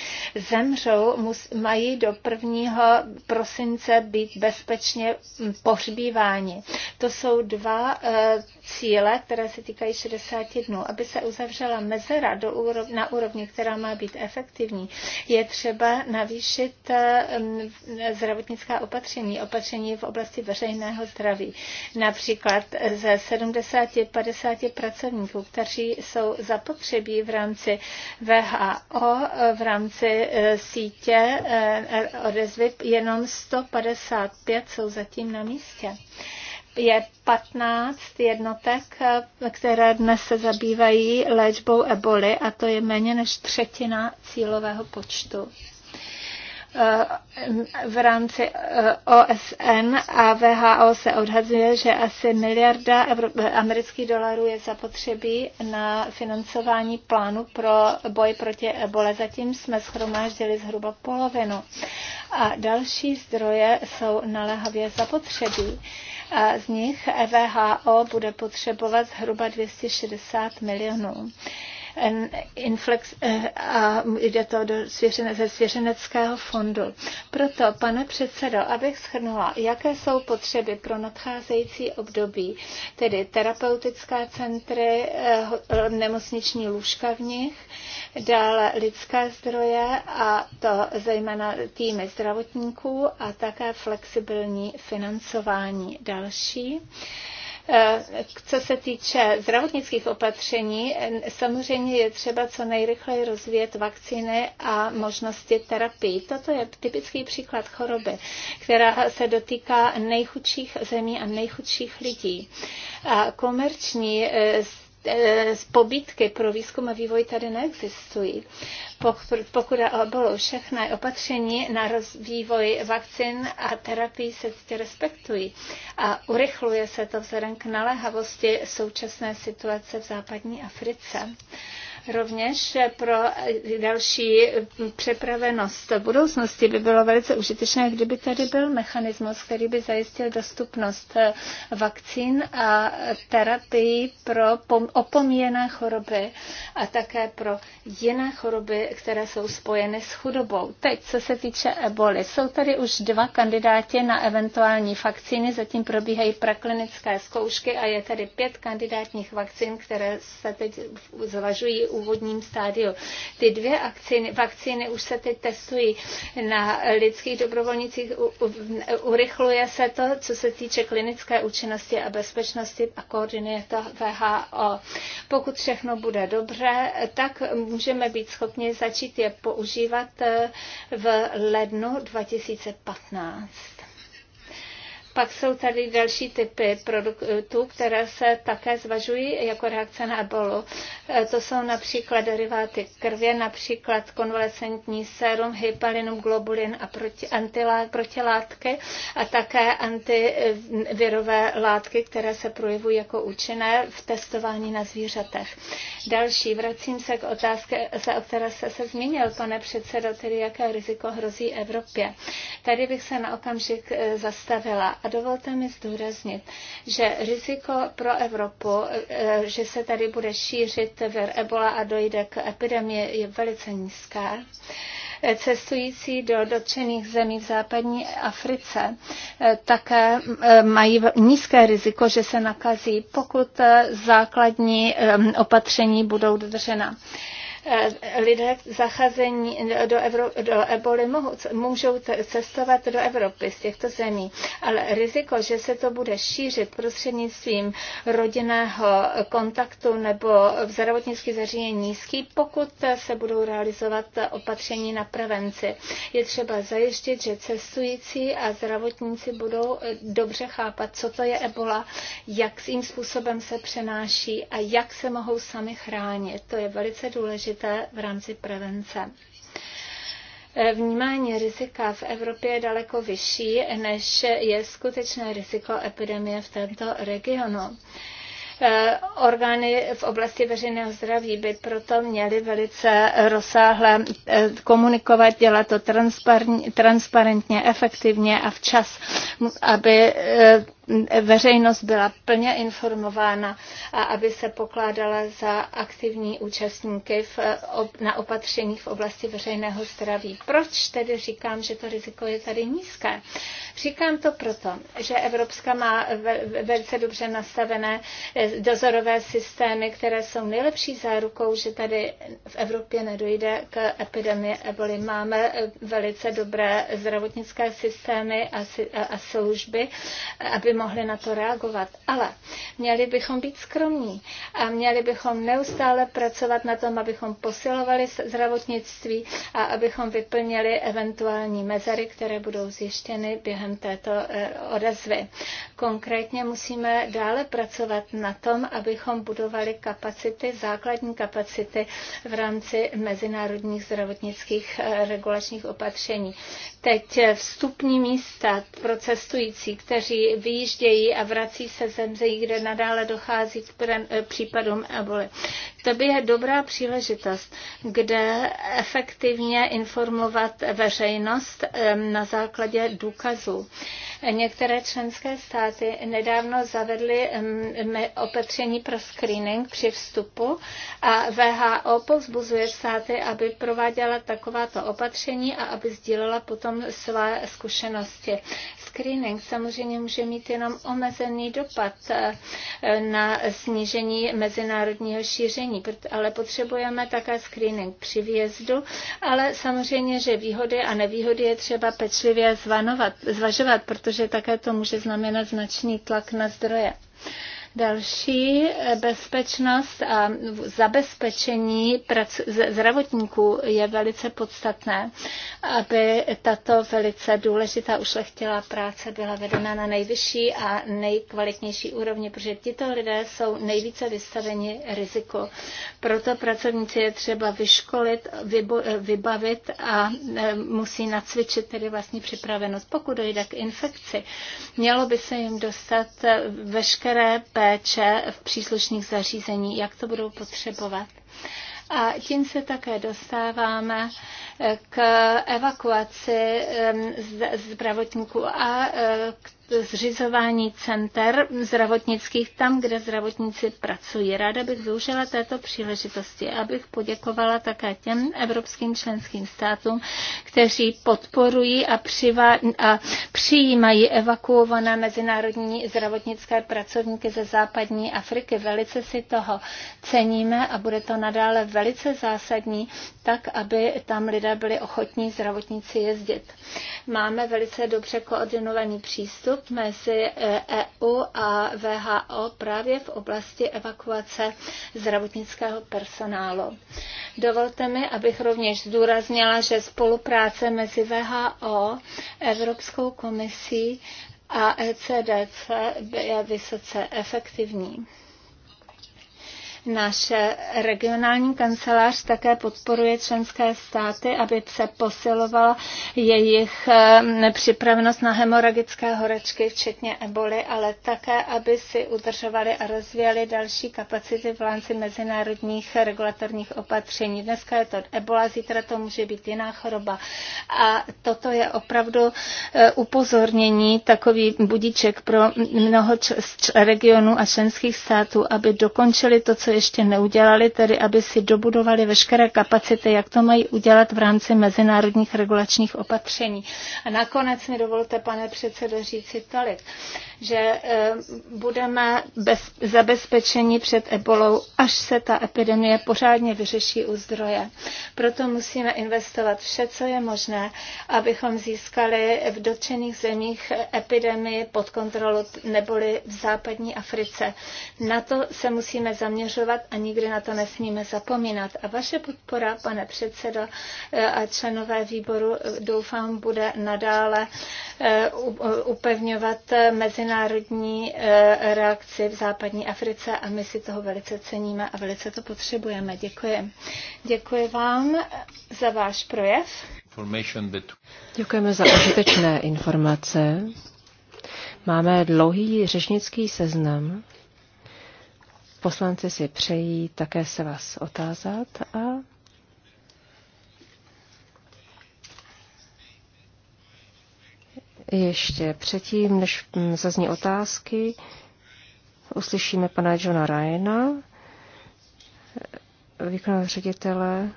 zemřou, mus, mají do 1. prosince být bezpečně pohřbíváni. To jsou dva cíle, které se týkají 60 dnů, aby se uzavřela mezera do úrov, na úrovni, která má být efektivní, je třeba navýšit eh, zdravotnická opatření, opatření v oblasti veřejného zdraví. Například ze 70-50 pracovníků, kteří jsou zapotřebí v rámci VHO, v rámci eh, sítě eh, odezvy, jenom 155 jsou zatím na místě je 15 jednotek, které dnes se zabývají léčbou eboli a to je méně než třetina cílového počtu v rámci eh, OSN a VHO se odhaduje, že asi miliarda amerických dolarů je zapotřebí na financování plánu pro boj proti ebole. Zatím jsme schromáždili zhruba polovinu. A další zdroje jsou naléhavě zapotřebí z nich EVHO bude potřebovat zhruba 260 milionů inflex, eh, a jde to do svěřene, ze svěřeneckého fondu. Proto, pane předsedo, abych shrnula, jaké jsou potřeby pro nadcházející období, tedy terapeutická centry, eh, nemocniční lůžka v nich, dále lidské zdroje a to zejména týmy zdravotníků a také flexibilní financování. Další. Eh, co se týče zdravotnických opatření, eh, samozřejmě je třeba co nejrychleji rozvíjet vakcíny a možnosti terapii. Toto je typický příklad choroby, která se dotýká nejchudších zemí a nejchudších lidí. A komerční eh, Eh, pobítky pro výzkum a vývoj tady neexistují. Pokud bylo všechny opatření na vývoj vakcin a terapii se tě respektují a urychluje se to vzhledem k naléhavosti současné situace v západní Africe. Rovněž pro další přepravenost v budoucnosti by bylo velice užitečné, kdyby tady byl mechanismus, který by zajistil dostupnost vakcín a terapií pro opomíjené choroby a také pro jiné choroby, které jsou spojeny s chudobou. Teď, co se týče eboli, jsou tady už dva kandidáti na eventuální vakcíny, zatím probíhají praklinické zkoušky a je tady pět kandidátních vakcín, které se teď zvažují u úvodním stádiu. Ty dvě vakcíny, vakcíny už se teď testují na lidských dobrovolnicích. Urychluje se to, co se týče klinické účinnosti a bezpečnosti a koordinuje to VHO. Pokud všechno bude dobře, tak můžeme být schopni začít je používat eh, v lednu 2015. Pak jsou tady další typy produktů, které se také zvažují jako reakce na ebolu. E, to jsou například deriváty krvě, například konvalescentní sérum, hypalinum, globulin a proti, antilá, protilátky a také antivirové látky, které se projevují jako účinné v testování na zvířatech. Další, vracím se k otázce, o které se, se zmínil, pane předsedo, tedy jaké riziko hrozí Evropě. Tady bych se na okamžik e, zastavila a dovolte mi zdůraznit, že riziko pro Evropu, eh, že se tady bude šířit vir Ebola a dojde k epidemii, je velice nízká eh, cestující do dotčených zemí v západní Africe eh, také mají nízké riziko, že se nakazí, pokud základní opatření budou dodržena lidé zacházení do, Evro, do eboli mohou, můžou cestovat do Evropy z těchto zemí, ale riziko, že se to bude šířit prostřednictvím rodinného kontaktu nebo v zdravotnických zařízení nízký, pokud se budou realizovat opatření na prevenci. Je třeba zajistit, že cestující a zdravotníci budou eh, dobře chápat, co to je ebola, jak jím způsobem se přenáší a jak se mohou sami chránit. To je velice důležité důležité v rámci prevence. Vnímání rizika v Evropě je daleko vyšší, než je skutečné riziko epidemie v tomto regionu eh, orgány v oblasti veřejného zdraví by proto měly velice rozsáhle eh, komunikovat, dělat to transparentně, efektivně a včas, aby eh, veřejnost byla plně informována a aby se pokládala za aktivní účastníky v, na opatřeních v oblasti veřejného zdraví. Proč tedy říkám, že to riziko je tady nízké? Říkám to proto, že Evropska má velice dobře nastavené eh, dozorové systémy, které jsou nejlepší zárukou, že tady v Evropě nedojde k epidemii eboli. Máme eh, velice dobré zdravotnické systémy a, a služby, aby mohli na to reagovat. Ale měli bychom být skromní a měli bychom neustále pracovat na tom, abychom posilovali zdravotnictví a abychom vyplnili eventuální mezery, které budou zjištěny během této eh, odezvy. Konkrétně musíme dále pracovat na tom, abychom budovali kapacity, základní kapacity v rámci mezinárodních zdravotnických eh, regulačních opatření. Teď eh, vstupní místa pro cestující, kteří ví, odjíždějí a vrací se zemře, kde nadále dochází k eh, případům eboli. To by je dobrá příležitost, kde efektivně informovat veřejnost na základě důkazů. Některé členské státy nedávno zavedly opatření pro screening při vstupu a VHO povzbuzuje státy, aby prováděla takováto opatření a aby sdílela potom své zkušenosti. Screening samozřejmě může mít mít jenom omezený dopad eh, na snížení mezinárodního šíření, ale potřebujeme také screening při výjezdu, ale samozřejmě, že výhody a nevýhody je třeba pečlivě zvanovat, zvažovat, protože také to může znamenat značný tlak na zdroje. Další eh, bezpečnost a zabezpečení zdravotníků je velice podstatné, aby tato velice důležitá ušlechtilá práce byla vedena na nejvyšší a nejkvalitnější úrovni, protože tito lidé jsou nejvíce vystaveni riziku. Proto pracovníci je třeba vyškolit, eh, vybavit a eh, musí nacvičit tedy vlastní připravenost. Pokud dojde k infekci, mělo by se jim dostat veškeré péče v příslušných zařízení, jak to budou potřebovat. A tím se také dostáváme eh, k evakuaci zdravotníků a eh, k zřizování center zdravotnických tam, kde zdravotníci pracují. Ráda bych využila této příležitosti, abych poděkovala také těm evropským členským státům, kteří podporují a, přivá- a přijímají evakuované mezinárodní zdravotnické pracovníky ze západní Afriky. Velice si toho ceníme a bude to nadále velice zásadní, tak aby tam lidé byli ochotní zdravotníci jezdit. Máme velice dobře koordinovaný přístup dohod mezi EU eh, e a VHO právě v oblasti evakuace zdravotnického personálu. Dovolte mi, abych rovněž zdůraznila, že spolupráce mezi VHO, Evropskou komisí a ECDC je vysoce efektivní. Naše regionální kancelář také podporuje členské státy, aby se posilovala jejich připravenost na hemoragické horečky, včetně eboli, ale také, aby si udržovali a rozvíjeli další kapacity v rámci mezinárodních regulatorních opatření. Dneska je to ebola, zítra to může být jiná choroba. A toto je opravdu e, upozornění, takový budíček pro mnoho regionů a členských států, aby dokončili to, co co ještě neudělali, tedy aby si dobudovali veškeré kapacity, jak to mají udělat v rámci mezinárodních regulačních opatření. A nakonec mi dovolte, pane předsedo, říci tolik, že eh, budeme bez, zabezpečeni před ebolou, až se ta epidemie pořádně vyřeší u zdroje. Proto musíme investovat vše, co je možné, abychom získali v dotčených zemích epidemii pod kontrolu, neboli v západní Africe. Na to se musíme zaměřovat pokračovat a nikdy na to nesmíme zapomínat. A vaše podpora, pane předsedo eh, a členové výboru, eh, doufám, bude nadále eh, upevňovat mezinárodní reakci v západní Africe a my si toho velice ceníme a velice to potřebujeme. Děkuji. Děkuji vám za váš projev. Děkujeme za užitečné informace. Máme dlouhý řečnický seznam. Poslanci si přejí také se vás otázat a ještě předtím, než zazní otázky, uslyšíme pana Johna Ryana, výkonného ředitele,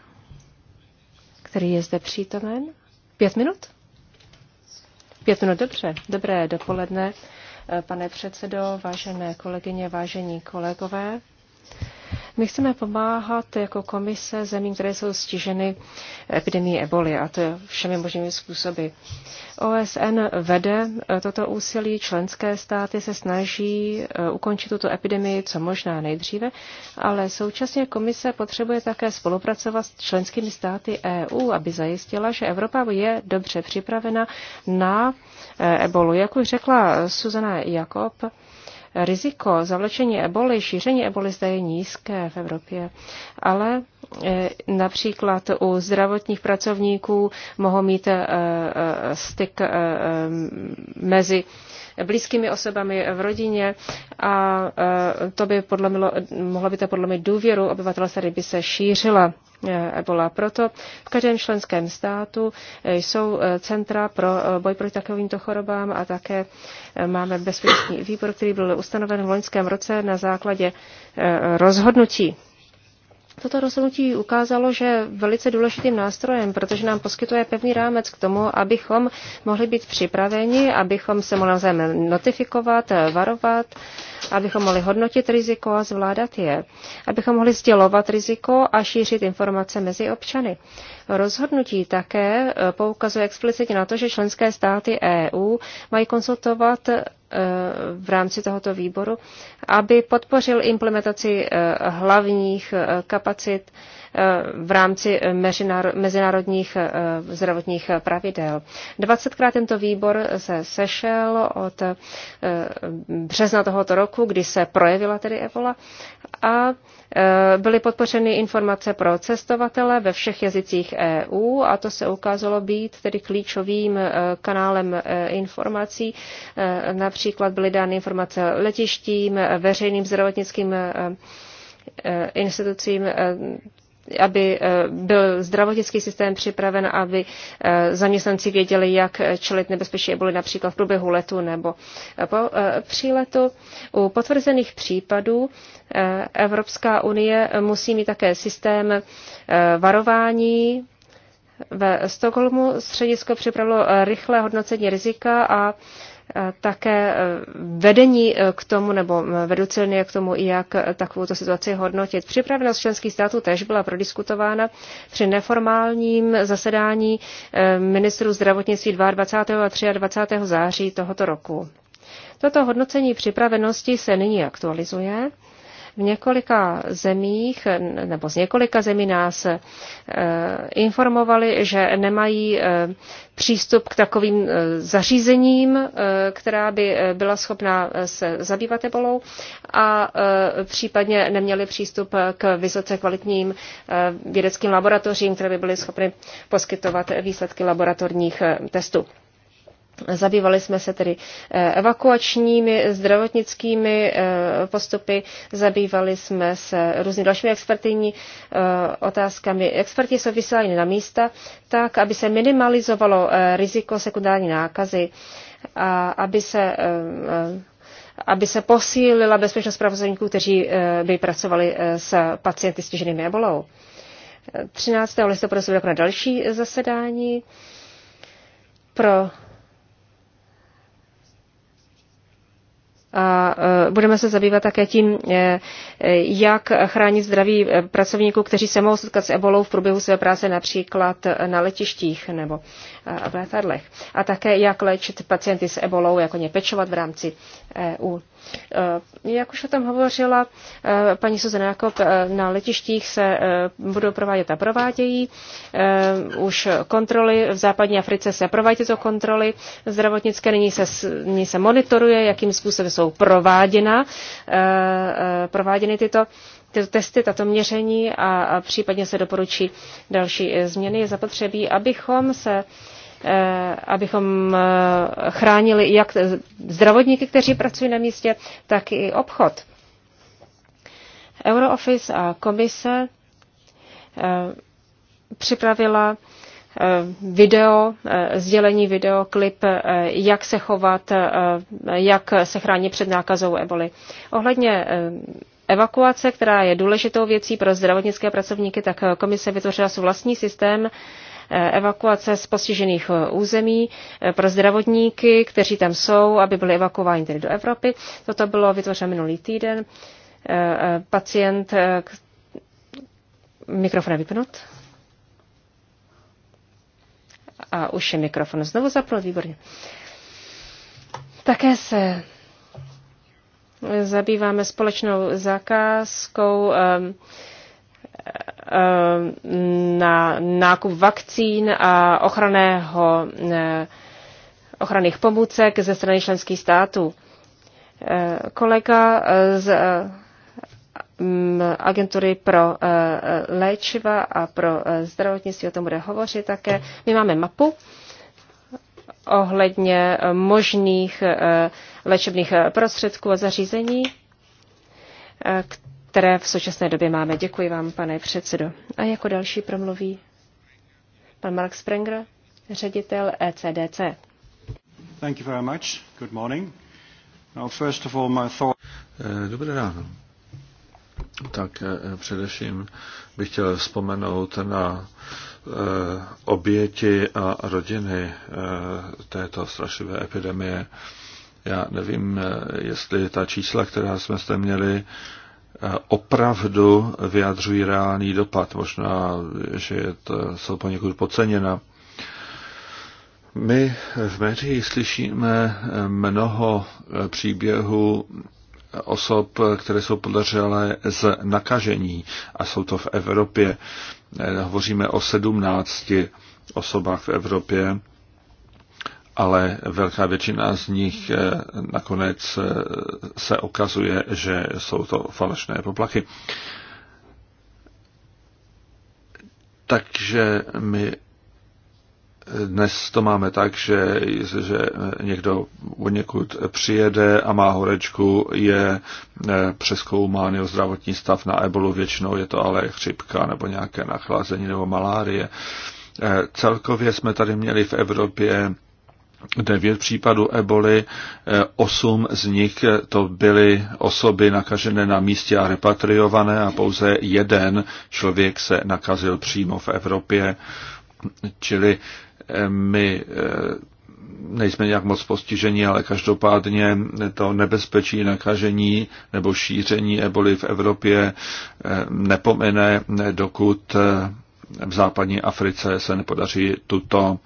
který je zde přítomen. Pět minut? Pět minut, dobře. Dobré dopoledne pane předsedo, vážené kolegyně, vážení kolegové. My chceme pomáhat jako komise zemím, které jsou stiženy epidemii eboli a to všemi možnými způsoby. OSN vede toto úsilí, členské státy se snaží eh, ukončit tuto epidemii co možná nejdříve, ale současně komise potřebuje také spolupracovat s členskými státy EU, aby zajistila, že Evropa je dobře připravena na eh, ebolu. Jak už řekla Suzana Jakob, riziko zavlečení eboli, šíření eboli zde je nízké v Evropě, ale e, například u zdravotních pracovníků mohou mít e, e, styk mezi blízkými osobami v rodině a to by podle mě, mohlo by to podle mě důvěru obyvatelstva, kdyby se šířila Eh, Ebola. Proto v každém členském státu eh, jsou eh, centra pro boj proti takovýmto chorobám a také máme bezpečný výbor, který byl ustanoven v loňském roce na základě rozhodnutí Toto rozhodnutí ukázalo, že velice důležitým nástrojem, protože nám poskytuje pevný rámec k tomu, abychom mohli být připraveni, abychom se mohli navzájem notifikovat, varovat, abychom mohli hodnotit riziko a zvládat je, abychom mohli sdělovat riziko a šířit informace mezi občany rozhodnutí také eh, poukazuje explicitně na to, že členské státy EU mají konsultovat eh, v rámci tohoto výboru, aby podpořil implementaci eh, hlavních kapacit v rámci mezinárodních eh, zdravotních pravidel. 20krát tento výbor se sešel od eh, března tohoto roku, kdy se projevila tedy Ebola a eh, byly podpořeny informace pro cestovatele ve všech jazycích EU a to se ukázalo být tedy klíčovým kanálem informací. Například byly dány informace letištím, veřejným zdravotnickým institucím, aby eh, byl zdravotnický systém připraven, aby eh, zaměstnanci věděli, jak čelit nebezpečí eboli například v průběhu letu nebo eh, po příletu. U potvrzených případů Evropská unie musí mít také systém varování. Ve Stockholmu středisko připravilo rychlé hodnocení rizika a Eh, také eh, vedení eh, k tomu, nebo vedoucí linie k tomu, jak takovou situaci hodnotit. Připravenost členských států tež byla prodiskutována při neformálním zasedání ministrů zdravotnictví 22. a 23. září tohoto roku. Toto hodnocení připravenosti se nyní aktualizuje v několika zemích, nebo z několika zemí nás eh, informovali, že nemají eh, přístup k takovým eh, zařízením, která by byla schopná se zabývat ebolou a případně neměli přístup k vysoce kvalitním vědeckým laboratořím, které by byly schopny poskytovat výsledky laboratorních testů. Zabývali jsme se tedy eh, evakuačními, zdravotnickými eh, postupy, zabývali jsme se různými dalšími expertními eh, otázkami. Experti jsou vysíláni na místa tak, aby se minimalizovalo riziko sekundární nákazy a aby se aby se posílila bezpečnost pracovníků, kteří by pracovali s pacienty s těženými ebolou. 13. listopadu se bude další zasedání pro A e, budeme se zabývat také tím, e, e, jak chránit zdraví pracovníků, kteří se mohou setkat s ebolou v průběhu své práce například na letištích nebo v letadlech. A také jak léčit pacienty s ebolou, jako ně pečovat v rámci EU. Eh, jak už o tom hovořila eh, paní Suzana Jakob, eh, na letištích se budou provádět a provádějí. Už kontroly v západní Africe se provádějí tyto kontroly zdravotnické, nyní se, nyní se monitoruje, jakým způsobem jsou prováděna, prováděny tyto tyto testy, tato měření a, a případně se doporučí další změny. Je zapotřebí, abychom se Eh, abychom eh, chránili jak zdravotníky, kteří pracují na místě, tak i obchod. Eurooffice a komise eh, připravila video, sdělení videoklip, jak se chovat, jak se chránit před nákazou eboli. Ohledně evakuace, která je důležitou věcí pro zdravotnické pracovníky, tak komise vytvořila svůj vlastní systém evakuace z postižených eh, území eh, pro zdravotníky, kteří tam jsou, aby byli evakuováni tedy do Evropy. Toto bylo vytvořeno minulý týden. Eh, pacient, mikrofon je vypnut. A už je mikrofon znovu zapnut, výborně. Také se zabýváme společnou zakázkou um, Eh, na nákup vakcín a ochranného, eh, ochranných pomůcek ze strany členských států. Eh, kolega z agentury pro léčiva a pro zdravotnictví o tom bude hovořit také. My máme mapu ohledně možných léčebných prostředků a zařízení, které v současné době máme. Děkuji vám, pane předsedo. A jako další promluví pan Mark Sprenger, ředitel ECDC. Thank you very much. Good morning. Now, first of all, my thought... Eh, dobré ráno. Tak eh, především bych chtěl vzpomenout na eh, oběti a rodiny této strašlivé epidemie. Já nevím, jestli ta čísla, která jsme zde měli, opravdu vyjadřují reálný dopad. Možná, že je to, jsou poněkud poceněna. My v médiích slyšíme mnoho příběhů osob, které jsou podleřelé z nakažení a jsou to v Evropě. Hovoříme o sedmnácti osobách v Evropě ale velká většina z nich eh, nakonec eh, se okazuje, že jsou to falešné poplachy. Takže my eh, dnes to máme tak, že že někdo od někud přijede a má horečku, je přeskoumán jeho zdravotní stav na ebolu, většinou je to ale chřipka nebo nějaké nachlazení nebo malárie. Celkově jsme tady měli v Evropě devět případů eboli, eh, osm z nich eh, to byly osoby nakažené na místě a repatriované a pouze jeden člověk se nakazil přímo v Evropě. Čili eh, my nejsme nějak moc postiženi, ale každopádně to nebezpečí nakažení nebo šíření eboli v Evropě nepomene, dokud v západní Africe se nepodaří tuto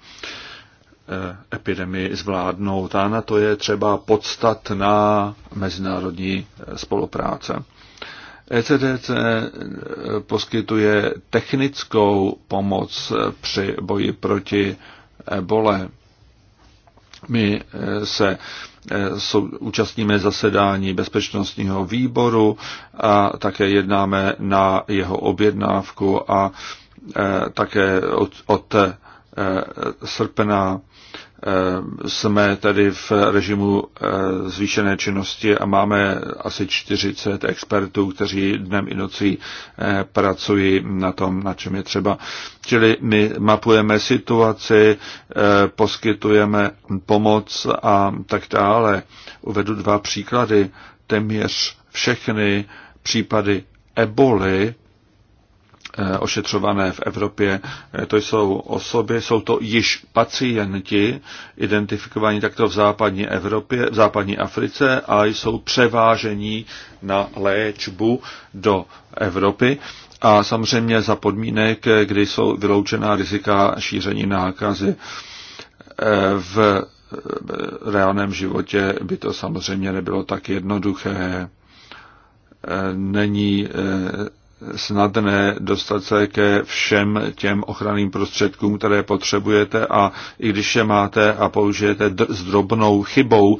Eh, epidemii zvládnout. A na to je třeba podstatná mezinárodní eh, spolupráce. ECDC eh, poskytuje technickou pomoc při boji proti ebole. My se účastníme zasedání bezpečnostního výboru a také jednáme na jeho objednávku a také od, od srpna Eh, jsme tady v režimu eh, zvýšené činnosti a máme asi 40 expertů, kteří dnem i nocí eh, pracují na tom, na čem je třeba. Čili my mapujeme situaci, poskytujeme pomoc a tak dále. Uvedu dva příklady. Téměř všechny případy eboli Eh, ošetřované v Evropě, eh, to jsou osoby, jsou to již pacienti identifikovaní takto v západní Evropě, v západní Africe a jsou převážení na léčbu do Evropy a samozřejmě za podmínek, eh, kdy jsou vyloučená rizika šíření nákazy. V reálném životě by to samozřejmě nebylo tak jednoduché. Není snadné dostat se ke všem těm ochranným prostředkům, které potřebujete a i když je máte a použijete s drobnou chybou,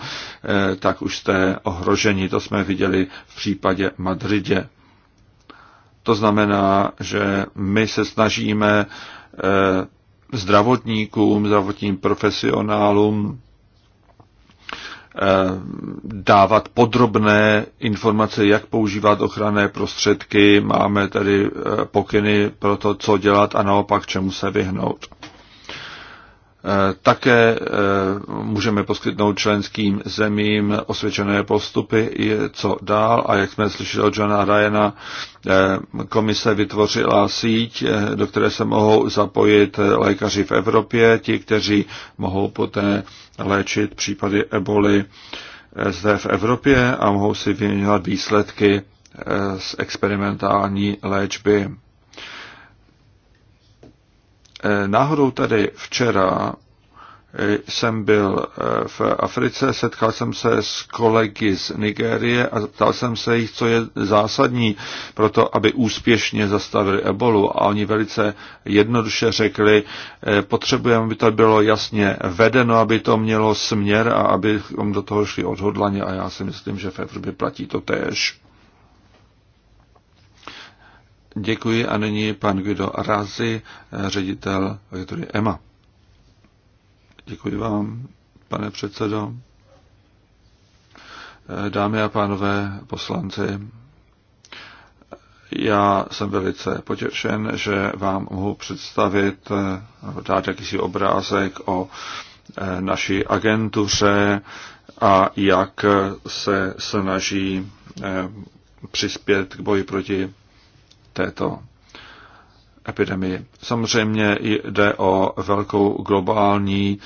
eh, tak už jste ohroženi. To jsme viděli v případě Madridě. To znamená, že my se snažíme eh, zdravotníkům, zdravotním profesionálům Eh, dávat podrobné informace, jak používat ochranné prostředky. Máme tady eh, pokyny pro to, co dělat a naopak čemu se vyhnout. Eh, také eh, můžeme poskytnout členským zemím osvědčené postupy, co dál. A jak jsme slyšeli od Johna Ryana, eh, komise vytvořila síť, do které se mohou zapojit lékaři v Evropě, ti, kteří mohou poté léčit případy eboli zde v Evropě a mohou si vyměňovat výsledky z experimentální léčby. Eh, náhodou tady včera eh, jsem byl eh, v Africe, setkal jsem se s kolegy z Nigérie a ptal jsem se jich, co je zásadní pro to, aby úspěšně zastavili ebolu. A oni velice jednoduše řekli, potřebujeme, aby to bylo jasně vedeno, aby to mělo směr a aby do toho šli odhodlaně. A já si myslím, že v Evropě platí to též. Děkuji a nyní pan Guido Razi, ředitel agentury EMA. Děkuji vám, pane předsedo. Dámy a pánové poslanci, já jsem velice potěšen, že vám mohu představit, dát jakýsi obrázek o eh, naší agentuře a jak se snaží eh, přispět k boji proti této epidemii. Samozřejmě jde o velkou globální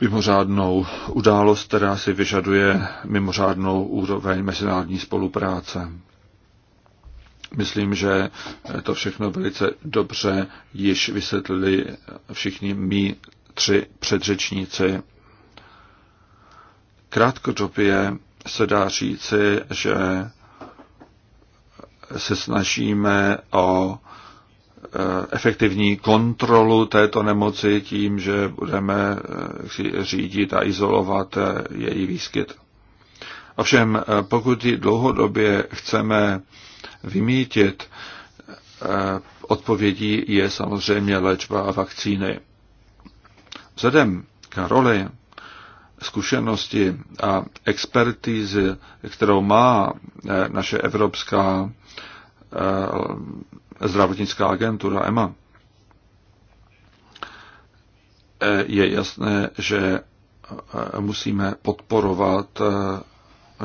mimořádnou událost, která si vyžaduje mimořádnou úroveň mezinárodní spolupráce. Myslím, že to všechno velice dobře již vysvětlili všichni mý tři předřečníci. Krátkodobě se dá říci, že se snažíme o eh, efektivní kontrolu této nemoci tím, že budeme eh, řídit a izolovat eh, její výskyt. Ovšem, pokud ji dlouhodobě chceme vymítit, odpovědí je samozřejmě léčba a vakcíny. Vzhledem k roli zkušenosti a expertízy, kterou má eh, naše Evropská eh, zdravotnická agentura EMA, eh, je jasné, že musíme podporovat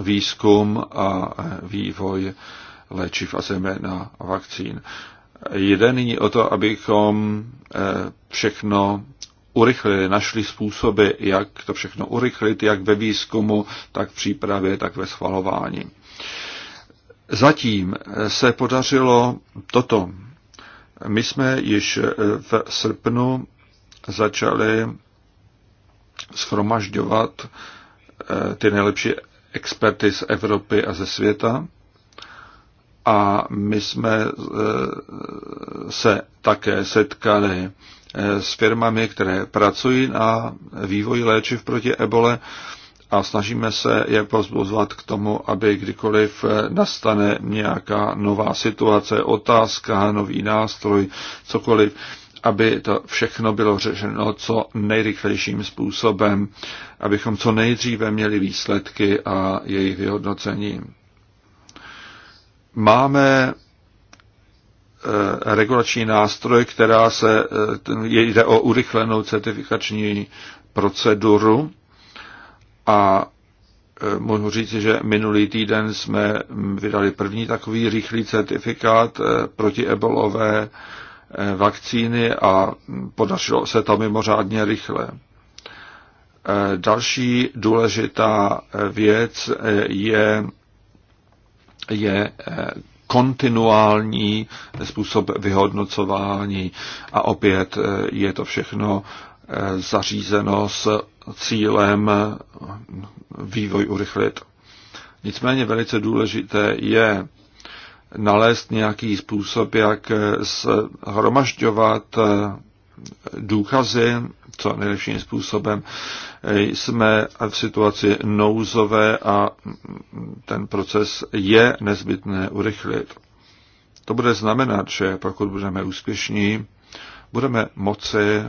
výzkum a vývoj léčiv a zejména vakcín. Jde nyní o to, abychom všechno urychlili, našli způsoby, jak to všechno urychlit, jak ve výzkumu, tak v přípravě, tak ve schvalování. Zatím se podařilo toto. My jsme již v srpnu začali schromažďovat eh, ty nejlepší experty z Evropy a ze světa. A my jsme eh, se také setkali Eh, s firmami, které pracují na vývoji léčiv proti ebole a snažíme se je pozbuzovat k tomu, aby kdykoliv eh, nastane nějaká nová situace, otázka, nový nástroj, cokoliv, aby to všechno bylo řešeno co nejrychlejším způsobem, abychom co nejdříve měli výsledky a jejich vyhodnocení. Máme Eh, regulační nástroj, která se, eh, jde o urychlenou certifikační proceduru a eh, mohu říct, že minulý týden jsme vydali první takový rychlý certifikát proti ebolové vakcíny a podařilo se to mimořádně rychle. Další důležitá věc je, je kontinuální způsob vyhodnocování a opět eh, je to všechno eh, zařízeno s cílem eh, vývoj urychlit. Nicméně velice důležité je nalézt nějaký způsob, jak zhromažďovat důkazy co nejlepším způsobem. E, jsme v situaci nouzové a ten proces je nezbytné urychlit. To bude znamenat, že pokud budeme úspěšní, budeme moci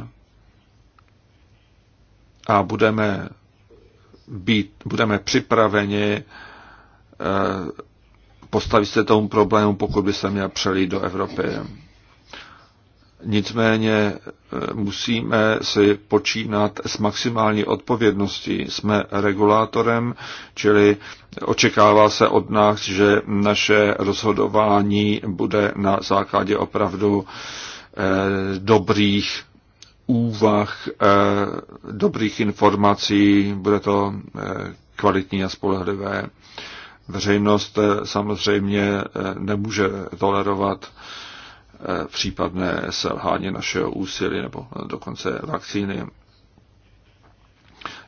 a budeme, být, budeme připraveni e, postavit se tomu problému, pokud by se měl přelít do Evropy. Nicméně e, musíme si počínat s maximální odpovědností. Jsme regulátorem, čili očekává se od nás, že naše rozhodování bude na základě opravdu e, dobrých úvah, e, dobrých informací, bude to kvalitní a spolehlivé. Veřejnost samozřejmě nemůže tolerovat Eh, případné selhání našeho úsilí nebo dokonce vakcíny.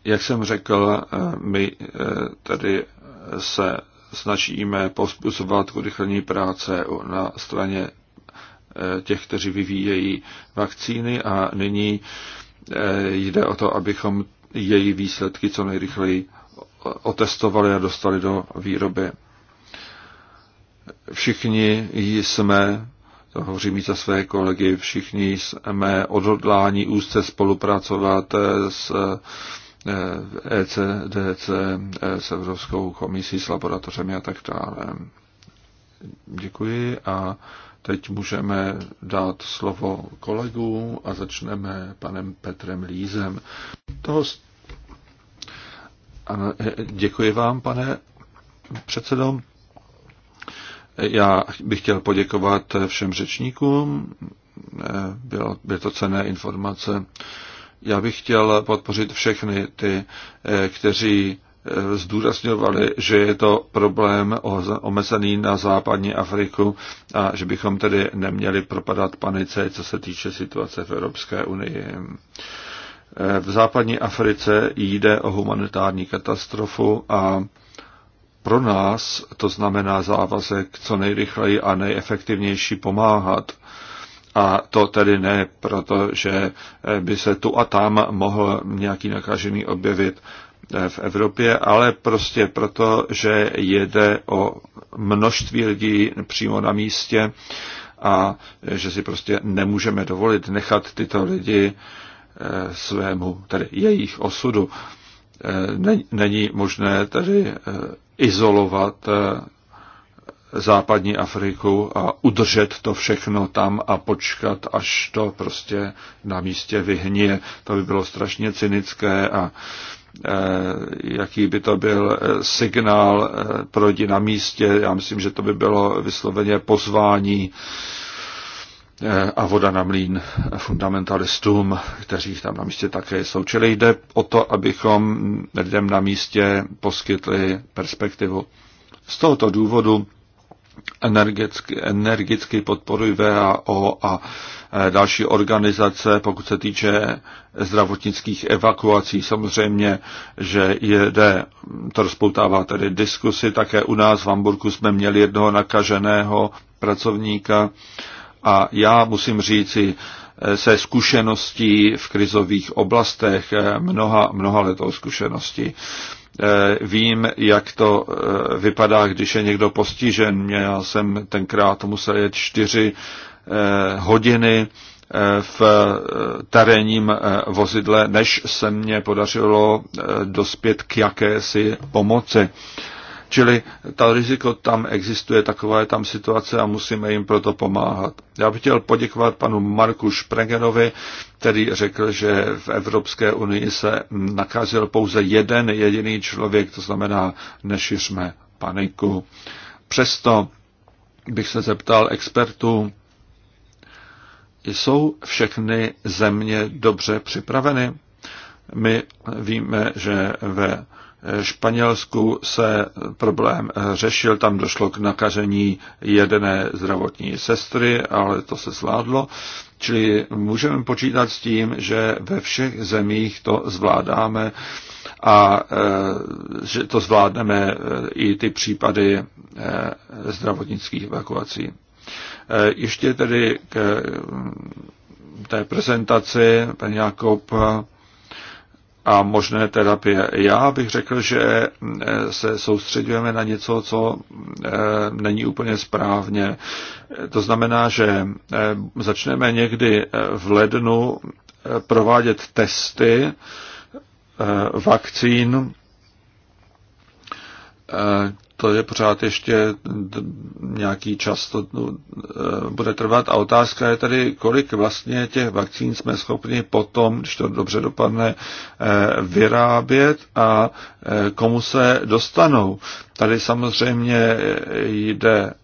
Jak jsem řekl, eh, my eh, tedy se snažíme pospůsobovat urychlení práce na straně těch, kteří vyvíjejí vakcíny a nyní jde o to, abychom její výsledky co nejrychleji otestovali a dostali do výroby. Všichni jsme to hovořím i za své kolegy, všichni jsme odhodláni úzce spolupracovat s ECDC, eh, e eh, s Evropskou komisí, s laboratořemi a tak dále. Děkuji a teď můžeme dát slovo kolegům a začneme panem Petrem Lízem. Toho... Ano, eh, děkuji vám, pane předsedo. Já bych chtěl poděkovat všem řečníkům, bylo, byly to cené informace. Já bych chtěl podpořit všechny ty, kteří zdůrazňovali, že je to problém omezený na západní Afriku a že bychom tedy neměli propadat panice, co se týče situace v Evropské unii. V západní Africe jde o humanitární katastrofu a pro nás to znamená závazek co nejrychleji a nejefektivnější pomáhat. A to tedy ne, protože eh, by se tu a tam mohl nějaký nakažený objevit eh, v Evropě, ale prostě proto, že jede o množství lidí přímo na místě a eh, že si prostě nemůžeme dovolit nechat tyto lidi svému, tedy jejich osudu není možné tady eh, izolovat eh, západní Afriku a udržet to všechno tam a počkat, až to prostě na místě vyhnie. To by bylo strašně cynické a eh, jaký by to byl signál pro lidi na místě. Já myslím, že to by bylo vysloveně pozvání Eh, a voda na mlín fundamentalistům, kteří tam na místě také jsou. Čili jde o to, abychom lidem na místě poskytli perspektivu. Z tohoto důvodu energicky, energicky podporuji VAO a eh, další organizace, pokud se týče zdravotnických evakuací. Samozřejmě, že jde, to rozpoutává tedy diskusy, také u nás v Hamburgu jsme měli jednoho nakaženého pracovníka, a já musím říci, eh, se zkušeností v krizových oblastech, eh, mnoha, mnoha letou zkušeností. Eh, vím, jak to vypadá, když je někdo postižen. Já jsem tenkrát musel jet čtyři hodiny v terénním vozidle, než se mě podařilo dospět k jakési pomoci. Čili ta riziko tam existuje, taková je tam situace a musíme jim proto pomáhat. Já bych chtěl poděkovat panu Marku Šprengerovi, který řekl, že v Evropské unii se nakazil pouze jeden jediný člověk, to znamená nešiřme paniku. Přesto bych se zeptal expertů, jsou všechny země dobře připraveny? My víme, že ve Španělsku se problém řešil, tam došlo k nakažení jedné zdravotní sestry, ale to se zvládlo. Čili můžeme počítat s tím, že ve všech zemích to zvládáme a e, že to zvládneme e, i ty případy e, zdravotnických evakuací. Ještě tedy k té prezentaci pan Jakob a možné terapie. Já bych řekl, že eh, se soustředujeme na něco, co eh, není úplně správně. Eh, to znamená, že začneme někdy v lednu provádět testy vakcín to je pořád ještě nějaký čas, to no, eh, bude trvat. A otázka je tady, kolik vlastně těch vakcín jsme schopni potom, když to dobře dopadne, eh, vyrábět a eh, komu se dostanou. Tady samozřejmě jde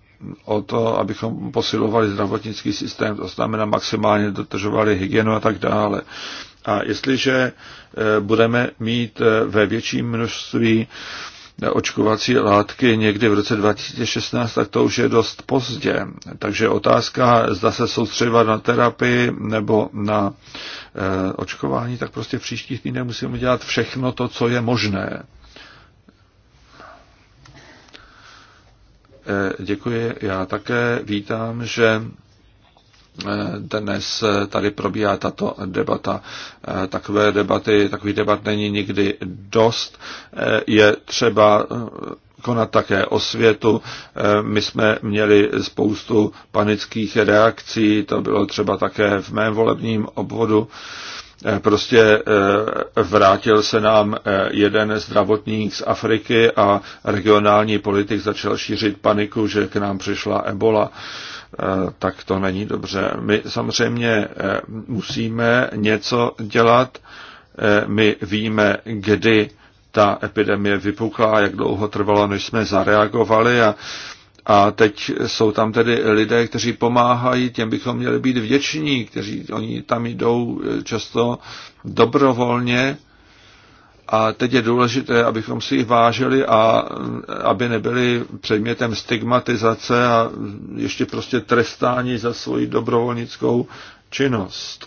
o to, abychom posilovali zdravotnický systém, to znamená maximálně dotržovali hygienu a tak dále. A jestliže budeme mít ve větším množství očkovací látky někdy v roce 2016, tak to už je dost pozdě. Takže otázka, zda se soustředovat na terapii nebo na e, očkování, tak prostě v příštích týdnech musíme dělat všechno to, co je možné. E, děkuji. Já také vítám, že dnes tady probíhá tato debata. Takové debaty, takových debat není nikdy dost. Je třeba konat také o světu. My jsme měli spoustu panických reakcí, to bylo třeba také v mém volebním obvodu. Prostě eh, vrátil se nám eh, jeden zdravotník z Afriky a regionální politik začal šířit paniku, že k nám přišla ebola. Eh, tak to není dobře. My samozřejmě eh, musíme něco dělat. Eh, my víme, kdy ta epidemie vypukla jak dlouho trvalo, než jsme zareagovali a a teď jsou tam tedy lidé, kteří pomáhají, těm bychom měli být vděční, kteří oni tam jdou často dobrovolně a teď je důležité, abychom si jich vážili a aby nebyli předmětem stigmatizace a ještě prostě trestání za svoji dobrovolnickou činnost.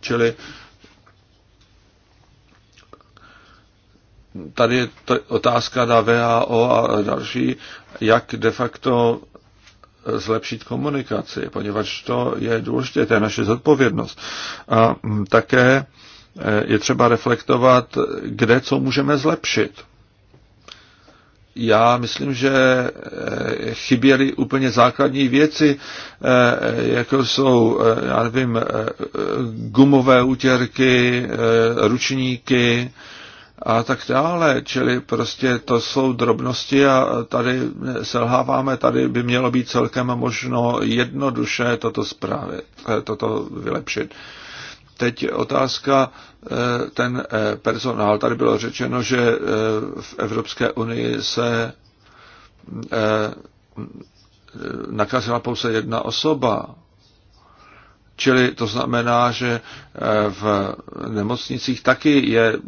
Čili tady je to otázka na VHO a další, jak de facto zlepšit komunikaci, poněvadž to je důležité, to je naše zodpovědnost. A také Eh, je třeba reflektovat, kde co můžeme zlepšit. Já myslím, že eh, chyběly úplně základní věci, eh, jako jsou, já nevím, gumové útěrky, ručníky a tak dále. Čili prostě to jsou drobnosti a tady selháváme, tady by mělo být celkem možno jednoduše toto, spravit, toto vylepšit. Teď otázka eh, ten eh, personál. Tady bylo řečeno, že eh, v Evropské unii se nakazila pouze jedna osoba. Čili to znamená, že v nemocnicích taky je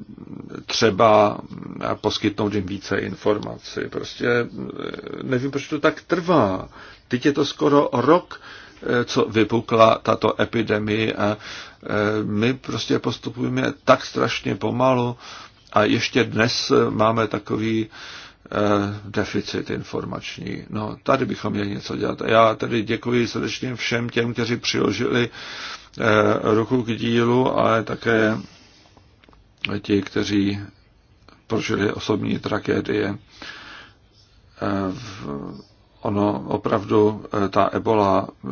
třeba poskytnout jim více informací. Prostě nevím, proč to tak trvá. Teď je to skoro rok, co vypukla tato epidemie Eh, my prostě postupujeme tak strašně pomalu a ještě dnes máme takový eh, deficit informační. No, tady bychom měli něco dělat. já tedy děkuji srdečně všem těm, kteří přiložili eh, ruku k dílu, ale také ti, kteří prožili osobní tragédie v ono opravdu eh, ta ebola eh,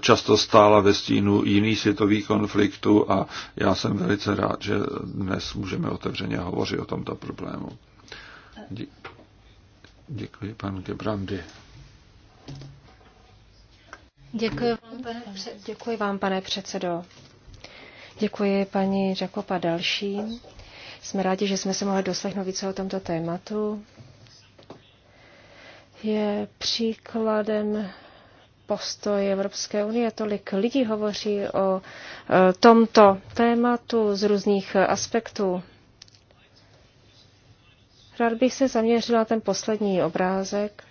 často stála ve stínu jiných světových konfliktů a já jsem velice rád, že dnes můžeme otevřeně hovořit o tomto problému. Děkuji, pan Gebrandy. Děkuji vám, pane, před... Děkuji vám, pane předsedo. Děkuji paní Jakopa dalším. Jsme rádi, že jsme se mohli doslechnout více o tomto tématu je příkladem postoj Evropské unie. Tolik lidí hovoří o e, tomto tématu z různých aspektů. Rád bych se zaměřila ten poslední obrázek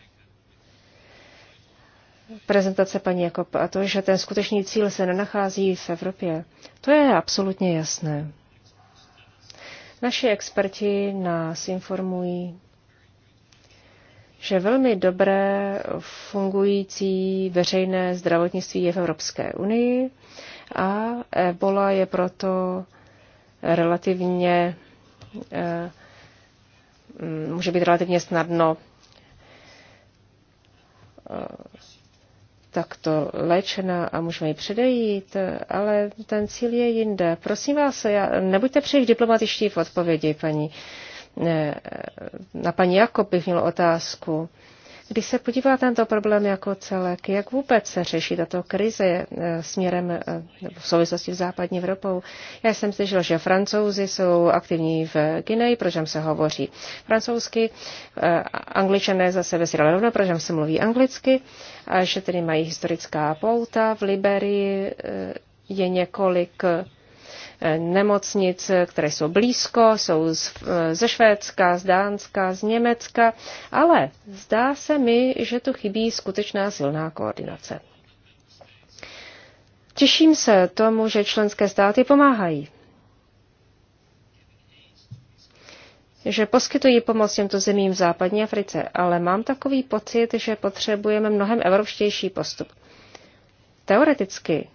prezentace paní Jakob a to, že ten skutečný cíl se nenachází v Evropě. To je absolutně jasné. Naši experti nás informují že velmi dobré fungující veřejné zdravotnictví je v Evropské unii a ebola je proto relativně, eh, mm, může být relativně snadno eh, takto léčena a můžeme ji předejít, ale ten cíl je jinde. Prosím vás, já, nebuďte příliš diplomatičtí v odpovědi, paní na paní Jakob bych měl otázku. Když se podívá tento problém jako celek, jak vůbec se řeší tato krize eh, směrem eh, v souvislosti s západní Evropou? Já jsem slyšel, že francouzi jsou aktivní v Gineji, proč se hovoří francouzsky, eh, angličané zase ve Sierra Leone, proč se mluví anglicky, a že tedy mají historická pouta v Liberii, je několik nemocnic, které jsou blízko, jsou z, ze Švédska, z Dánska, z Německa, ale zdá se mi, že tu chybí skutečná silná koordinace. Těším se tomu, že členské státy pomáhají. že poskytují pomoc těmto zemím v západní Africe, ale mám takový pocit, že potřebujeme mnohem evropštější postup. Teoreticky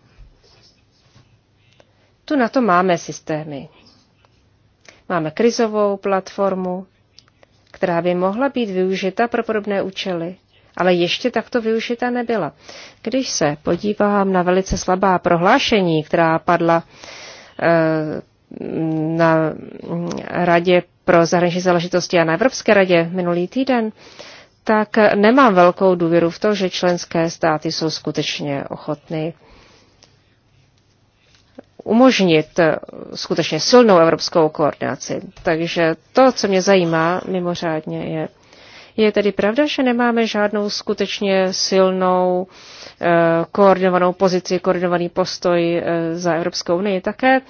tu na to máme systémy. Máme krizovou platformu, která by mohla být využita pro podobné účely, ale ještě takto využita nebyla. Když se podívám na velice slabá prohlášení, která padla eh, na Radě pro zahraniční záležitosti a na Evropské radě minulý týden, tak nemám velkou důvěru v to, že členské státy jsou skutečně ochotny umožnit eh, skutečně silnou evropskou koordinaci. Takže to, co mě zajímá mimořádně, je, je tedy pravda, že nemáme žádnou skutečně silnou eh, koordinovanou pozici, koordinovaný postoj eh, za Evropskou unii. Také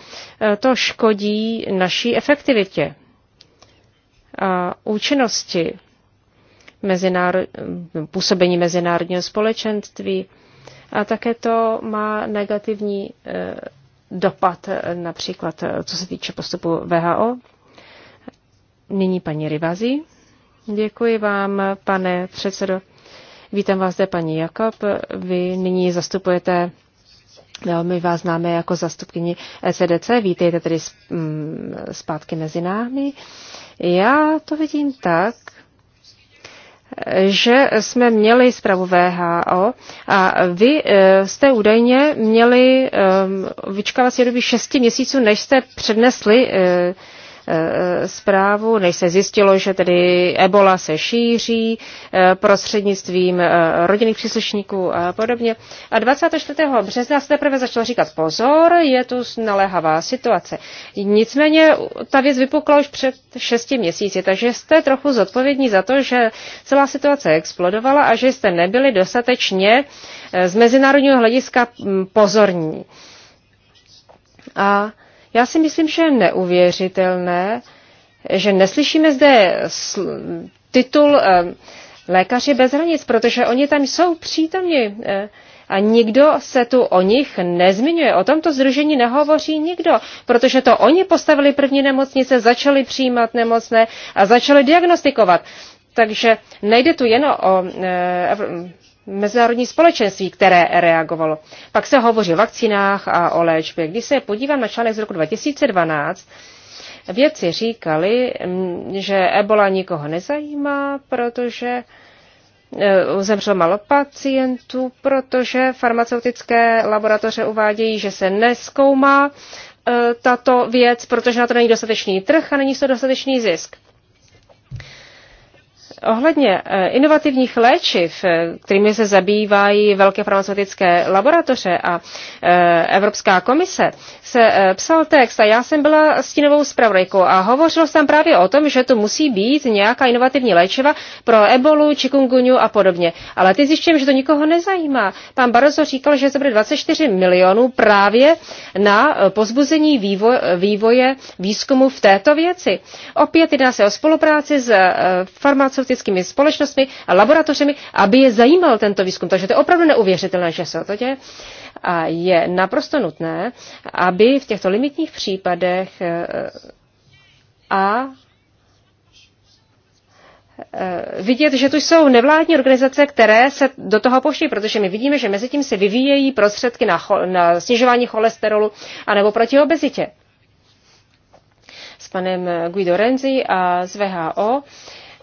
to škodí naší efektivitě a účinnosti mezinárod... působení mezinárodního společenství a také to má negativní dopad eh, například, eh, co se týče postupu VHO. Nyní paní Rivazi. Děkuji vám, pane předsedo. Vítám vás zde, paní Jakob. Vy nyní zastupujete my vás známe jako zastupkyni ECDC. Vítejte tedy mm, zpátky mezi námi. Já to vidím tak, že jsme měli zprávu VHO a vy eh, jste údajně měli eh, vyčkávací doby šesti měsíců, než jste přednesli eh, Eh, zprávu, než se zjistilo, že tedy ebola se šíří eh, prostřednictvím eh, rodinných příslušníků a podobně. A 24. března se teprve začalo říkat pozor, je tu naléhavá situace. Nicméně ta věc vypukla už před šesti měsíci, takže jste trochu zodpovědní za to, že celá situace explodovala a že jste nebyli dostatečně z mezinárodního hlediska mm, pozorní. A já si myslím, že je neuvěřitelné, že neslyšíme zde titul eh, Lékaři bez hranic, protože oni tam jsou přítomni eh, a nikdo se tu o nich nezmiňuje. O tomto združení nehovoří nikdo, protože to oni postavili první nemocnice, začali přijímat nemocné a začali diagnostikovat. Takže nejde tu jen o eh, mezinárodní společenství, které reagovalo. Pak se hovoří o vakcínách a o léčbě. Když se podívám na článek z roku 2012, vědci říkali, mm, že ebola nikoho nezajímá, protože e, zemřelo malo pacientů, protože farmaceutické laboratoře uvádějí, že se neskoumá e, tato věc, protože na to není dostatečný trh a není to dostatečný zisk. Ohledně eh, inovativních léčiv, eh, kterými se zabývají velké farmaceutické laboratoře a eh, Evropská komise, se psal text a já jsem byla stínovou zpravodajkou a hovořilo se tam právě o tom, že tu musí být nějaká inovativní léčiva pro ebolu, chikungunya a podobně. Ale ty zjištěm, že to nikoho nezajímá. Pán Barozo říkal, že bude 24 milionů právě na pozbuzení vývoje, vývoje výzkumu v této věci. Opět jedná se o spolupráci s farmaceutickými farmaceutickými společnostmi a laboratořemi, aby je zajímal tento výzkum. Takže to je opravdu neuvěřitelné, že se to děje. A je naprosto nutné, aby v těchto limitních případech eh, a eh, vidět, že tu jsou nevládní organizace, které se do toho poští, protože my vidíme, že mezi tím se vyvíjejí prostředky na, cho, na snižování cholesterolu anebo proti obezitě. S panem Guido Renzi a z VHO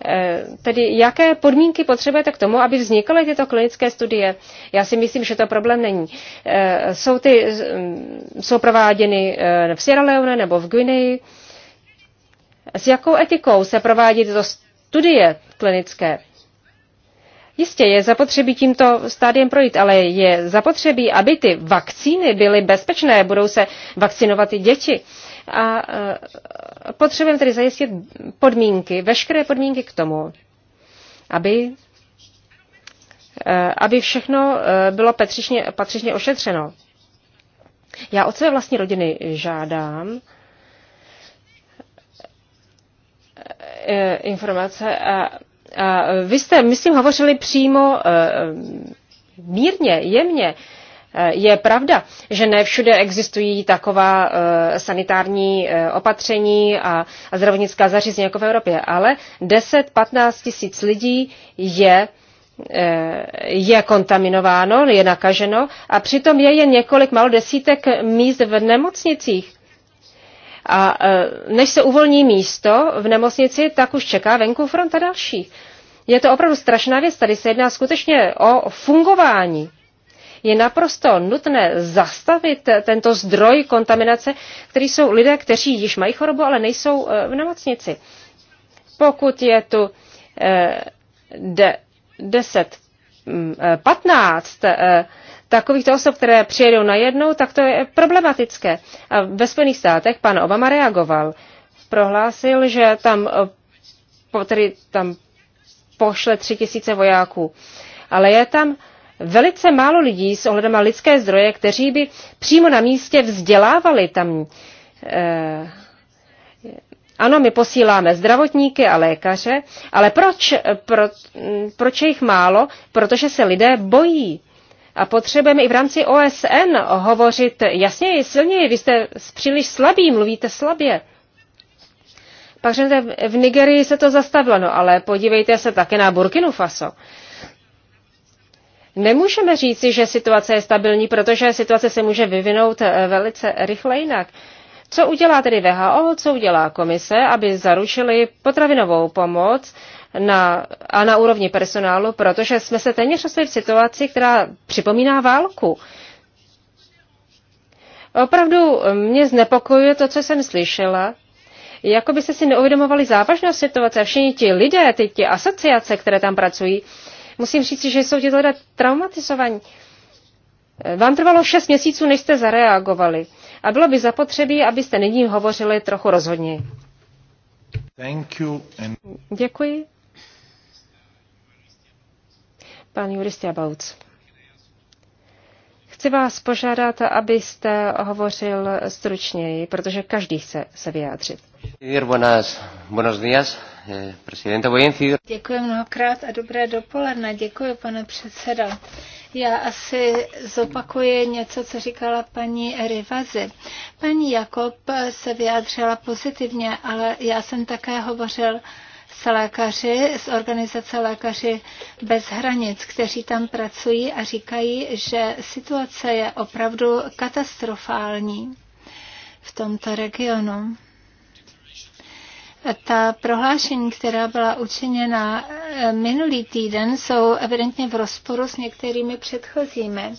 Eh, tedy jaké podmínky potřebujete k tomu, aby vznikaly tyto klinické studie? Já si myslím, že to problém není. Eh, jsou, ty, mm, jsou prováděny eh, v Sierra Leone nebo v Guineji. S jakou etikou se provádí tyto studie klinické? Jistě je zapotřebí tímto stádiem projít, ale je zapotřebí, aby ty vakcíny byly bezpečné, budou se vakcinovat i děti. A e, potřebujeme tedy zajistit podmínky, veškeré podmínky k tomu, aby, e, aby všechno e, bylo patřičně, patřičně ošetřeno. Já od své vlastní rodiny žádám informace a, a vy jste, myslím, hovořili přímo mírně, jemně. Eh, je pravda, že ne všude existují taková eh, sanitární eh, opatření a zdravotnická zařízení jako v Evropě, ale 10-15 tisíc lidí je je kontaminováno, je nakaženo a přitom je jen několik malo desítek míst v nemocnicích. A než se uvolní místo v nemocnici, tak už čeká venku fronta další. Je to opravdu strašná věc, tady se jedná skutečně o fungování je naprosto nutné zastavit tento zdroj kontaminace, který jsou lidé, kteří již mají chorobu, ale nejsou eh, v nemocnici. Pokud je tu 10, eh, 15 mm, eh, takovýchto osob, které přijedou najednou, tak to je problematické. A ve Spojených státech pan Obama reagoval. Prohlásil, že tam, tedy tam pošle tři tisíce vojáků. Ale je tam velice málo lidí s ohledem na lidské zdroje, kteří by přímo na místě vzdělávali tam. E, ano, my posíláme zdravotníky a lékaře, ale proč, eh, pro, hm, proč je jich málo? Protože se lidé bojí. A potřebujeme i v rámci OSN hovořit jasněji, silněji. Vy jste příliš slabí, mluvíte slabě. Pak v Nigerii se to zastavilo, no ale podívejte se také na Burkinu Faso. Nemůžeme říci, že situace je stabilní, protože situace se může vyvinout eh, velice rychle jinak. Co udělá tedy VHO, co udělá komise, aby zaručili potravinovou pomoc na, a na úrovni personálu, protože jsme se téměř dostali v situaci, která připomíná válku. Opravdu eh, mě znepokojuje to, co jsem slyšela. Jako by se si neuvědomovali závažnost situace. Všichni ti lidé, ty, ti asociace, které tam pracují, musím říct, že jsou ti lidé traumatizovaní. Vám trvalo šest měsíců, než jste zareagovali. A bylo by zapotřebí, abyste nyní hovořili trochu rozhodněji. Thank you and... Děkuji. Pan jurist Jabouc. Chci vás požádat, abyste hovořil stručněji, protože každý chce se vyjádřit. Buenos días. Eh, Děkuji mnohokrát a dobré dopoledne. Děkuji, pane předseda. Já asi zopakuji něco, co říkala paní Rivazi. Paní Jakob se vyjádřila pozitivně, ale já jsem také hovořil s lékaři z organizace Lékaři bez hranic, kteří tam pracují a říkají, že situace je opravdu katastrofální v tomto regionu. Ta prohlášení, která byla učiněna eh, minulý týden, jsou evidentně v rozporu s některými předchozími.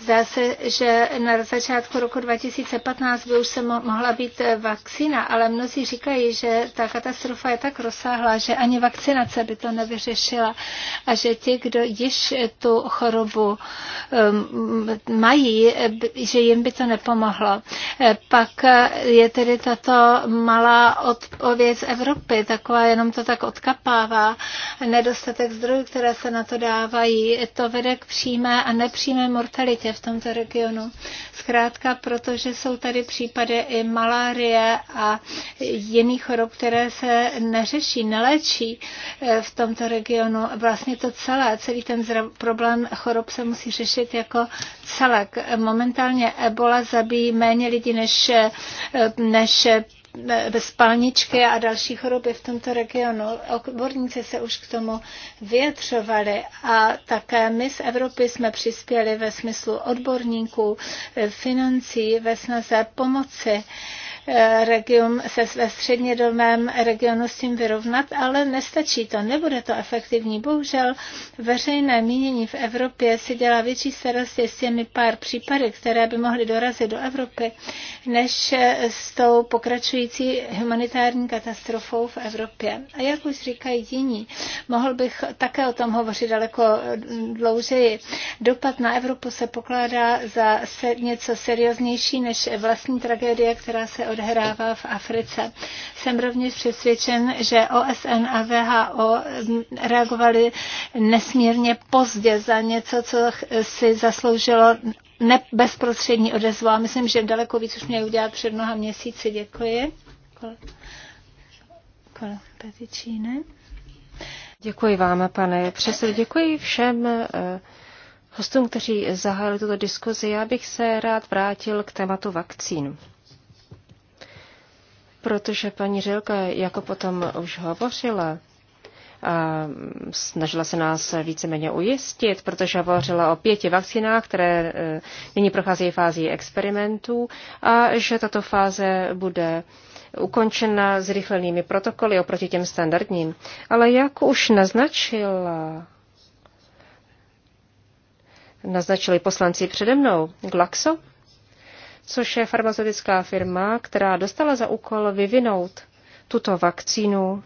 Zdá se, že na začátku roku 2015 by už se mohla být eh, vakcína, ale mnozí říkají, že ta katastrofa je tak rozsáhlá, že ani vakcinace by to nevyřešila a že ti, kdo již tu chorobu ehm, mají, že jim by to nepomohlo. Eh, pak eh, je tedy tato malá odpověď z Evropy, taková jenom to tak odkapává, nedostatek zdrojů, které se na to dávají, to vede k přímé a nepřímé mortalitě životě v tomto regionu. Zkrátka, protože jsou tady případy i malárie a jiných chorob, které se neřeší, neléčí eh, v tomto regionu. Vlastně to celé, celý ten problém chorob se musí řešit jako celek. Momentálně ebola zabíjí méně lidí než, eh, než bez spalničky a další choroby v tomto regionu. Odborníci se už k tomu vyjadřovali a také my z Evropy jsme přispěli ve smyslu odborníků, eh, financí, ve snaze pomoci region, se ve střednědobém regionu s tím vyrovnat, ale nestačí to, nebude to efektivní. Bohužel veřejné mínění v Evropě si dělá větší starosti s těmi pár případy, které by mohly dorazit do Evropy, než s tou pokračující humanitární katastrofou v Evropě. A jak už říkají jiní, mohl bych také o tom hovořit daleko mm, dlouřeji. Dopad na Evropu se pokládá za něco serióznější než vlastní tragédie, která se odhrává v Africe. Jsem rovněž přesvědčen, že OSN a VHO mm, reagovali nesmírně pozdě za něco, co si zasloužilo ne bezprostřední odezvu a myslím, že daleko víc už měli udělat před mnoha měsíci. Děkuji. Děkuji vám, pane předsedo. Děkuji všem eh, hostům, kteří zahájili tuto diskuzi. Já bych se rád vrátil k tématu vakcín. Protože paní Řilka, jako potom už hovořila, a snažila se nás víceméně ujistit, protože hovořila o pěti vakcinách, které eh, nyní procházejí fází experimentů a že tato fáze bude ukončena zrychlenými protokoly oproti těm standardním. Ale jak už naznačila naznačili poslanci přede mnou, Glaxo což je farmaceutická firma, která dostala za úkol vyvinout tuto vakcínu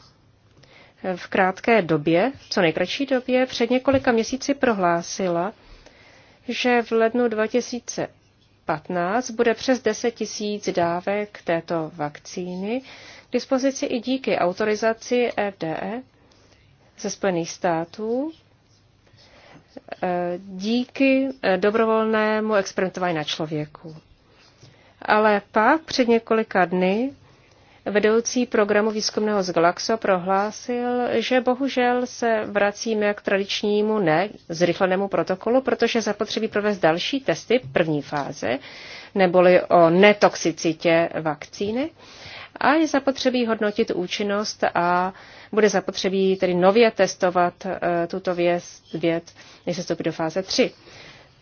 v krátké době, co nejkratší době, před několika měsíci prohlásila, že v lednu 2015 bude přes 10 tisíc dávek této vakcíny k dispozici i díky autorizaci FDE ze Spojených států eh, díky eh, dobrovolnému experimentování na člověku. Ale pak před několika dny vedoucí programu výzkumného z Galaxo prohlásil, že bohužel se vracíme k tradičnímu ne zrychlenému protokolu, protože zapotřebí provést další testy první fáze, neboli o netoxicitě vakcíny. A je zapotřebí hodnotit účinnost a bude zapotřebí tedy nově testovat eh, tuto věc, věc než se stoupí do fáze 3.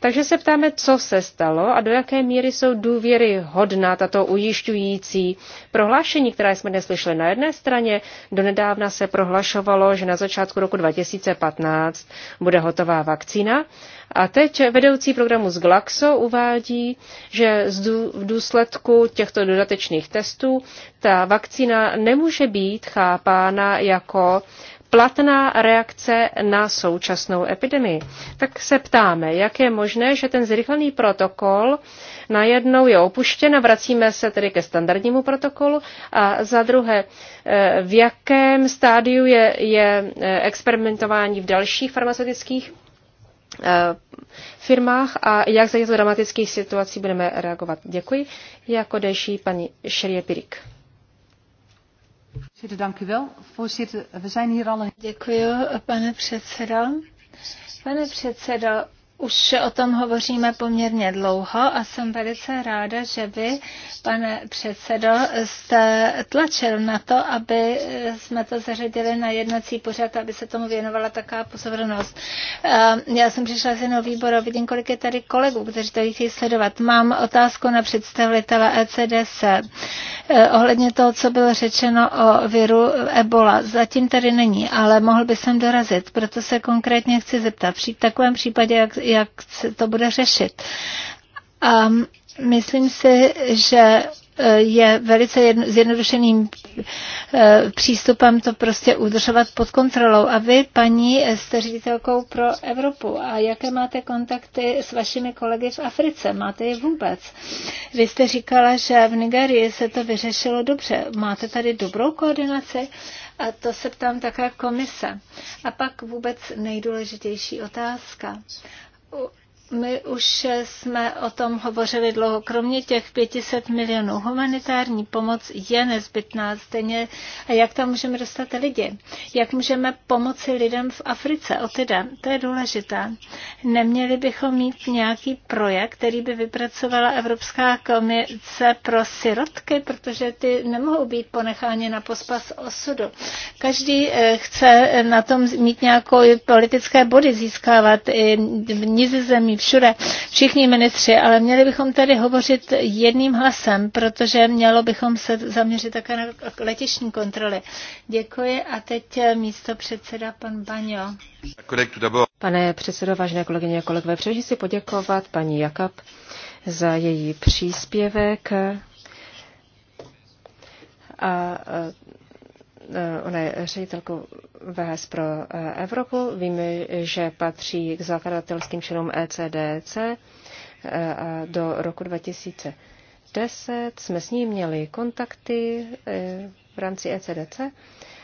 Takže se ptáme, co se stalo a do jaké míry jsou důvěry hodná tato ujišťující prohlášení, které jsme dnes slyšeli. Na jedné straně donedávna se prohlašovalo, že na začátku roku 2015 bude hotová vakcína a teď vedoucí programu z Glaxo uvádí, že v důsledku těchto dodatečných testů ta vakcína nemůže být chápána jako platná reakce na současnou epidemii. Tak se ptáme, jak je možné, že ten zrychlený protokol najednou je opuštěn a vracíme se tedy ke standardnímu protokolu a za druhé, eh, v jakém stádiu je, je eh, experimentování v dalších farmaceutických eh, firmách a jak za těchto dramatických situací budeme reagovat. Děkuji. Jako další paní Šerie Pirik pane předsedo. Pane předsedo, už o tom hovoříme poměrně dlouho a jsem velice ráda, že vy, pane předsedo, jste tlačil na to, aby jsme to zařadili na jednací pořad, aby se tomu věnovala taká pozornost. Já jsem přišla z jiného výboru, vidím, kolik je tady kolegů, kteří to chtějí sledovat. Mám otázku na představitele ECDS. Eh, ohledně toho, co bylo řečeno o viru Ebola. Zatím tady není, ale mohl by sem dorazit, proto se konkrétně chci zeptat. V takovém případě, jak jak se to bude řešit. A myslím si, že e, je velice jedno, zjednodušeným e, přístupem to prostě udržovat pod kontrolou. A vy, paní, jste ředitelkou pro Evropu. A jaké máte kontakty s vašimi kolegy v Africe? Máte je vůbec? Vy jste říkala, že v Nigerii se to vyřešilo dobře. Máte tady dobrou koordinaci? A to se ptám také komise. A pak vůbec nejdůležitější otázka. Oh. My už jsme o tom hovořili dlouho. Kromě těch 500 milionů humanitární pomoc je nezbytná stejně. A jak tam můžeme dostat lidi? Jak můžeme pomoci lidem v Africe? O teda, to je důležité. Neměli bychom mít nějaký projekt, který by vypracovala Evropská komise pro sirotky, protože ty nemohou být ponecháni na pospas osudu. Každý eh, chce na tom mít nějakou politické body získávat i v zemí, zúčastní všude, všichni ministři, ale měli bychom tady hovořit jedným hlasem, protože mělo bychom se zaměřit také na letišní kontroly. Děkuji a teď eh, místo předseda pan Baňo. Pane předsedo, vážené kolegyně a kolegové, přeji si poděkovat paní Jakab za její příspěvek a eh, Eh, ona je ředitelkou VHS pro eh, Evropu. Víme, že patří k zakladatelským členům ECDC eh, do roku 2010 jsme s ní měli kontakty v rámci ECDC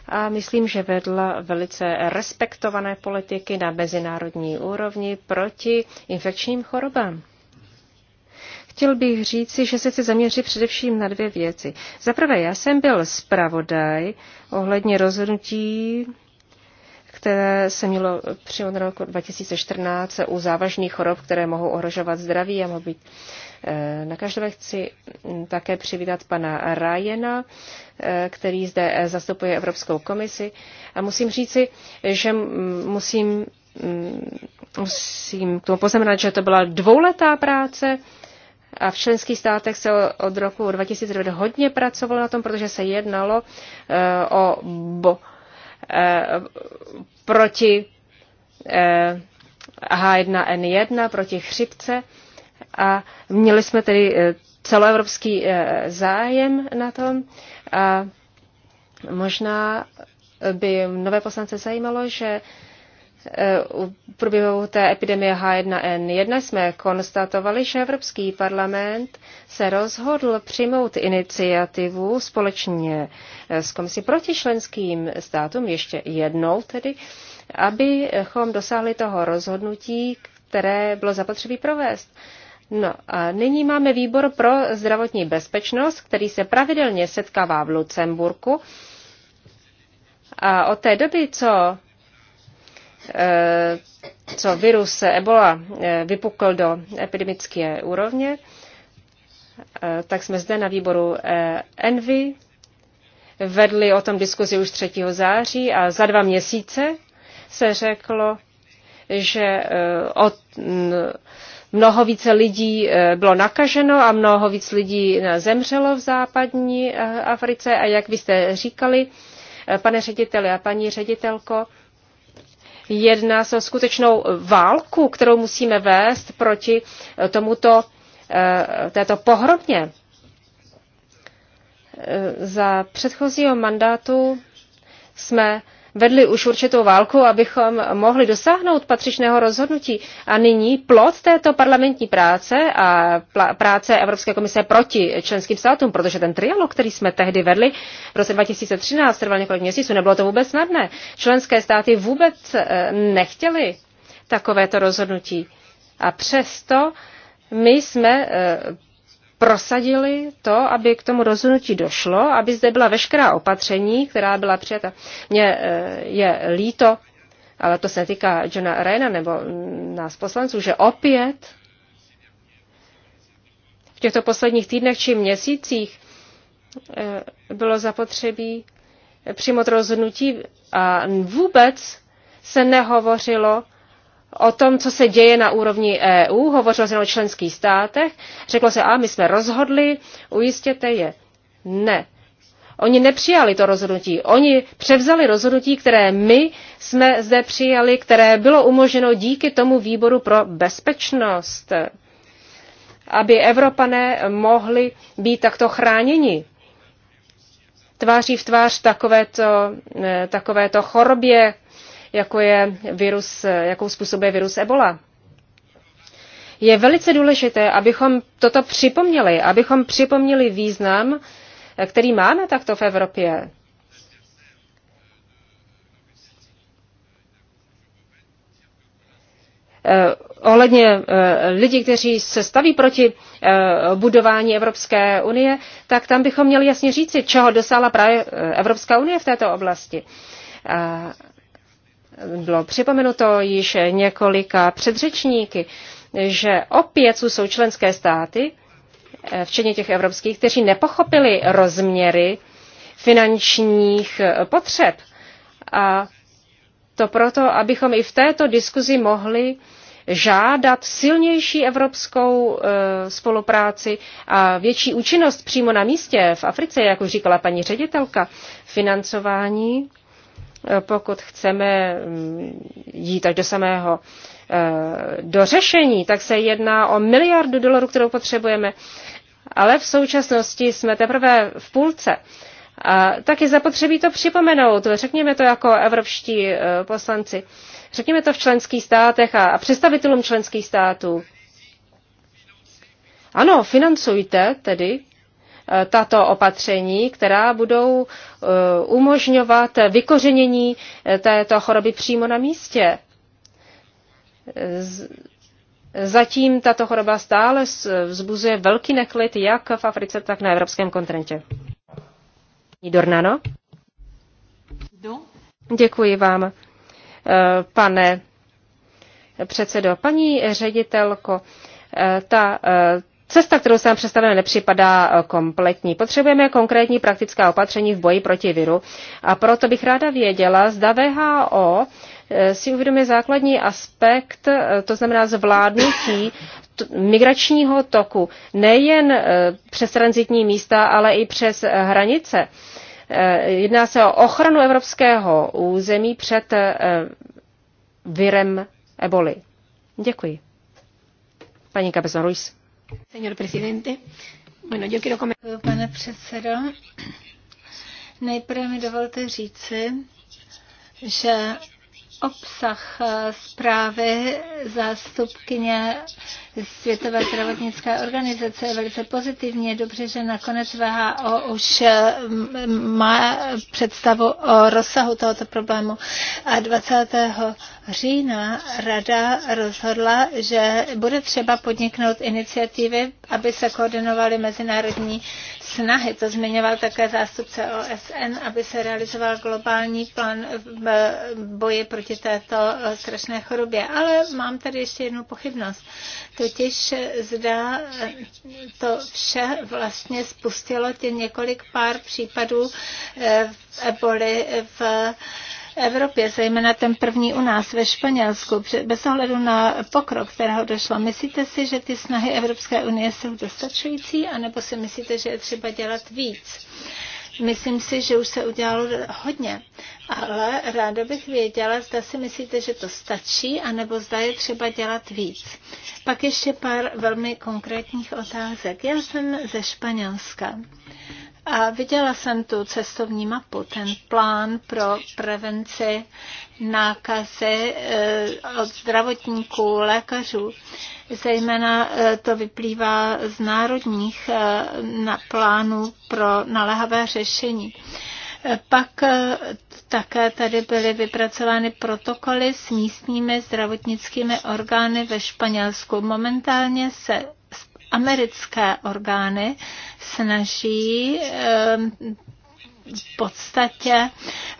a myslím, že vedla velice respektované politiky na mezinárodní úrovni proti infekčním chorobám. Chtěl bych říci, že se chci zaměřit především na dvě věci. Za prvé, já jsem byl zpravodaj ohledně rozhodnutí které se mělo přijmout roku 2014 u závažných chorob, které mohou ohrožovat zdraví a mohou být eh, na každé chci hm, také přivítat pana Rajena, eh, který zde eh, zastupuje Evropskou komisi. A musím říci, že musím, hm, musím k tomu poznamenat, že to byla dvouletá práce, a v členských státech se od roku 2009 hodně pracovalo na tom, protože se jednalo eh, o bo, eh, proti H1N1, eh, proti chřipce. A měli jsme tedy celoevropský zájem na tom. A možná by nové poslance zajímalo, že Eh, u průběhu té epidemie H1N1 jsme konstatovali, že Evropský parlament se rozhodl přijmout iniciativu společně eh, s komisí proti členským státům, ještě jednou tedy, abychom dosáhli toho rozhodnutí, které bylo zapotřebí provést. No a nyní máme výbor pro zdravotní bezpečnost, který se pravidelně setkává v Lucemburku. A od té doby, co Eh, co virus Ebola eh, vypukl do epidemické úrovně, eh, tak jsme zde na výboru Envy vedli o tom diskuzi už 3. září a za dva měsíce se řeklo, že od, mnoho více lidí bylo nakaženo a mnoho víc lidí zemřelo v západní Africe. A jak byste říkali, pane řediteli a paní ředitelko, Jedná se o skutečnou válku, kterou musíme vést proti eh, tomuto, eh, této pohromě. Eh, za předchozího mandátu jsme vedli už určitou válku, abychom mohli dosáhnout patřičného rozhodnutí. A nyní plod této parlamentní práce a práce Evropské komise proti členským státům, protože ten trialog, který jsme tehdy vedli v roce 2013, trval několik měsíců, nebylo to vůbec snadné. Členské státy vůbec eh, nechtěli takovéto rozhodnutí. A přesto my jsme eh, prosadili to, aby k tomu rozhodnutí došlo, aby zde byla veškerá opatření, která byla přijata. Mně eh, je líto, ale to se týká Johna Reina nebo mm, nás poslanců, že opět v těchto posledních týdnech či měsících eh, bylo zapotřebí přijmout rozhodnutí a vůbec se nehovořilo o tom, co se děje na úrovni EU, hovořilo se o členských státech, řeklo se, a my jsme rozhodli, ujistěte je. Ne. Oni nepřijali to rozhodnutí. Oni převzali rozhodnutí, které my jsme zde přijali, které bylo umoženo díky tomu výboru pro bezpečnost, aby Evropané mohli být takto chráněni tváří v tvář takovéto, eh, takovéto chorobě, jako je virus, jakou způsobuje virus Ebola. Je velice důležité, abychom toto připomněli, abychom připomněli význam, eh, který máme takto v Evropě. Eh, ohledně eh, lidí, kteří se staví proti budování Evropské unie, tak tam bychom měli jasně říci, čeho dosáhla právě Evropská unie v této oblasti bylo připomenuto již několika předřečníky, že opět jsou členské státy, eh, včetně těch evropských, kteří nepochopili rozměry finančních eh, potřeb. A to proto, abychom i v této diskuzi mohli žádat silnější evropskou eh, spolupráci a větší účinnost přímo na místě v Africe, jak už říkala paní ředitelka, financování Eh, pokud chceme mm, jít až do samého eh, do řešení, tak se jedná o miliardu dolarů, kterou potřebujeme. Ale v současnosti jsme teprve v půlce. A tak je zapotřebí to připomenout. Řekněme to jako evropští eh, poslanci. Řekněme to v členských státech a představitelům členských států. Ano, financujte tedy Eh, tato opatření, která budou eh, umožňovat vykořenění eh, této choroby přímo na místě. Zatím tato choroba stále vzbuzuje velký neklid jak v Africe, tak na evropském kontinentě. Dornano? Děkuji vám, pane předsedo. Paní ředitelko, ta Cesta, kterou se nám představila, nepřipadá eh, kompletní. Potřebujeme konkrétní praktická opatření v boji proti viru a proto bych ráda věděla, zda VHO eh, si uvědomuje základní aspekt, eh, to znamená zvládnutí migračního toku, nejen přes transitní místa, ale i přes hranice. Jedná se o ochranu evropského území před virem eboli. Děkuji. Paní Cabezon Ruiz. Pane předsedo, nejprve mi dovolte říci, že obsah zprávy zástupkyně Světové zdravotnické organizace je velice pozitivní. Je dobře, že nakonec VHO už má představu o rozsahu tohoto problému. A 20. října rada rozhodla, že bude třeba podniknout iniciativy, aby se koordinovaly mezinárodní snahy. To zmiňoval také zástupce OSN, aby se realizoval globální plán boje proti této strašné chorobě. Ale mám tady ještě jednu pochybnost totiž zda to vše vlastně spustilo tě několik pár případů eh, eboli v Evropě, zejména ten první u nás ve Španělsku, bez ohledu na pokrok, kterého došlo. Myslíte si, že ty snahy Evropské unie jsou dostačující, anebo si myslíte, že je třeba dělat víc? Myslím si, že už se udělalo hodně, ale ráda bych věděla, zda si myslíte, že to stačí, anebo zda je třeba dělat víc. Pak ještě pár velmi konkrétních otázek. Já jsem ze Španělska a viděla jsem tu cestovní mapu, ten plán pro prevenci nákazy eh, od zdravotníků, lékařů. Zejména eh, to vyplývá z národních eh, plánů pro naléhavé řešení. Pak také tady byly vypracovány protokoly s místními zdravotnickými orgány ve Španělsku. Momentálně se americké orgány snaží ehm, v podstatě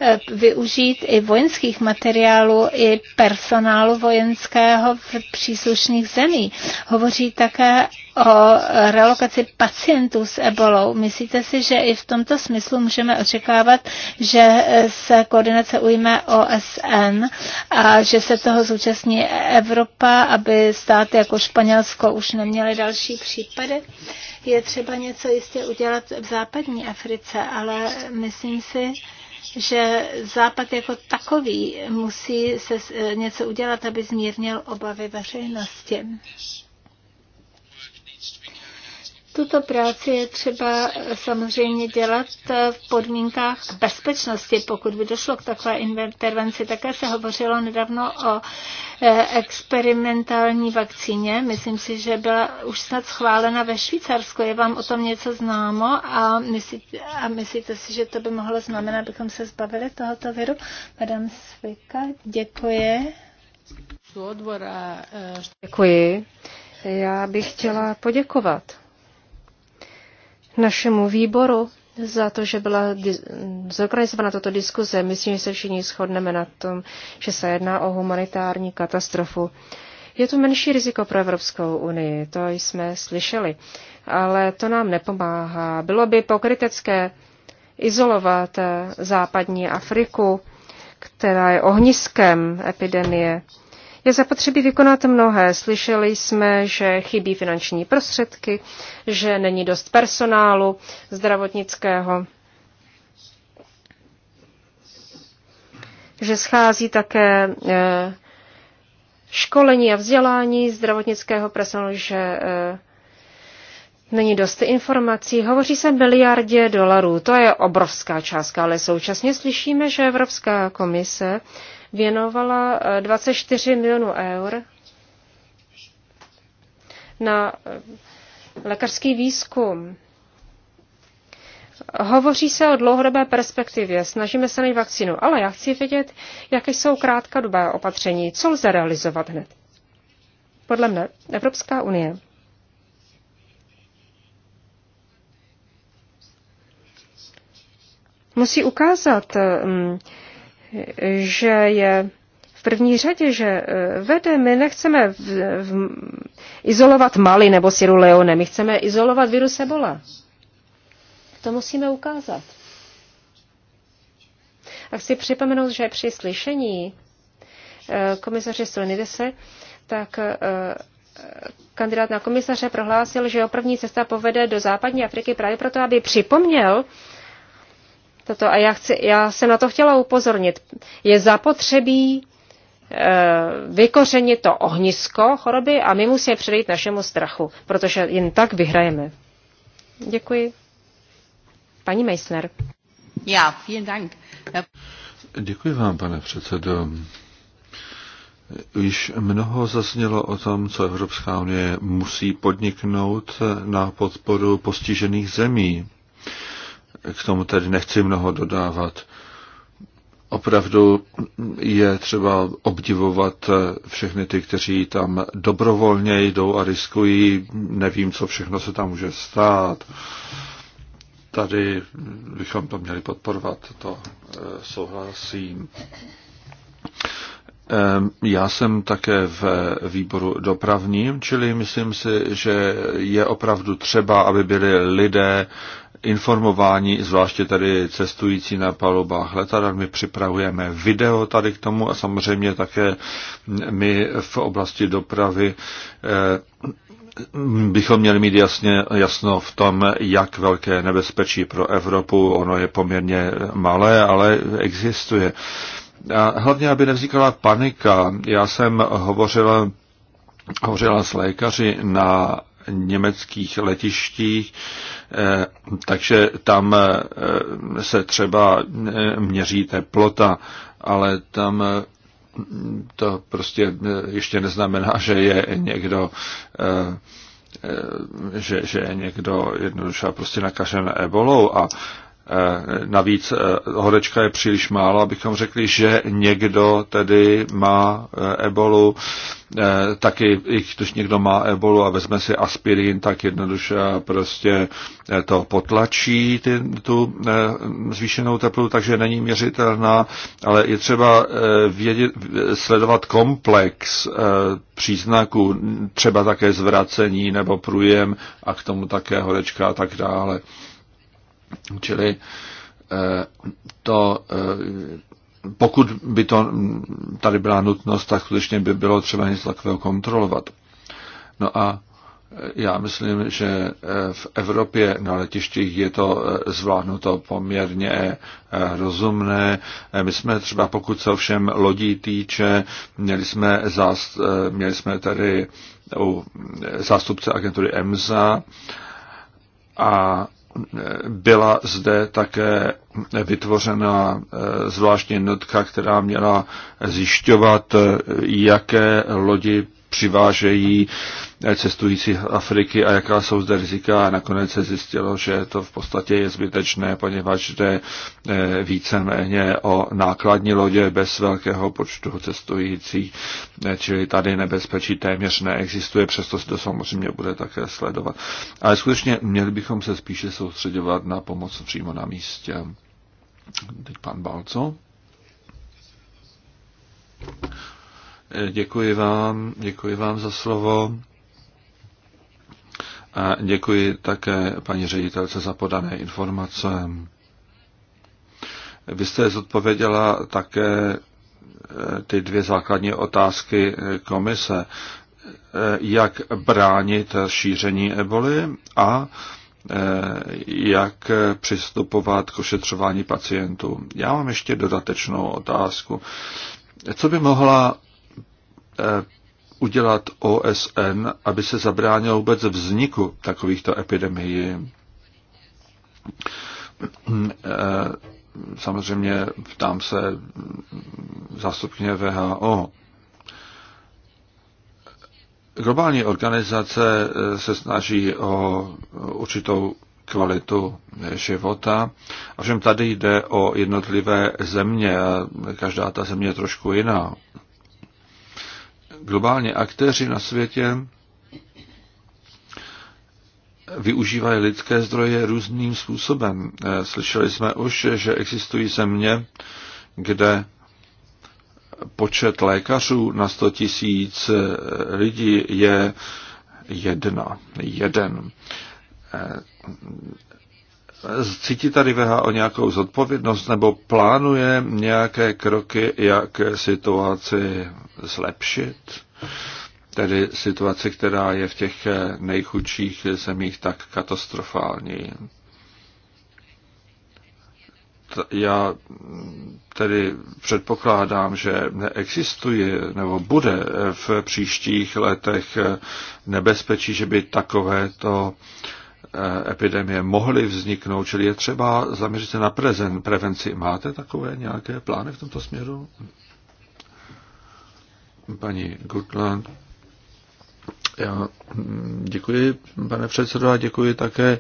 eh, využít i vojenských materiálů, i personálu vojenského v příslušných zemí. Hovoří také o relokaci pacientů s ebolou. Myslíte si, že i v tomto smyslu můžeme očekávat, že se koordinace ujme OSN a že se toho zúčastní Evropa, aby státy jako Španělsko už neměly další případy? Je třeba něco jistě udělat v západní Africe, ale myslím si, že Západ jako takový musí se něco udělat, aby zmírnil obavy veřejnosti. Tuto práci je třeba samozřejmě dělat v podmínkách bezpečnosti, pokud by došlo k takové intervenci. Také se hovořilo nedávno o eh, experimentální vakcíně. Myslím si, že byla už snad schválena ve Švýcarsku. Je vám o tom něco známo a, myslí, a myslíte si, že to by mohlo znamenat, abychom se zbavili tohoto viru? Madame Svika, děkuji. Děkuji. Já bych chtěla poděkovat našemu výboru za to, že byla zorganizována tato diskuze. Myslím, že se všichni shodneme na tom, že se jedná o humanitární katastrofu. Je to menší riziko pro Evropskou unii, to jsme slyšeli, ale to nám nepomáhá. Bylo by pokrytecké izolovat západní Afriku, která je ohniskem epidemie je zapotřebí vykonat mnohé. Slyšeli jsme, že chybí finanční prostředky, že není dost personálu zdravotnického, že schází také eh, školení a vzdělání zdravotnického personálu, že eh, není dost informací. Hovoří se miliardě dolarů, to je obrovská částka, ale současně slyšíme, že Evropská komise věnovala 24 eh, milionů eur na eh, lékařský výzkum. Hovoří se o dlouhodobé perspektivě, snažíme se najít vakcínu, ale já chci vědět, jaké jsou krátkodobé opatření, co lze realizovat hned. Podle mne Evropská unie musí ukázat mm, že je v první řadě, že eh, vede, my nechceme v, v, izolovat Mali nebo Sieru Leone, my chceme izolovat virus Ebola. To musíme ukázat. A chci připomenout, že při slyšení eh, komisaře Solinidese, tak eh, kandidát na komisaře prohlásil, že jeho první cesta povede do západní Afriky právě proto, aby připomněl toto. A já, chci, já jsem na to chtěla upozornit. Je zapotřebí eh, vykořenit to ohnisko choroby a my musíme předejít našemu strachu, protože jen tak vyhrajeme. Děkuji. Paní Meissner. Já, vielen Dank. Děkuji vám, pane předsedo. Již mnoho zaznělo o tom, co Evropská unie musí podniknout na podporu postižených zemí k tomu tedy nechci mnoho dodávat. Opravdu je třeba obdivovat všechny ty, kteří tam dobrovolně jdou a riskují, nevím, co všechno se tam může stát. Tady bychom to měli podporovat, to eh, souhlasím. Ehm, já jsem také v výboru dopravním, čili myslím si, že je opravdu třeba, aby byli lidé informování, zvláště tady cestující na palubách letadel. My připravujeme video tady k tomu a samozřejmě také my v oblasti dopravy eh, bychom měli mít jasně, jasno v tom, jak velké nebezpečí pro Evropu. Ono je poměrně malé, ale existuje. A hlavně, aby nevznikala panika. Já jsem hovořila, hovořila s lékaři na německých letištích, eh, takže tam eh, se třeba eh, měří teplota, ale tam to prostě ještě neznamená, že je někdo že, že je někdo jednoduše prostě nakažen ebolou a Eh, navíc eh, horečka je příliš málo, abychom řekli, že někdo tedy má eh, ebolu, taky, když někdo má ebolu a vezme si aspirin, tak jednoduše prostě to potlačí ty, tu zvýšenou teplotu, takže není měřitelná, ale je třeba vědět, sledovat komplex příznaků, třeba také zvracení nebo průjem a k tomu také horečka a tak dále. Čili eh, to, eh, pokud by to tady byla nutnost, tak skutečně by bylo třeba něco takového kontrolovat. No a eh, já myslím, že v Evropě na letištích je to zvládnuto poměrně rozumné. My jsme třeba, pokud se ovšem lodí týče, měli jsme, zást, měli jsme tady u zástupce agentury EMSA a byla zde také vytvořena eh, zvláštní jednotka, která měla zjišťovat, eh, jaké lodi přivážejí eh, cestující z Afriky a jaká jsou zde rizika. A nakonec se zjistilo, že to v podstatě je zbytečné, poněvadž jde eh, víceméně o nákladní lodě bez velkého počtu cestujících, eh, čili tady nebezpečí téměř neexistuje, přesto se to samozřejmě bude také sledovat. Ale skutečně měli bychom se spíše soustředovat na pomoc přímo na místě. Teď pan Balco. Děkuji vám, děkuji vám za slovo a děkuji také paní ředitelce za podané informace. Vy jste zodpověděla také eh, ty dvě základní otázky eh, komise. Eh, jak bránit šíření eboli a jak přistupovat k ošetřování pacientů. Já mám ještě dodatečnou otázku. Co by mohla Eh, udělat OSN, aby se zabránilo vůbec vzniku takovýchto epidemií. Mm, eh, samozřejmě ptám se zástupně VHO. Globální organizace eh, se snaží o určitou kvalitu života. Ovšem tady jde o jednotlivé země a každá ta země je trošku jiná globálně aktéři na světě využívají lidské zdroje různým způsobem. Eh, slyšeli jsme už, že existují země, kde počet lékařů na 100 tisíc eh, lidí je jedna. Jeden. Eh, Cítí tady o nějakou zodpovědnost nebo plánuje nějaké kroky, jak situaci zlepšit? Tedy situaci, která je v těch nejchudších zemích tak katastrofální. Já tedy předpokládám, že neexistuje nebo bude v příštích letech nebezpečí, že by takovéto Eh, epidemie mohly vzniknout, čili je třeba zaměřit se na prezen, prevenci. Máte takové nějaké plány v tomto směru? Paní Gutland. Já hm, děkuji, pane předsedo, a děkuji také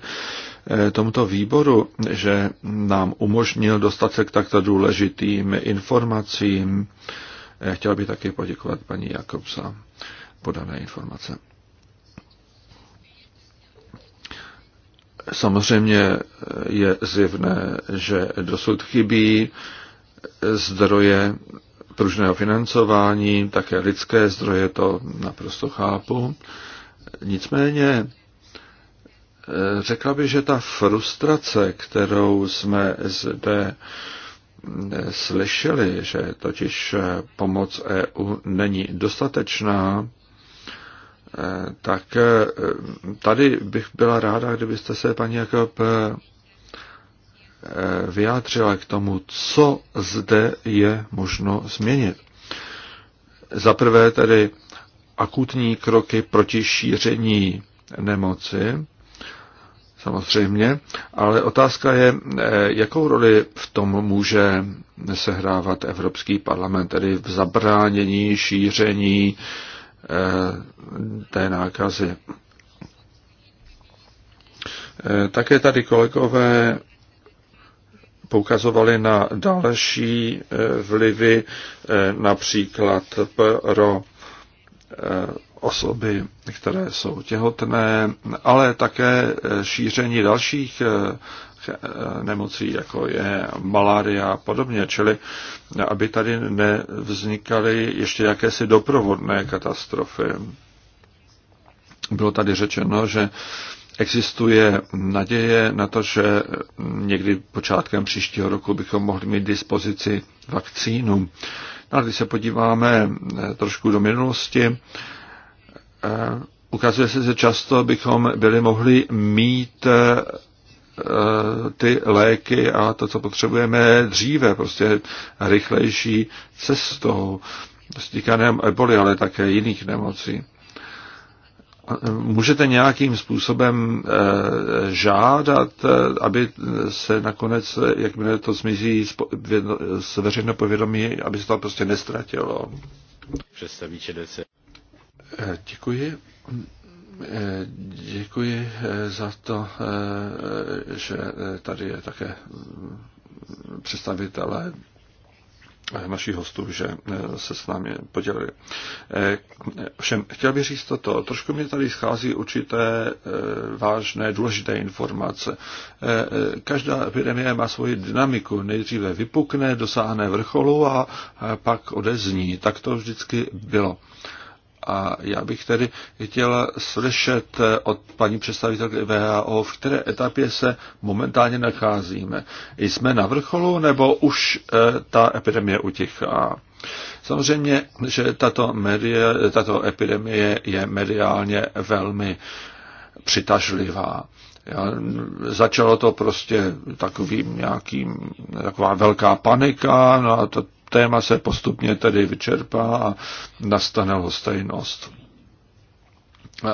eh, tomuto výboru, že nám umožnil dostat se k takto důležitým informacím. Chtěl bych také poděkovat paní Jakobsa podané informace. Samozřejmě je zjevné, že dosud chybí zdroje pružného financování, také lidské zdroje, to naprosto chápu. Nicméně eh, řekla bych, že ta frustrace, kterou jsme zde eh, slyšeli, že totiž eh, pomoc EU není dostatečná, tak eh, tady bych byla ráda, kdybyste se, paní Jakob, eh, eh, vyjádřila k tomu, co zde je možno změnit. Za prvé tedy akutní kroky proti šíření nemoci, samozřejmě, ale otázka je, jakou roli v tom může sehrávat Evropský parlament, tedy v zabránění šíření eh, Eh, té nákazy. Eh, také tady kolegové poukazovali na další eh, vlivy, například pro osoby, které jsou těhotné, ale také šíření dalších nemocí, jako je malária a podobně, čili aby tady nevznikaly ještě jakési doprovodné katastrofy. Bylo tady řečeno, že existuje naděje na to, že někdy počátkem příštího roku bychom mohli mít dispozici vakcínu. No a když se podíváme eh, trošku do minulosti, eh, ukazuje se, že často bychom byli mohli mít eh, Eh, ty léky a to, co potřebujeme dříve, prostě rychlejší cestou. To týká nejen eboli, ale také jiných nemocí. Eh, můžete nějakým způsobem eh, žádat, aby se nakonec, jakmile to zmizí z veřejného povědomí, aby se to prostě nestratilo? Představíče DC. Děkuji. Děkuji eh, za to, eh, že eh, tady je také mm, představitelé našich hostů, že se s námi podělili. Všem, chtěl bych říct toto, trošku mě tady schází určité vážné, důležité informace. Každá epidemie má svoji dynamiku. Nejdříve vypukne, dosáhne vrcholu a pak odezní. Tak to vždycky bylo. A já bych tedy chtěl slyšet eh, od paní představitelky VHO, v které etapě se momentálně nacházíme. Jsme na vrcholu nebo už eh, ta epidemie utichá? Samozřejmě, že tato, media, tato epidemie je mediálně velmi přitažlivá. Já, začalo to prostě takovým nějakým, taková velká panika, no a to téma se postupně tedy vyčerpá a nastane lhostejnost.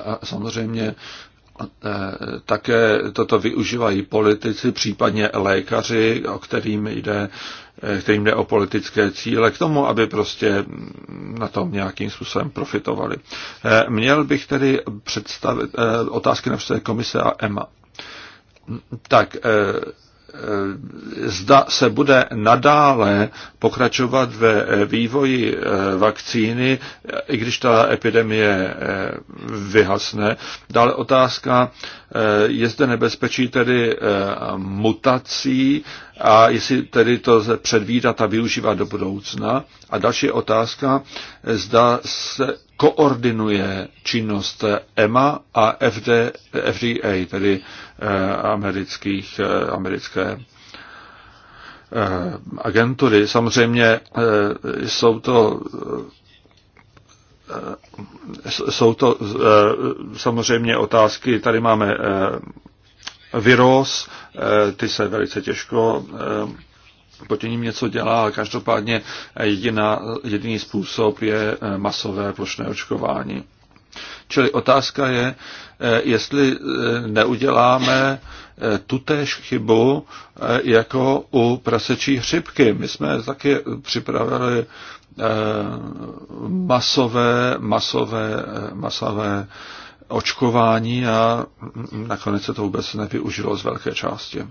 A samozřejmě e, také toto využívají politici, případně lékaři, o kterým jde, e, kterým jde o politické cíle, k tomu, aby prostě na tom nějakým způsobem profitovali. E, měl bych tedy představit otázky na komise a EMA. Tak, Eh, zda se bude nadále pokračovat ve vývoji eh, vakcíny, i když ta epidemie eh, vyhasne. Dále otázka, je zde nebezpečí tedy mutací a jestli tedy to předvídat a využívat do budoucna. A další otázka, zda se koordinuje činnost EMA a FD, FDA, tedy eh, amerických, eh, americké eh, agentury. Samozřejmě jsou to jsou to samozřejmě otázky, tady máme virus, eh, ty se velice těžko eh, proti ním něco dělá, každopádně eh, jediná, jediný způsob je masové plošné očkování. Čili otázka je, jestli neuděláme tutéž chybu jako u prasečí chřipky. My jsme taky připravili masové, masové, masové očkování a nakonec se to vůbec nevyužilo z velké části.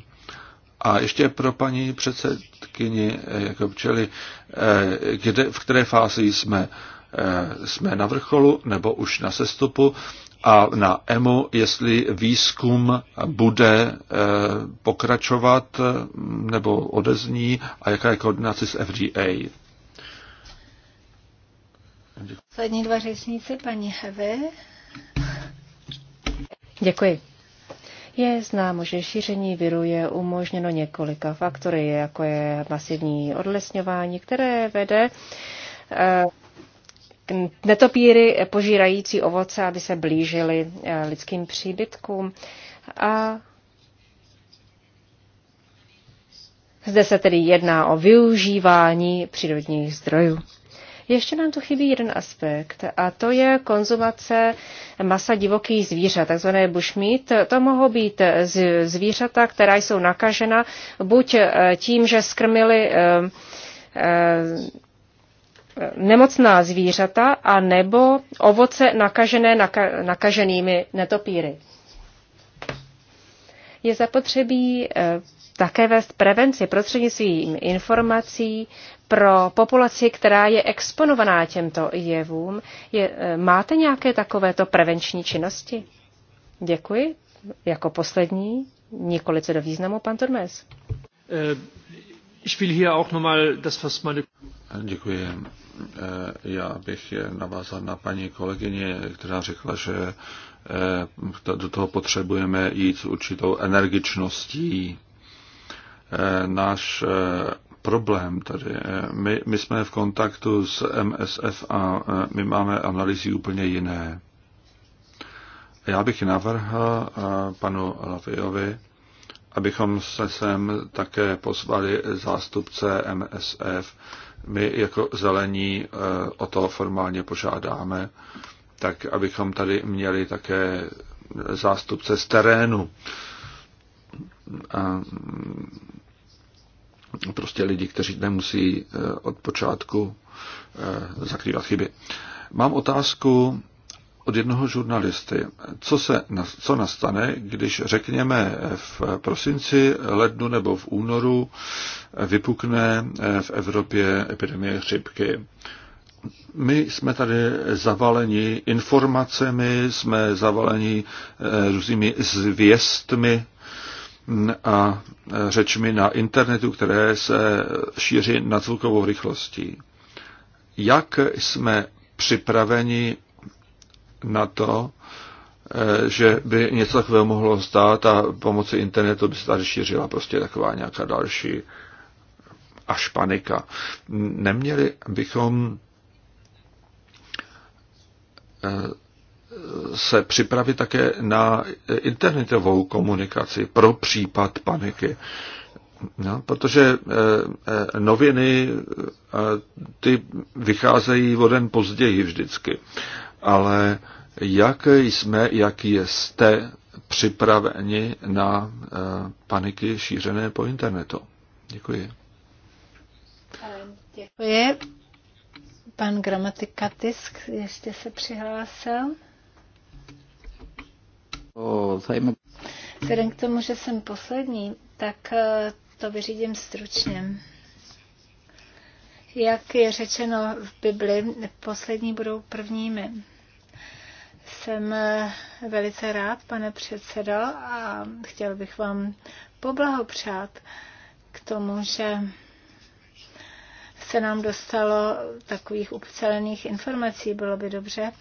A ještě pro paní předsedkyni eh, jako pčeli, eh, kde, v které fázi jsme? Eh, jsme na vrcholu nebo už na sestupu? a na EMU, jestli výzkum bude pokračovat nebo odezní a jaká je koordinace s FDA. Poslední dva řečníci, paní Heve Děkuji. Je známo, že šíření viru je umožněno několika faktory, jako je masivní odlesňování, které vede eh, netopíry požírající ovoce, aby se blížily eh, lidským příbytkům. A zde se tedy jedná o využívání přírodních zdrojů. Ještě nám tu chybí jeden aspekt a to je konzumace masa divokých zvířat, takzvané bushmeat. To mohou být zvířata, která jsou nakažena buď eh, tím, že skrmili eh, eh, nemocná zvířata a nebo ovoce nakažené naka, nakaženými netopíry. Je zapotřebí také vést prevenci prostřednictvím informací pro populaci, která je exponovaná těmto jevům. Je, e, máte nějaké takovéto prevenční činnosti? Děkuji. Jako poslední, nikoli co do významu, pan Turmes. Äh, Děkuji. Äh, já bych navázal na paní kolegyně, která řekla, že äh, do toho potřebujeme jít s určitou energičností Eh, náš eh, problém tady. Eh, my, my jsme v kontaktu s MSF a my máme analýzy úplně jiné. Já bych navrhl panu Laviovi, abychom se sem také pozvali zástupce MSF. My jako zelení o to formálně požádáme, tak abychom tady měli také zástupce z terénu. A prostě lidi, kteří nemusí eh, od počátku eh, zakrývat chyby. Mám otázku od jednoho žurnalisty. Co, se, co nastane, když řekněme v prosinci, lednu nebo v únoru eh, vypukne v Evropě epidemie chřipky? My jsme tady zavaleni informacemi, jsme zavaleni různými zvěstmi a e, řečmi na internetu, které se šíří nad zvukovou rychlostí. Jak jsme připraveni na to, e, že by něco takového mohlo stát a pomocí internetu by se tady šířila prostě taková nějaká další až panika. Neměli bychom e, se připravit také na internetovou komunikaci pro případ paniky. No, protože eh, eh, noviny eh, ty vycházejí o den později vždycky. Ale jak jsme, jak jste připraveni na eh, paniky šířené po internetu? Děkuji. Děkuji. Pan gramatikatisk ještě se přihlásil. Vzhledem k tomu, že jsem poslední, tak eh, to vyřídím stručně. Jak je řečeno v Bibli, poslední budou prvními. Jsem eh, velice rád, pane předsedo, a chtěl bych vám poblahopřát k tomu, že se nám dostalo takových upcelených informací. Bylo by dobře,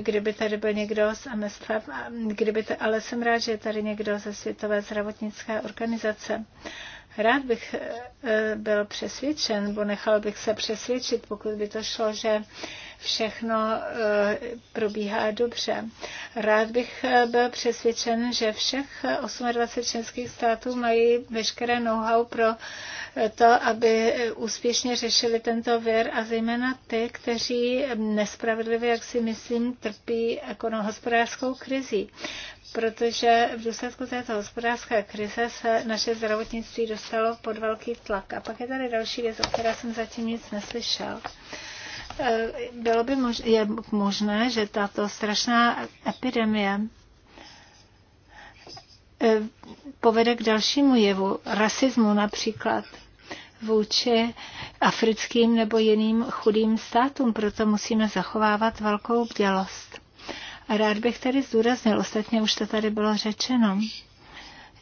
kdyby tady byl někdo z MSF, kdyby to, ale jsem rád, že je tady někdo ze Světové zdravotnické organizace. Rád bych eh, byl přesvědčen, bo nechal bych se přesvědčit, pokud by to šlo, že všechno eh, probíhá dobře. Rád bych eh, byl přesvědčen, že všech 28 členských států mají veškeré know-how pro eh, to, aby úspěšně řešili tento věr a zejména ty, kteří nespravedlivě, jak si myslím, trpí hospodářskou krizí protože v důsledku této hospodářské krize se naše zdravotnictví dostalo pod velký tlak. A pak je tady další věc, o které jsem zatím nic neslyšel. Eh, bylo by mož, je možné, že tato strašná epidemie eh, povede k dalšímu jevu, rasismu například vůči africkým nebo jiným chudým státům, proto musíme zachovávat velkou bdělost. A rád bych tady zdůraznil, ostatně už to tady bylo řečeno,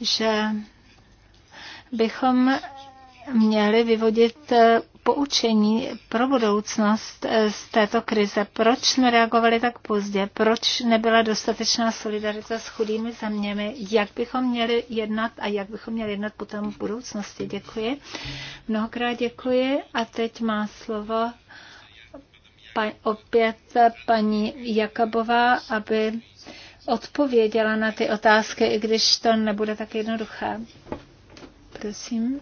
že bychom měli vyvodit eh, poučení pro budoucnost eh, z této krize. Proč jsme reagovali tak pozdě? Proč nebyla dostatečná solidarita s chudými zeměmi? Jak bychom měli jednat a jak bychom měli jednat potom v budoucnosti? Děkuji. Mnohokrát děkuji a teď má slovo pa, opět paní Jakabová, aby odpověděla na ty otázky, i když to nebude tak jednoduché. Prosím.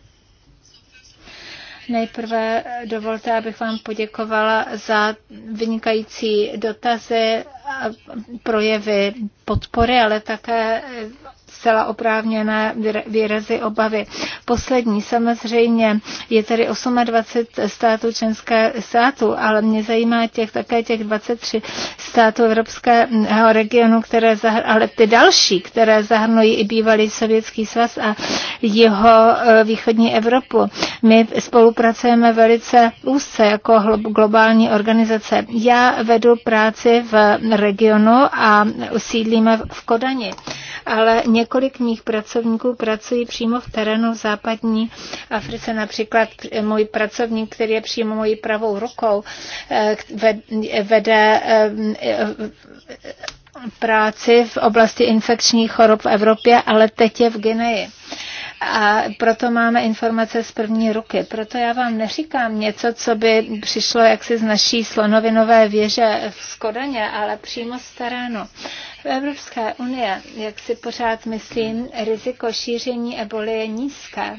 Nejprve dovolte, abych vám poděkovala za vynikající dotazy, projevy podpory, ale také zcela oprávněné výrazy obavy. Poslední samozřejmě je tady 28 států členské státu, ale mě zajímá těch také těch 23 států Evropského regionu, které zahr- ale ty další, které zahrnují i bývalý Sovětský svaz a jeho e, východní Evropu. My spolupracujeme velice úzce jako globální organizace. Já vedu práci v regionu a usídlíme v Kodani ale několik mých pracovníků pracují přímo v terénu v západní Africe. Například můj pracovník, který je přímo mojí pravou rukou, eh, vede eh, práci v oblasti infekčních chorob v Evropě, ale teď je v Gineji a proto máme informace z první ruky. Proto já vám neříkám něco, co by přišlo jaksi z naší slonovinové věže v Skodaně, ale přímo z terénu. V Evropské unie, jak si pořád myslím, riziko šíření eboli je nízké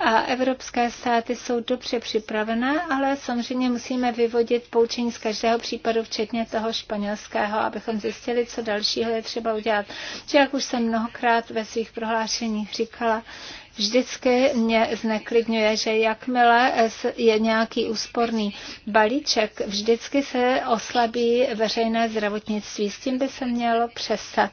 a evropské státy jsou dobře připravené, ale samozřejmě musíme vyvodit poučení z každého případu, včetně toho španělského, abychom zjistili, co dalšího je třeba udělat. Či jak už jsem mnohokrát ve svých prohlášeních říkala, Vždycky mě zneklidňuje, že jakmile je nějaký úsporný balíček, vždycky se oslabí veřejné zdravotnictví. S tím by se mělo přestat.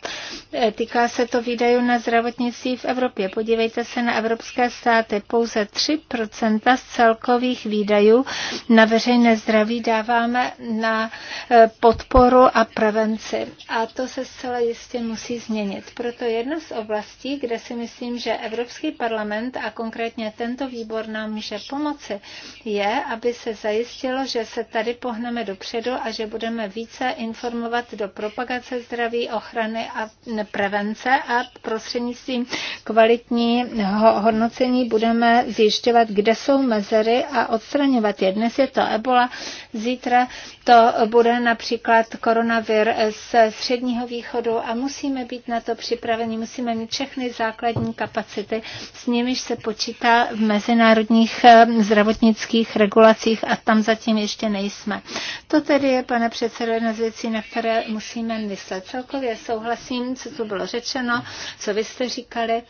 E, týká se to výdajů na zdravotnictví v Evropě. Podívejte se na evropské státy. Pouze 3% z celkových výdajů na veřejné zdraví dáváme na e, podporu a prevenci. A to se zcela jistě musí změnit. Proto jedna z oblastí, kde si myslím, že Evropský parlament parlament a konkrétně tento výbor nám může pomoci, je, aby se zajistilo, že se tady pohneme dopředu a že budeme více informovat do propagace zdraví, ochrany a prevence a prostřednictvím kvalitního hodnocení budeme zjišťovat, kde jsou mezery a odstraňovat je. Dnes je to ebola, zítra to bude například koronavir z středního východu a musíme být na to připraveni, musíme mít všechny základní kapacity s nimiž se počítá v mezinárodních eh, zdravotnických regulacích a tam zatím ještě nejsme. To tedy je, pane předsedo, jedna z věcí, na které musíme myslet. Celkově souhlasím, co tu bylo řečeno, co vy jste říkali,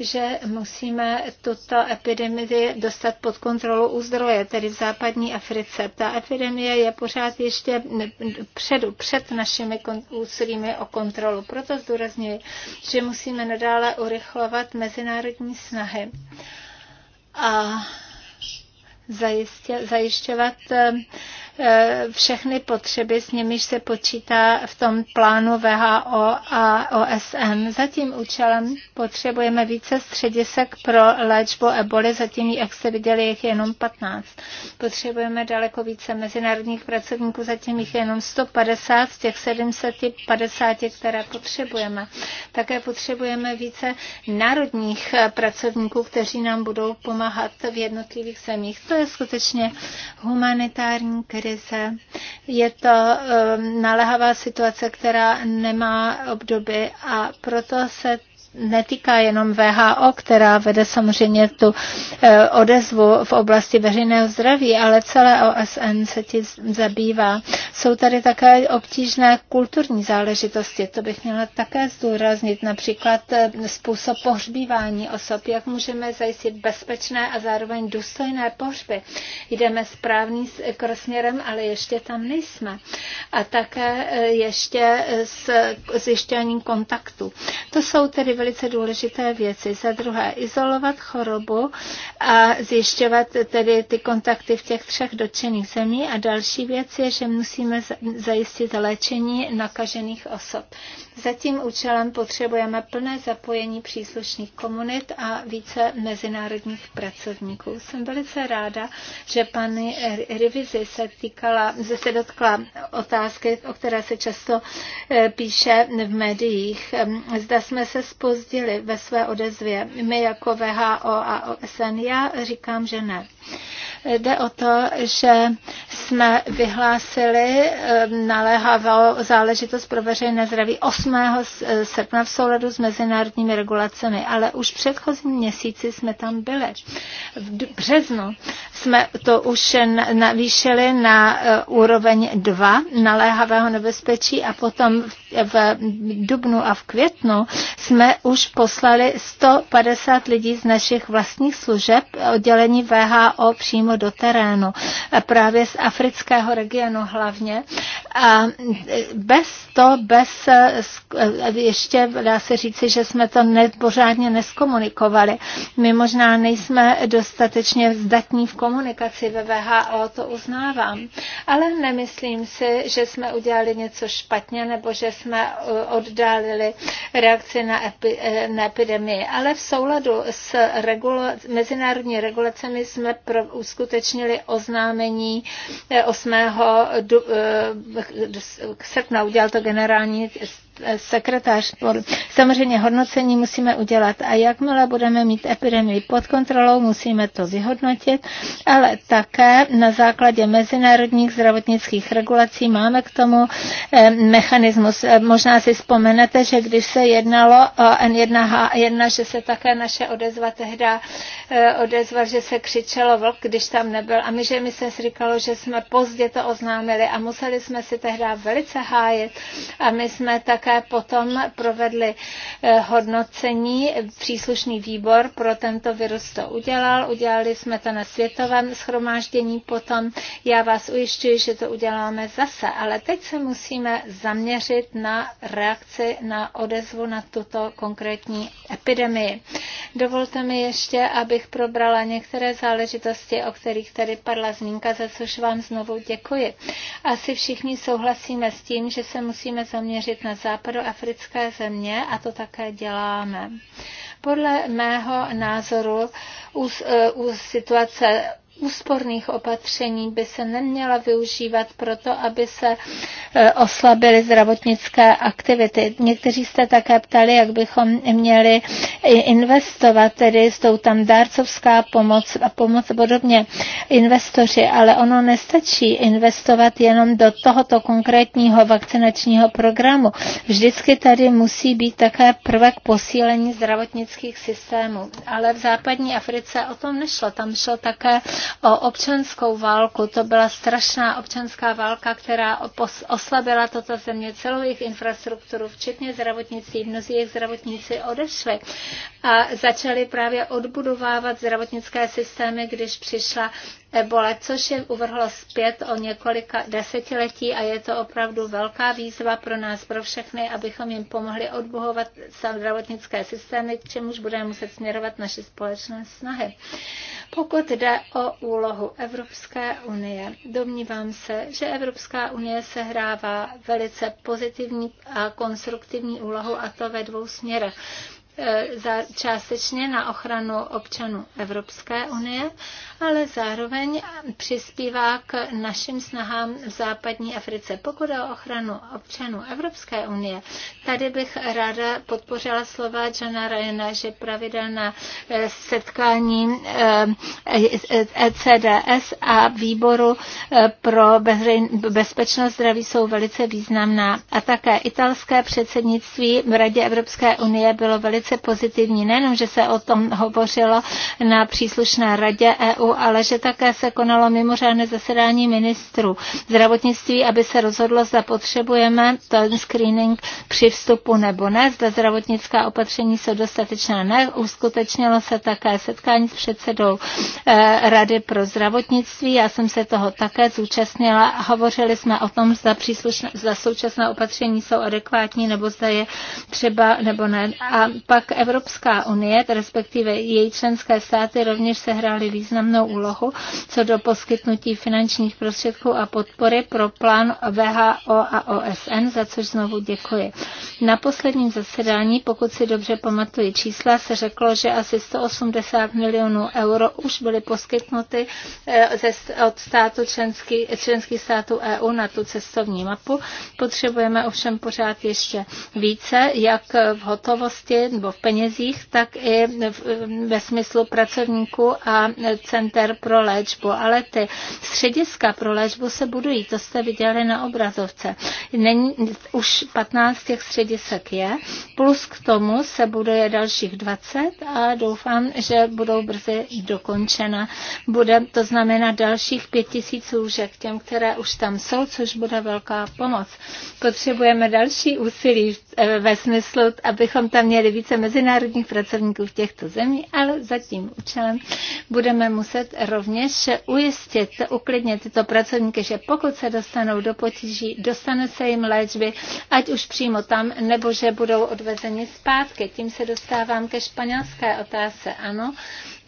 že musíme tuto epidemii dostat pod kontrolu u zdroje, tedy v západní Africe. Ta epidemie je pořád ještě předu, před našimi úsilími o kontrolu. Proto zdůrazňuji, že musíme nadále urychlovat mezinárodní snahy a zajistě, zajišťovat eh, E, všechny potřeby, s nimiž se počítá v tom plánu VHO a OSN. Za tím účelem potřebujeme více středisek pro léčbu eboli, zatím, jak jste viděli, jich je jenom 15. Potřebujeme daleko více mezinárodních pracovníků, zatím jich je jenom 150 z těch 750, které potřebujeme. Také potřebujeme více národních pracovníků, kteří nám budou pomáhat v jednotlivých zemích. To je skutečně humanitární krize krize. Je to um, naléhavá situace, která nemá obdoby a proto se netýká jenom VHO, která vede samozřejmě tu eh, odezvu v oblasti veřejného zdraví, ale celé OSN se tím zabývá. Jsou tady také obtížné kulturní záležitosti, to bych měla také zdůraznit, například eh, způsob pohřbívání osob, jak můžeme zajistit bezpečné a zároveň důstojné pohřby. Jdeme správným krosměrem, ale ještě tam nejsme. A také eh, ještě s zjišťováním kontaktu. To jsou tedy velice důležité věci. Za druhé, izolovat chorobu a zjišťovat tedy ty kontakty v těch třech dotčených zemí. A další věc je, že musíme zajistit léčení nakažených osob. Za tím účelem potřebujeme plné zapojení příslušných komunit a více mezinárodních pracovníků. Jsem velice ráda, že paní Rivizi se týkala, že se dotkla otázky, o které se často eh, píše v médiích. Ehm, zda jsme se spolu pozdili ve své odezvě my jako VHO a OSN? Já říkám, že ne. Jde o to, že jsme vyhlásili eh, naléhavou záležitost pro veřejné zdraví 8. Eh, srpna v souladu s mezinárodními regulacemi, ale už v předchozím měsíci jsme tam byli. V březnu jsme to už navýšili na eh, úroveň 2 naléhavého nebezpečí a potom v dubnu a v květnu jsme už poslali 150 lidí z našich vlastních služeb oddělení VHO WHO přímo do terénu, právě z afrického regionu hlavně. A bez to, bez ještě dá se říci, že jsme to ne, pořádně neskomunikovali. My možná nejsme dostatečně zdatní v komunikaci ve WHO, to uznávám. Ale nemyslím si, že jsme udělali něco špatně nebo že jsme uh, oddálili reakci na, epi, eh, na epidemii. Ale v souladu s regulo, mezinárodní regulacemi jsme pro, uskutečnili oznámení 8. Eh, du, uh, srpna. Udělal to generální sekretář. Samozřejmě hodnocení musíme udělat a jakmile budeme mít epidemii pod kontrolou, musíme to vyhodnotit, ale také na základě mezinárodních zdravotnických regulací máme k tomu eh, mechanismus. Eh, možná si vzpomenete, že když se jednalo o N1H1, že se také naše odezva tehda eh, odezva, že se křičelo vlk, když tam nebyl. A my, že mi se říkalo, že jsme pozdě to oznámili a museli jsme si tehda velice hájit. A my jsme také také potom provedli eh, hodnocení. Příslušný výbor pro tento virus to udělal. Udělali jsme to na světovém schromáždění potom. Já vás ujišťuji, že to uděláme zase, ale teď se musíme zaměřit na reakci, na odezvu na tuto konkrétní epidemii. Dovolte mi ještě, abych probrala některé záležitosti, o kterých tady padla zmínka, za což vám znovu děkuji. Asi všichni souhlasíme s tím, že se musíme zaměřit na západ západoafrické země a to také děláme. Podle mého názoru u, u situace úsporných opatření by se neměla využívat proto, aby se e, oslabily zdravotnické aktivity. Někteří jste také ptali, jak bychom měli investovat, tedy tou tam dárcovská pomoc a pomoc podobně investoři, ale ono nestačí investovat jenom do tohoto konkrétního vakcinačního programu. Vždycky tady musí být také prvek posílení zdravotnických systémů. Ale v západní Africe o tom nešlo. Tam šlo také o občanskou válku. To byla strašná občanská válka, která oslabila toto země, celou jejich infrastrukturu, včetně zdravotnictví. Mnozí jejich zdravotníci odešli a začali právě odbudovávat zdravotnické systémy, když přišla ebole, což je uvrhlo zpět o několika desetiletí a je to opravdu velká výzva pro nás, pro všechny, abychom jim pomohli odbohovat zdravotnické systémy, k čemuž budeme muset směrovat naše společné snahy. Pokud jde o úlohu Evropské unie, domnívám se, že Evropská unie sehrává velice pozitivní a konstruktivní úlohu a to ve dvou směrech. E, za, částečně na ochranu občanů Evropské unie, ale zároveň přispívá k našim snahám v západní Africe. Pokud o ochranu občanů Evropské unie, tady bych ráda podpořila slova Johna Ryana, že pravidelná e, setkání ECDS e a výboru pro bezpečnost zdraví jsou velice významná. A také italské předsednictví v Radě Evropské unie bylo velice velice pozitivní. Nejenom, že se o tom hovořilo na příslušné radě EU, ale že také se konalo mimořádné zasedání ministrů zdravotnictví, aby se rozhodlo, zda potřebujeme ten screening při vstupu nebo ne, zda zdravotnická opatření jsou dostatečná ne. Uskutečnilo se také setkání s předsedou eh, Rady pro zdravotnictví. Já jsem se toho také zúčastnila hovořili jsme o tom, zda, příslušné, zda současná opatření jsou adekvátní nebo zda je třeba nebo ne. A pak pak Evropská unie, respektive její členské státy, rovněž sehrály významnou úlohu co do poskytnutí finančních prostředků a podpory pro plán VHO a OSN, za což znovu děkuji. Na posledním zasedání, pokud si dobře pamatuji čísla, se řeklo, že asi 180 milionů euro už byly poskytnuty eh, od státu členský, členských států EU na tu cestovní mapu. Potřebujeme ovšem pořád ještě více, jak v hotovosti nebo v penězích, tak i ve smyslu pracovníků a center pro léčbu. Ale ty střediska pro léčbu se budují, to jste viděli na obrazovce. Není, už 15 těch středisek je, plus k tomu se buduje dalších 20 a doufám, že budou brzy dokončena. Bude to znamená dalších 5000 lůžek těm, které už tam jsou, což bude velká pomoc. Potřebujeme další úsilí eh, ve smyslu, abychom tam měli víc tisíce mezinárodních pracovníků v těchto zemí, ale za tím účelem budeme muset rovněž ujistit, uklidnit tyto pracovníky, že pokud se dostanou do potíží, dostane se jim léčby, ať už přímo tam, nebo že budou odvezeni zpátky. Tím se dostávám ke španělské otázce. Ano,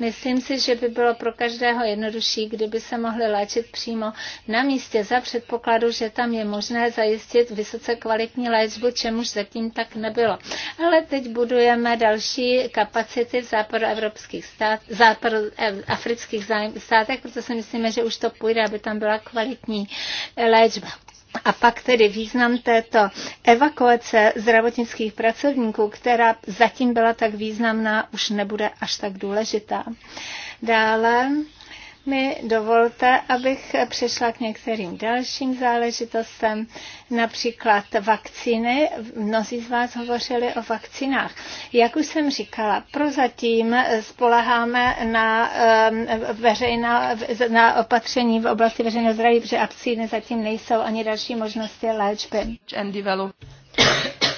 Myslím si, že by bylo pro každého jednodušší, kdyby se mohli léčit přímo na místě za předpokladu, že tam je možné zajistit vysoce kvalitní léčbu, čemuž zatím tak nebylo. Ale teď budujeme další kapacity v západoevropských stát, západoafrických státech, proto si myslíme, že už to půjde, aby tam byla kvalitní léčba. A pak tedy význam této evakuace zdravotnických pracovníků, která zatím byla tak významná, už nebude až tak důležitá. Dále mi dovolte, abych přišla k některým dalším záležitostem, například vakcíny. Mnozí z vás hovořili o vakcínách. Jak už jsem říkala, prozatím spoleháme na, veřejná, na opatření v oblasti veřejného zdraví, protože vakcíny zatím nejsou ani další možnosti léčby.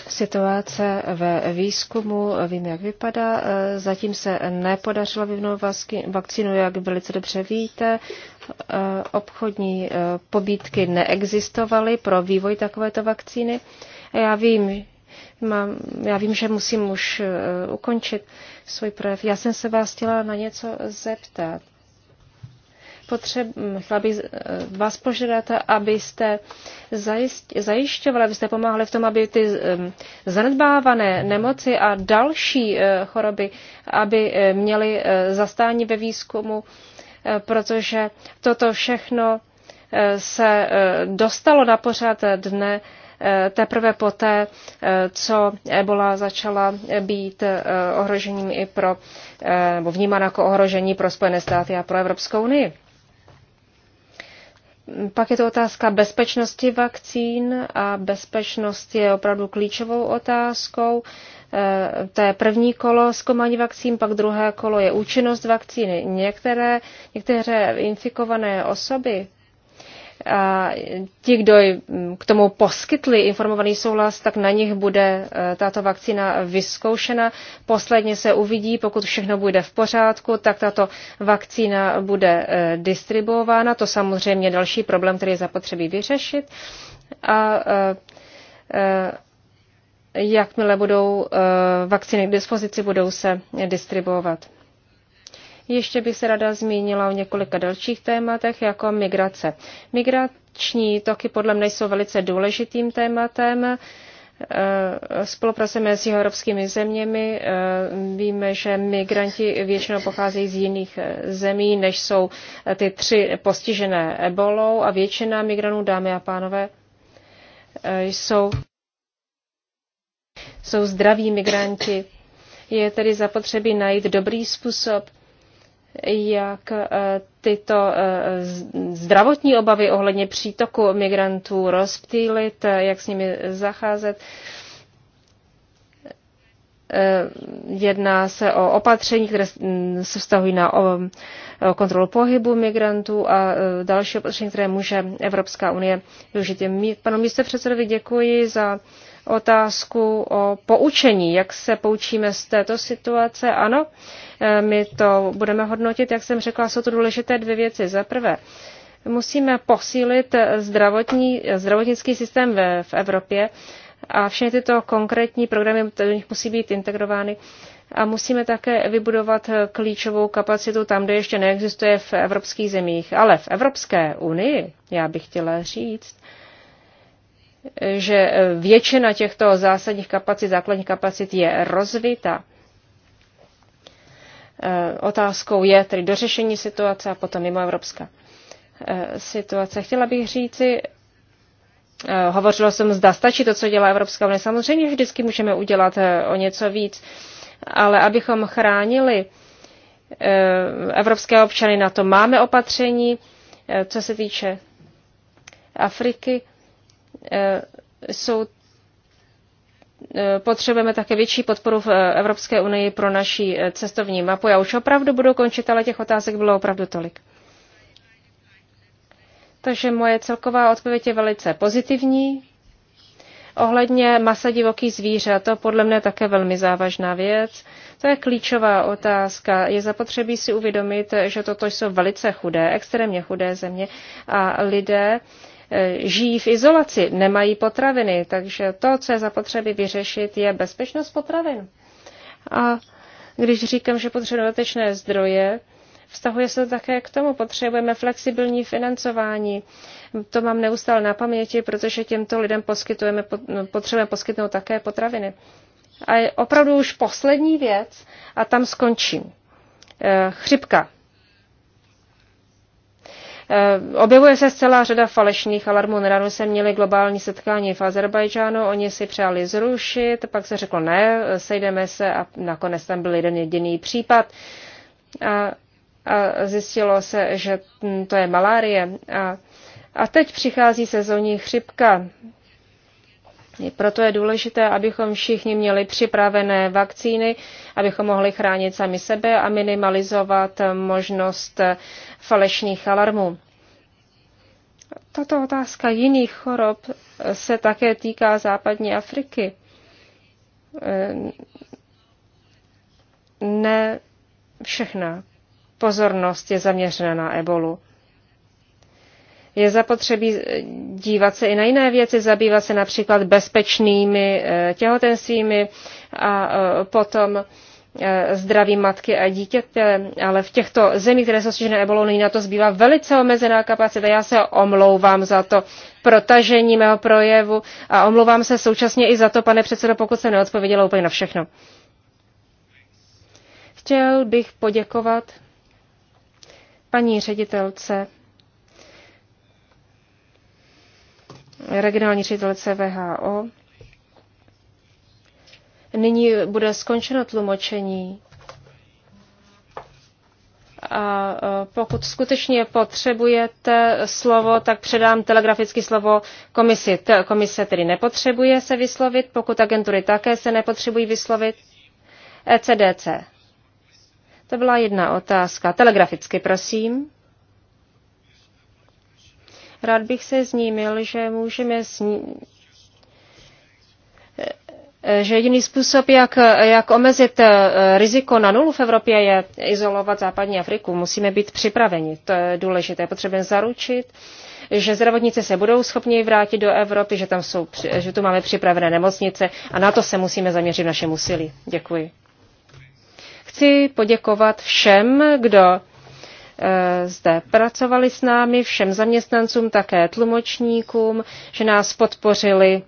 Situace ve výzkumu, vím, jak vypadá. E, zatím se nepodařilo vyvinout vakcínu, jak velice dobře víte. E, obchodní e, pobídky neexistovaly pro vývoj takovéto vakcíny. Já vím, mám, já vím, že musím už ukončit svůj projev. Já jsem se vás chtěla na něco zeptat potřeb, chtěla bych eh, vás požádat, abyste zajišťovali, abyste pomáhali v tom, aby ty eh, zanedbávané nemoci a další eh, choroby, aby měly zastání ve výzkumu, protože toto všechno se dostalo na pořád dne teprve poté, co ebola začala být ohrožením i pro, nebo vnímána jako ohrožení pro Spojené státy a pro Evropskou unii. Pak je to otázka bezpečnosti vakcín a bezpečnost je opravdu klíčovou otázkou. Eh, to je první kolo zkoumání vakcín, pak druhé kolo je účinnost vakcíny. Některé, některé infikované osoby a ti, kdo k tomu poskytli informovaný souhlas, tak na nich bude e, tato vakcína vyzkoušena. Posledně se uvidí, pokud všechno bude v pořádku, tak tato vakcína bude e, distribuována. To samozřejmě je další problém, který je zapotřebí vyřešit. A e, jakmile budou vakcíny k dispozici, budou se distribuovat. Ještě bych se rada zmínila o několika dalších tématech, jako migrace. Migrační toky podle mne jsou velice důležitým tématem. E, spolupracujeme s evropskými zeměmi. E, víme, že migranti většinou pocházejí z jiných e, zemí, než jsou ty tři postižené ebolou a většina migrantů, dámy a pánové, jsou, jsou zdraví migranti. Je tedy zapotřebí najít dobrý způsob, jak eh, tyto eh, zdravotní obavy ohledně přítoku migrantů rozptýlit, eh, jak s nimi zacházet. Jedná se o opatření, které mm, se vztahují na kontrolu pohybu migrantů a další opatření, které může Evropská unie využít. Panu předsedovi děkuji za otázku o poučení, jak se poučíme z této situace. Ano, eh, my to budeme hodnotit, jak jsem řekla, jsou to důležité dvě věci. Za prvé, musíme posílit zdravotní, zdravotnický systém ve, v Evropě a všechny tyto konkrétní programy do nich musí být integrovány. A musíme také vybudovat klíčovou kapacitu tam, kde ještě neexistuje v evropských zemích. Ale v Evropské unii, já bych chtěla říct, že většina těchto zásadních kapacit, základních kapacit je rozvita. Eh, otázkou je tedy dořešení situace a potom mimo evropská eh, situace. Chtěla bych říci, eh, hovořila jsem, zda stačí to, co dělá Evropská unie. Samozřejmě, že vždycky můžeme udělat o něco víc, ale abychom chránili evropské občany, na to máme opatření, co se týče Afriky jsou eh, potřebujeme také větší podporu v eh, Evropské unii pro naší eh, cestovní mapu. Já už opravdu budu končit, ale těch otázek bylo opravdu tolik. Takže moje celková odpověď je velice pozitivní. Ohledně masa divokých zvířat, to podle mě také velmi závažná věc. To je klíčová otázka. Je zapotřebí si uvědomit, že toto jsou velice chudé, extrémně chudé země a lidé, E, žijí v izolaci, nemají potraviny, takže to, co je zapotřebí vyřešit, je bezpečnost potravin. A když říkám, že potřebujeme dotečné zdroje, Vztahuje se to také k tomu, potřebujeme flexibilní financování. To mám neustále na paměti, protože těmto lidem poskytujeme, no, potřebujeme poskytnout také potraviny. A je opravdu už poslední věc a tam skončím. E, chřipka. Eh, objevuje se celá řada falešných alarmů. Nedávno se měli globální setkání v Azerbajdžánu, oni si přáli zrušit, pak se řeklo ne, sejdeme se a nakonec tam byl jeden jediný případ. A, a zjistilo se, že hm, to je malárie. A, a teď přichází sezónní chřipka. Proto je důležité, abychom všichni měli připravené vakcíny, abychom mohli chránit sami sebe a minimalizovat možnost falešných alarmů. Tato otázka jiných chorob se také týká západní Afriky. Ne všechna pozornost je zaměřena na ebolu je zapotřebí dívat se i na jiné věci, zabývat se například bezpečnými eh, těhotenstvími a eh, potom eh, zdraví matky a dítěte, ale v těchto zemích, které jsou stižené ebolou, nyní na to zbývá velice omezená kapacita. Já se omlouvám za to protažení mého projevu a omlouvám se současně i za to, pane předsedo, pokud se neodpověděla úplně na všechno. Chtěl bych poděkovat paní ředitelce regionální ředitelce VHO. Nyní bude skončeno tlumočení. A e, pokud skutečně potřebujete slovo, tak předám telegraficky slovo komisi. Komise tedy nepotřebuje se vyslovit, pokud agentury také se nepotřebují vyslovit. ECDC. To byla jedna otázka. Telegraficky, prosím. Rád bych se zmínil, že můžeme ní že jediný způsob, jak, jak omezit eh, riziko na nulu v Evropě, je izolovat západní Afriku. Musíme být připraveni. To je důležité. Potřebujeme zaručit, že zdravotníci se budou schopni vrátit do Evropy, že, tam jsou, že tu máme připravené nemocnice a na to se musíme zaměřit v našem úsilí. Děkuji. Chci poděkovat všem, kdo Eh, zde pracovali s námi, všem zaměstnancům, také tlumočníkům, že nás podpořili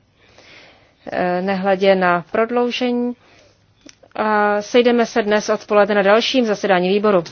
eh, nehledě na prodloužení. A sejdeme se dnes odpoledne na dalším zasedání výboru.